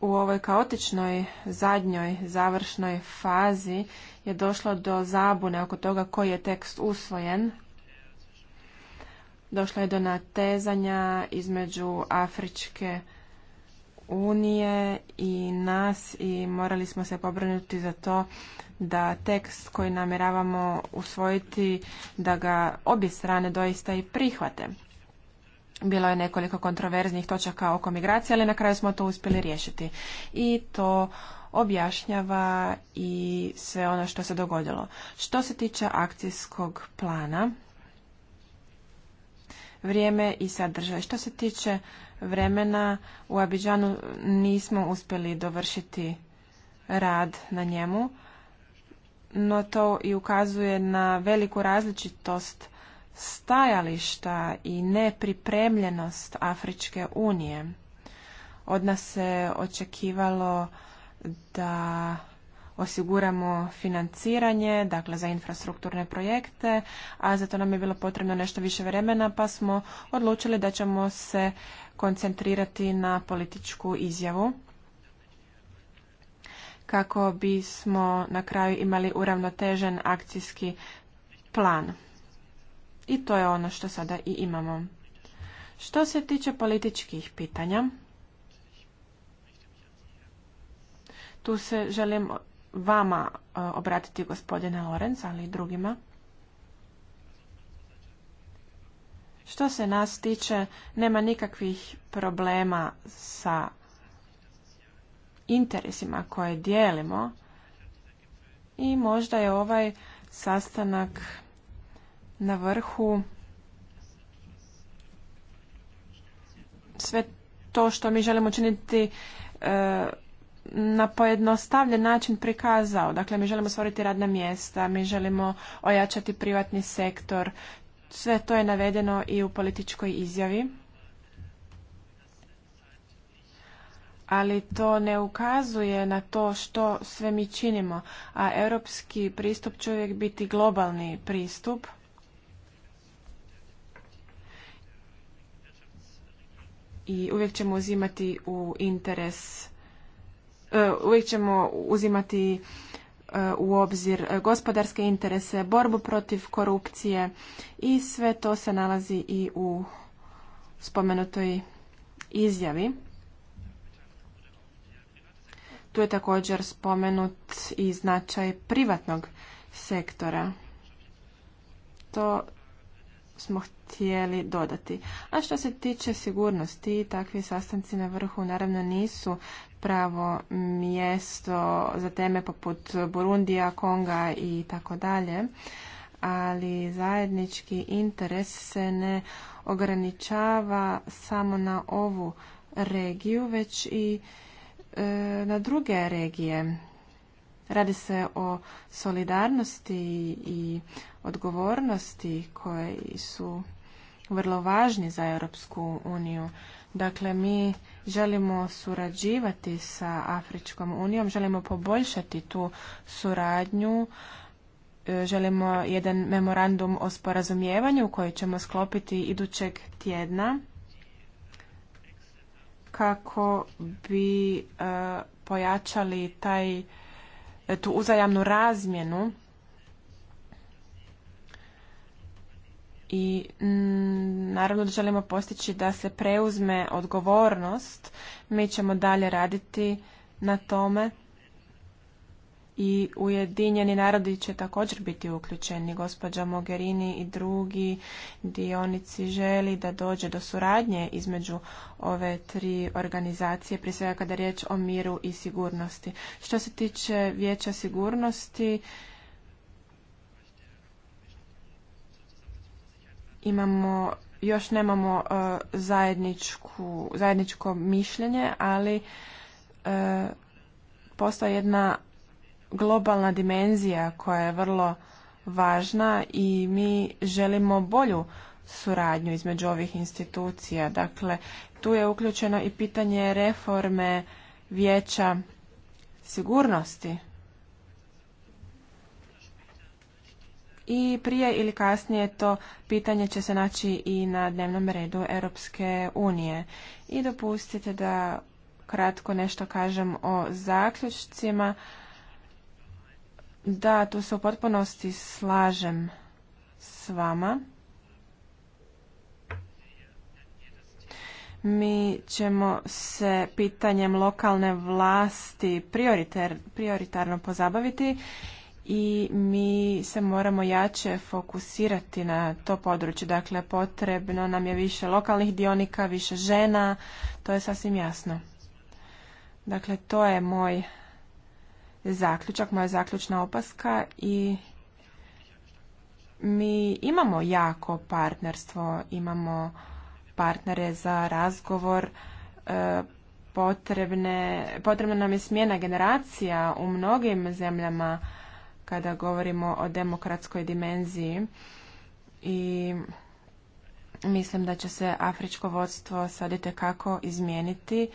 u ovoj kaotičnoj zadnjoj završnoj fazi je došlo do zabune oko toga koji je tekst usvojen. Došlo je do natezanja između Afričke unije i nas i morali smo se pobrinuti za to da tekst koji namjeravamo usvojiti da ga obje strane doista i prihvate. Bilo je nekoliko kontroverznih točaka oko migracije, ali na kraju smo to uspjeli riješiti. I to objašnjava i sve ono što se dogodilo. Što se tiče akcijskog plana, vrijeme i sadržaj. Što se tiče vremena. U Abidžanu nismo uspjeli dovršiti rad na njemu, no to i ukazuje na veliku različitost stajališta i nepripremljenost Afričke unije. Od nas se očekivalo da osiguramo financiranje, dakle za infrastrukturne projekte, a za to nam je bilo potrebno nešto više vremena, pa smo odlučili da ćemo se koncentrirati na političku izjavu kako bismo na kraju imali uravnotežen akcijski plan. I to je ono što sada i imamo. Što se tiče političkih pitanja, tu se želim vama e, obratiti gospodine Lorenz, ali i drugima. Što se nas tiče, nema nikakvih problema sa interesima koje dijelimo i možda je ovaj sastanak na vrhu sve to što mi želimo činiti e, na pojednostavljen način prikazao. Dakle, mi želimo stvoriti radna mjesta, mi želimo ojačati privatni sektor. Sve to je navedeno i u političkoj izjavi. ali to ne ukazuje na to što sve mi činimo, a europski pristup će uvijek biti globalni pristup. I uvijek ćemo uzimati u interes E, uvijek ćemo uzimati e, u obzir gospodarske interese, borbu protiv korupcije i sve to se nalazi i u spomenutoj izjavi. Tu je također spomenut i značaj privatnog sektora. To smo htjeli dodati. A što se tiče sigurnosti, takvi sastanci na vrhu naravno nisu pravo mjesto za teme poput Burundija, Konga i tako dalje, ali zajednički interes se ne ograničava samo na ovu regiju, već i e, na druge regije. Radi se o solidarnosti i odgovornosti koje su vrlo važni za Europsku uniju. Dakle, mi želimo surađivati sa Afričkom unijom, želimo poboljšati tu suradnju, e, želimo jedan memorandum o sporazumijevanju koji ćemo sklopiti idućeg tjedna kako bi e, pojačali taj tu uzajamnu razmjenu i mm, naravno da želimo postići da se preuzme odgovornost. Mi ćemo dalje raditi na tome i Ujedinjeni narodi će također biti uključeni. Gospođa Mogherini i drugi dionici želi da dođe do suradnje između ove tri organizacije, prije svega kada je riječ o miru i sigurnosti. Što se tiče vijeća sigurnosti, imamo još nemamo e, zajedničku, zajedničko mišljenje, ali e, postoji jedna globalna dimenzija koja je vrlo važna i mi želimo bolju suradnju između ovih institucija. Dakle, tu je uključeno i pitanje reforme vijeća sigurnosti i prije ili kasnije to pitanje će se naći i na dnevnom redu Europske unije. I dopustite da kratko nešto kažem o zaključcima. Da, tu se u potpunosti slažem s vama. Mi ćemo se pitanjem lokalne vlasti prioritarno pozabaviti i mi se moramo jače fokusirati na to područje. Dakle, potrebno nam je više lokalnih dionika, više žena, to je sasvim jasno. Dakle, to je moj zaključak, moja zaključna opaska i mi imamo jako partnerstvo, imamo partnere za razgovor, e, potrebna nam je smjena generacija u mnogim zemljama kada govorimo o demokratskoj dimenziji i mislim da će se afričko vodstvo sad itekako izmijeniti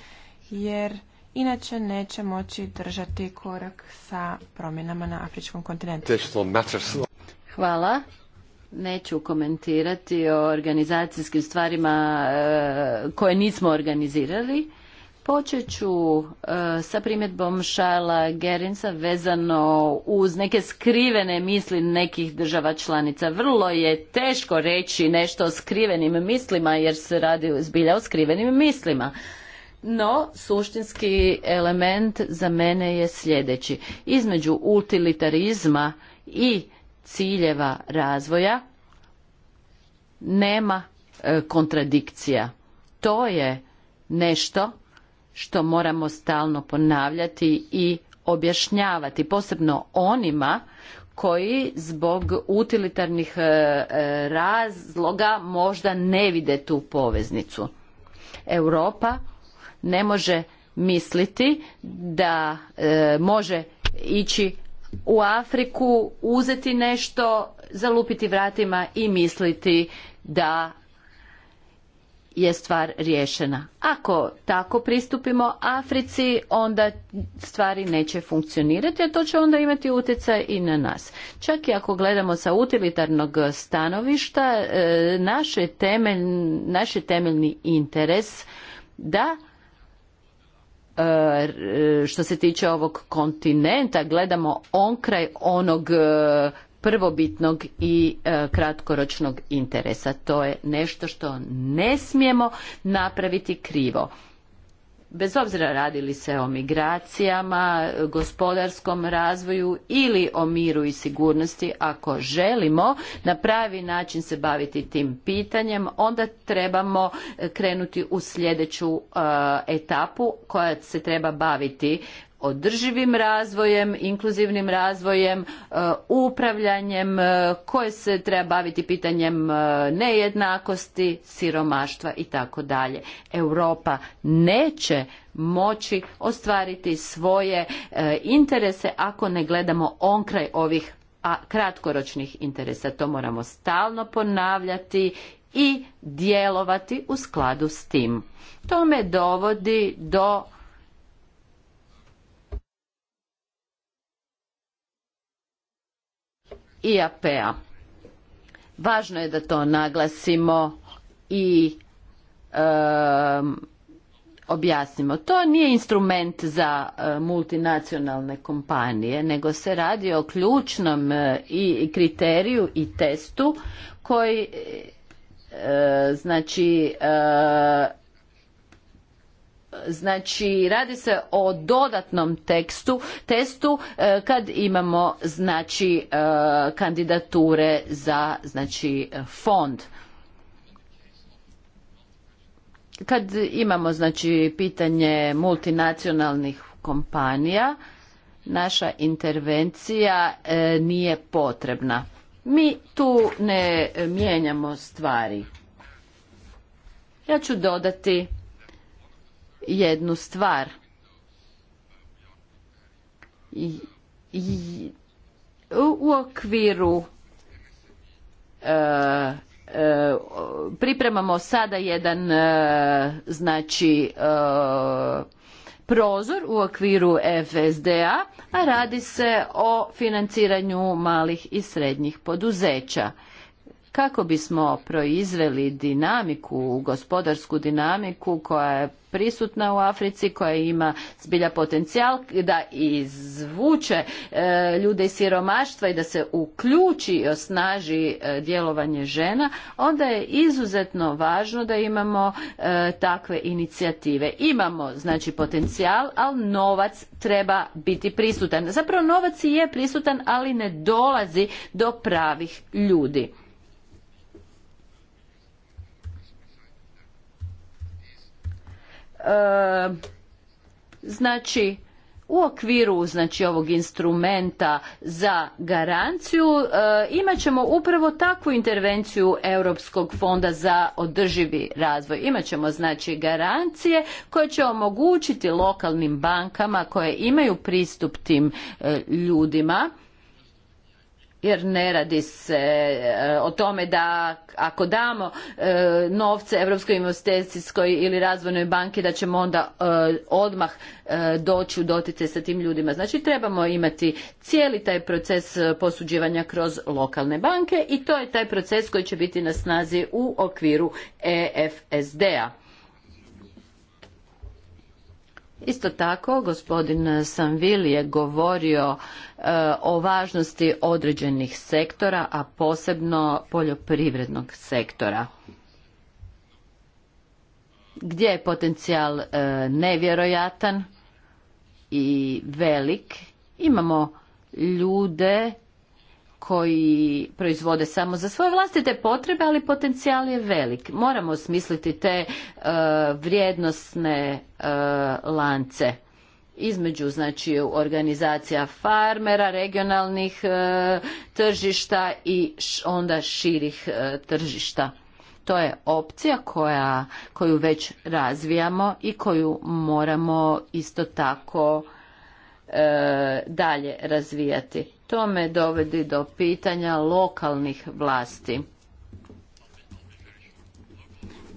jer inače neće moći držati korak sa promjenama na afričkom kontinentu. Hvala. Neću komentirati o organizacijskim stvarima e, koje nismo organizirali. Počet ću e, sa primjedbom Šala Gerinca vezano uz neke skrivene misli nekih država članica. Vrlo je teško reći nešto o skrivenim mislima jer se radi zbilja o skrivenim mislima. No, suštinski element za mene je sljedeći. Između utilitarizma i ciljeva razvoja nema e, kontradikcija. To je nešto što moramo stalno ponavljati i objašnjavati, posebno onima koji zbog utilitarnih e, e, razloga možda ne vide tu poveznicu. Europa ne može misliti da e, može ići u Afriku, uzeti nešto, zalupiti vratima i misliti da je stvar riješena. Ako tako pristupimo Africi, onda stvari neće funkcionirati, a to će onda imati utjecaj i na nas. Čak i ako gledamo sa utilitarnog stanovišta, e, naše naš je temeljni interes da e, e, što se tiče ovog kontinenta, gledamo onkraj onog prvobitnog i e, kratkoročnog interesa. To je nešto što ne smijemo napraviti krivo. Bez obzira radili se o migracijama, gospodarskom razvoju ili o miru i sigurnosti, ako želimo na pravi način se baviti tim pitanjem, onda trebamo e, krenuti u sljedeću e, etapu koja se treba baviti održivim razvojem, inkluzivnim razvojem, uh, upravljanjem uh, koje se treba baviti pitanjem uh, nejednakosti, siromaštva i tako dalje. Europa neće moći ostvariti svoje interese ako ne gledamo onkraj ovih a kratkoročnih interesa. To moramo stalno ponavljati i djelovati u skladu s tim. To me dovodi do IAP-a. Važno je da to naglasimo i objasnimo. To nije instrument za e, multinacionalne kompanije, nego se radi o ključnom e, i kriteriju i testu koji e, znači znači radi se o dodatnom tekstu testu e, kad imamo znači e, kandidature za znači e, fond kad imamo znači pitanje multinacionalnih kompanija naša intervencija nije potrebna mi tu ne mijenjamo stvari ja ću dodati jednu stvar. I, u okviru e, e, pripremamo sada jedan e, znači prozor u okviru FSDA, a radi se o financiranju malih i srednjih poduzeća kako bismo proizveli dinamiku, gospodarsku dinamiku koja je prisutna u Africi, koja ima zbilja potencijal da izvuče e, ljude iz siromaštva i da se uključi i osnaži e, djelovanje žena, onda je izuzetno važno da imamo e, takve inicijative. Imamo znači potencijal, ali novac treba biti prisutan. Zapravo novac je prisutan, ali ne dolazi do pravih ljudi. E, znači u okviru znači ovog instrumenta za garanciju e, imat ćemo upravo takvu intervenciju Europskog fonda za održivi razvoj. Imat ćemo znači garancije koje će omogućiti lokalnim bankama koje imaju pristup tim e, ljudima jer ne radi se e, o tome da ako damo e, novce Europskoj investicijskoj ili razvojnoj banki da ćemo onda e, odmah doći u dotice sa tim ljudima. Znači trebamo imati cijeli taj proces posuđivanja kroz lokalne banke i to je taj proces koji će biti na snazi u okviru EFSD-a. Isto tako, gospodin Sanvil je govorio e, o važnosti određenih sektora, a posebno poljoprivrednog sektora. Gdje je potencijal e, nevjerojatan i velik? Imamo ljude koji proizvode samo za svoje vlastite potrebe, ali potencijal je velik. Moramo osmisliti te e, vrijednosne e, lance između znači organizacija farmera, regionalnih e, tržišta i onda širih tržišta. To je opcija koja, koju već razvijamo i koju moramo isto tako dalje razvijati. To me dovedi do pitanja lokalnih vlasti.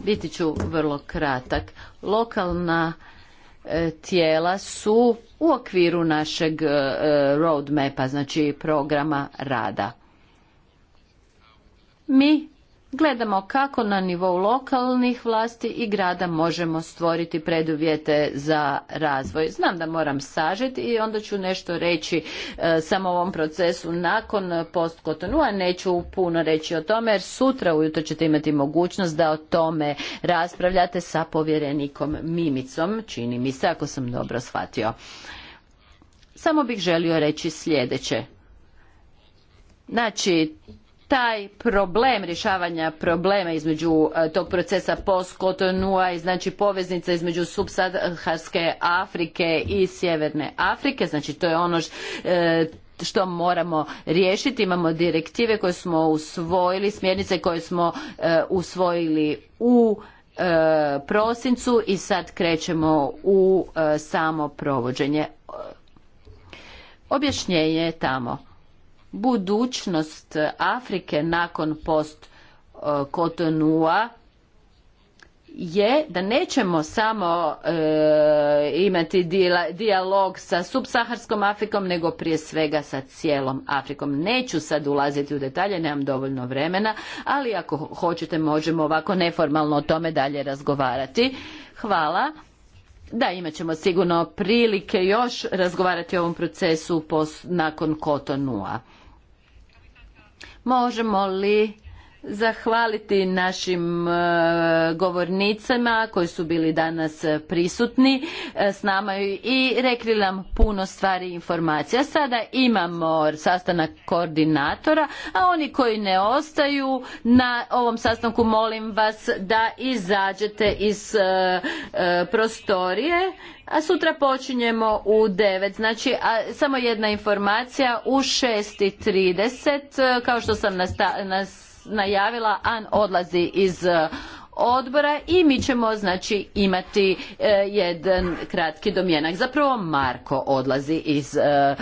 Biti ću vrlo kratak. Lokalna e, tijela su u okviru našeg e, roadmapa, znači programa rada. Mi gledamo kako na nivou lokalnih vlasti i grada možemo stvoriti preduvjete za razvoj. Znam da moram sažeti i onda ću nešto reći e, samo ovom procesu nakon postkotonu, a Neću puno reći o tome jer sutra ujutro ćete imati mogućnost da o tome raspravljate sa povjerenikom Mimicom. Čini mi se ako sam dobro shvatio. Samo bih želio reći sljedeće. Znači, taj problem rješavanja problema između e, tog procesa post i znači poveznica između subsaharske Afrike i sjeverne Afrike, znači to je ono e, što moramo riješiti. Imamo direktive koje smo usvojili, smjernice koje smo e, usvojili u prosincu i sad krećemo u samo provođenje. Objašnjenje je tamo budućnost Afrike nakon post Kotonua je da nećemo samo e, imati dijalog sa subsaharskom Afrikom, nego prije svega sa cijelom Afrikom. Neću sad ulaziti u detalje, nemam dovoljno vremena, ali ako hoćete možemo ovako neformalno o tome dalje razgovarati. Hvala. Da, imat ćemo sigurno prilike još razgovarati o ovom procesu pos nakon Kotonua. Možemo li zahvaliti našim e, govornicama koji su bili danas prisutni e, s nama i rekli nam puno stvari i informacija. Sada imamo sastanak koordinatora, a oni koji ne ostaju na ovom sastanku molim vas da izađete iz e, prostorije a sutra počinjemo u 9. Znači, a, samo jedna informacija, u 6.30, kao što sam nas najavila an odlazi iz e, odbora i mi ćemo znači imati e, jedan kratki domjenak zapravo marko odlazi iz e,